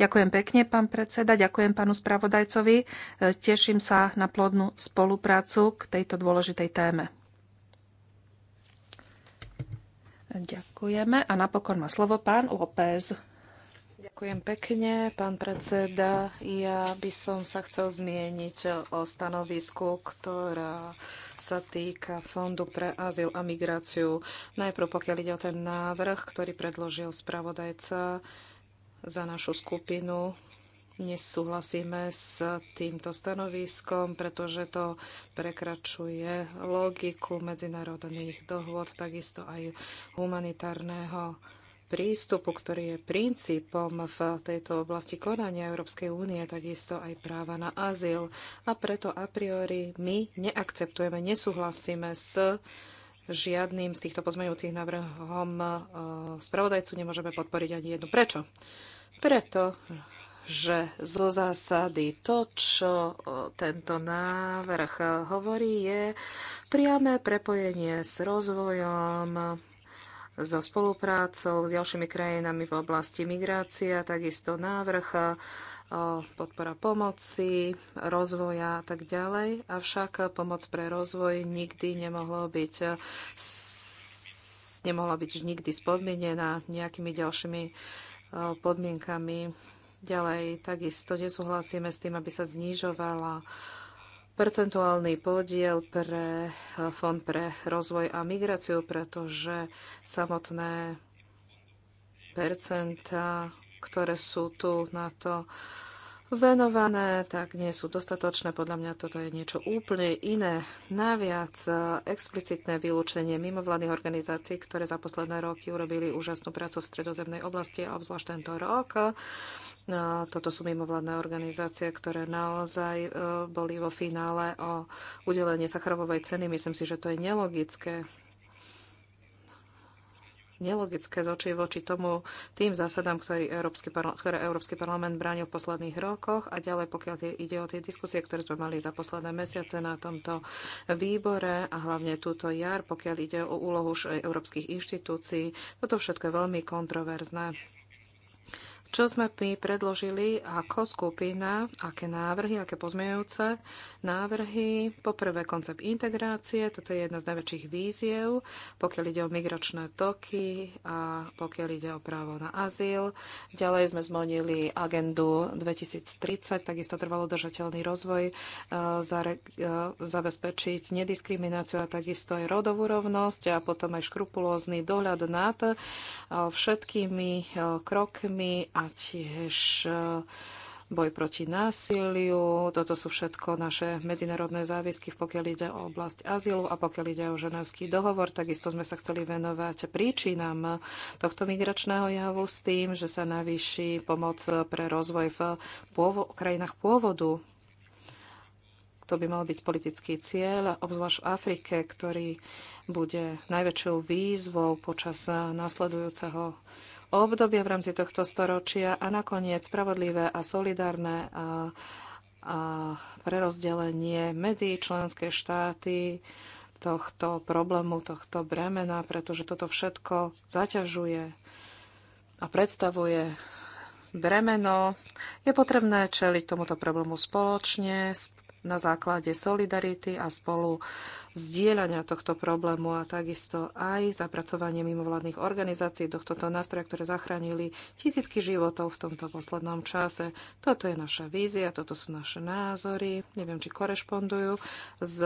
Ďakujem pekne, pán predseda, ďakujem pánu spravodajcovi. E, teším sa na plodnú spoluprácu k tejto dôležitej téme. Ďakujeme a napokon má slovo pán López. Ďakujem pekne, pán predseda. Ja by som sa chcel zmieniť o stanovisku, ktorá sa týka Fondu pre azyl a migráciu. Najprv pokiaľ ide o ten návrh, ktorý predložil spravodajca za našu skupinu, nesúhlasíme s týmto stanoviskom, pretože to prekračuje logiku medzinárodných dohôd, takisto aj humanitárneho prístupu, ktorý je princípom v tejto oblasti konania Európskej únie, takisto aj práva na azyl. A preto a priori my neakceptujeme, nesúhlasíme s žiadnym z týchto pozmeňujúcich návrhom e, spravodajcu nemôžeme podporiť ani jednu. Prečo? Preto, že zo zásady to, čo e, tento návrh hovorí, je priame prepojenie s rozvojom so spoluprácou s ďalšími krajinami v oblasti migrácia, takisto návrh e, podpora pomoci, rozvoja a tak ďalej. Avšak pomoc pre rozvoj nikdy nemohlo byť e, nemohla byť nikdy spodmienená nejakými ďalšími e, podmienkami. Ďalej, takisto nesúhlasíme s tým, aby sa znižovala percentuálny podiel pre Fond pre rozvoj a migráciu, pretože samotné percenta, ktoré sú tu na to venované, tak nie sú dostatočné. Podľa mňa toto je niečo úplne iné. Naviac e, explicitné vylúčenie mimovládnych organizácií, ktoré za posledné roky urobili úžasnú prácu v stredozemnej oblasti a obzvlášť tento rok toto sú mimovládne organizácie, ktoré naozaj e, boli vo finále o udelenie Sacharovovej ceny. Myslím si, že to je nelogické nelogické z očí voči tomu tým zásadám, ktorý Európsky ktoré Európsky parlament bránil v posledných rokoch a ďalej, pokiaľ tie, ide o tie diskusie, ktoré sme mali za posledné mesiace na tomto výbore a hlavne túto jar, pokiaľ ide o úlohu európskych inštitúcií. Toto všetko je veľmi kontroverzné. Čo sme my predložili ako skupina, aké návrhy, aké pozmeňujúce návrhy. Poprvé koncept integrácie, toto je jedna z najväčších víziev, pokiaľ ide o migračné toky a pokiaľ ide o právo na azyl. Ďalej sme zmonili agendu 2030, takisto trvalo držateľný rozvoj, e, e, zabezpečiť nediskrimináciu a takisto aj rodovú rovnosť a potom aj škrupulózny dohľad nad e, všetkými krokmi a tiež boj proti násiliu. Toto sú všetko naše medzinárodné záväzky, pokiaľ ide o oblasť azylu a pokiaľ ide o ženevský dohovor. Takisto sme sa chceli venovať príčinám tohto migračného javu s tým, že sa navýši pomoc pre rozvoj v pôvo- krajinách pôvodu. To by mal byť politický cieľ, obzvlášť v Afrike, ktorý bude najväčšou výzvou počas následujúceho obdobia v rámci tohto storočia a nakoniec spravodlivé a solidárne a, a prerozdelenie medzi členské štáty tohto problému, tohto bremena, pretože toto všetko zaťažuje a predstavuje bremeno. Je potrebné čeliť tomuto problému spoločne, na základe solidarity a spolu zdieľania tohto problému a takisto aj zapracovanie mimovládnych organizácií do tohto nástroja, ktoré zachránili tisícky životov v tomto poslednom čase. Toto je naša vízia, toto sú naše názory. Neviem, či korešpondujú s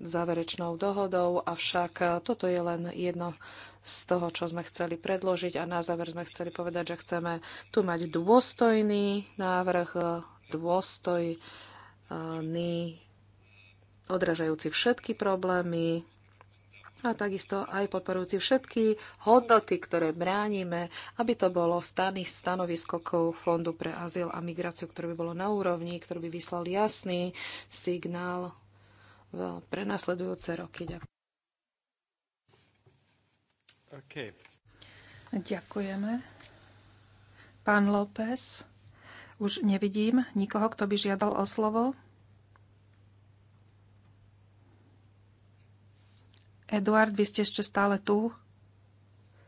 záverečnou dohodou, avšak toto je len jedno z toho, čo sme chceli predložiť a na záver sme chceli povedať, že chceme tu mať dôstojný návrh, dôstoj, odrážajúci všetky problémy a takisto aj podporujúci všetky hodnoty, ktoré bránime, aby to bolo stany stanovisko Fondu pre azyl a migráciu, ktoré by bolo na úrovni, ktorý by vyslal jasný signál v prenasledujúce roky. Ďakujem. Okay. Ďakujeme. Pán López. Už nevidím nikoho, kto by žiadal o slovo. Eduard, vy ste ešte stále tu?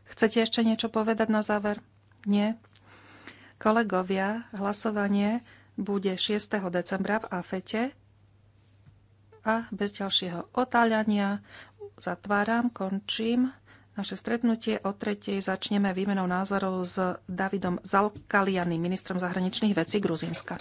Chcete ešte niečo povedať na záver? Nie? Kolegovia, hlasovanie bude 6. decembra v AFETE a bez ďalšieho otáľania zatváram, končím naše stretnutie o tretej začneme výmenou názorov s Davidom Zalkalianým, ministrom zahraničných vecí Gruzinska.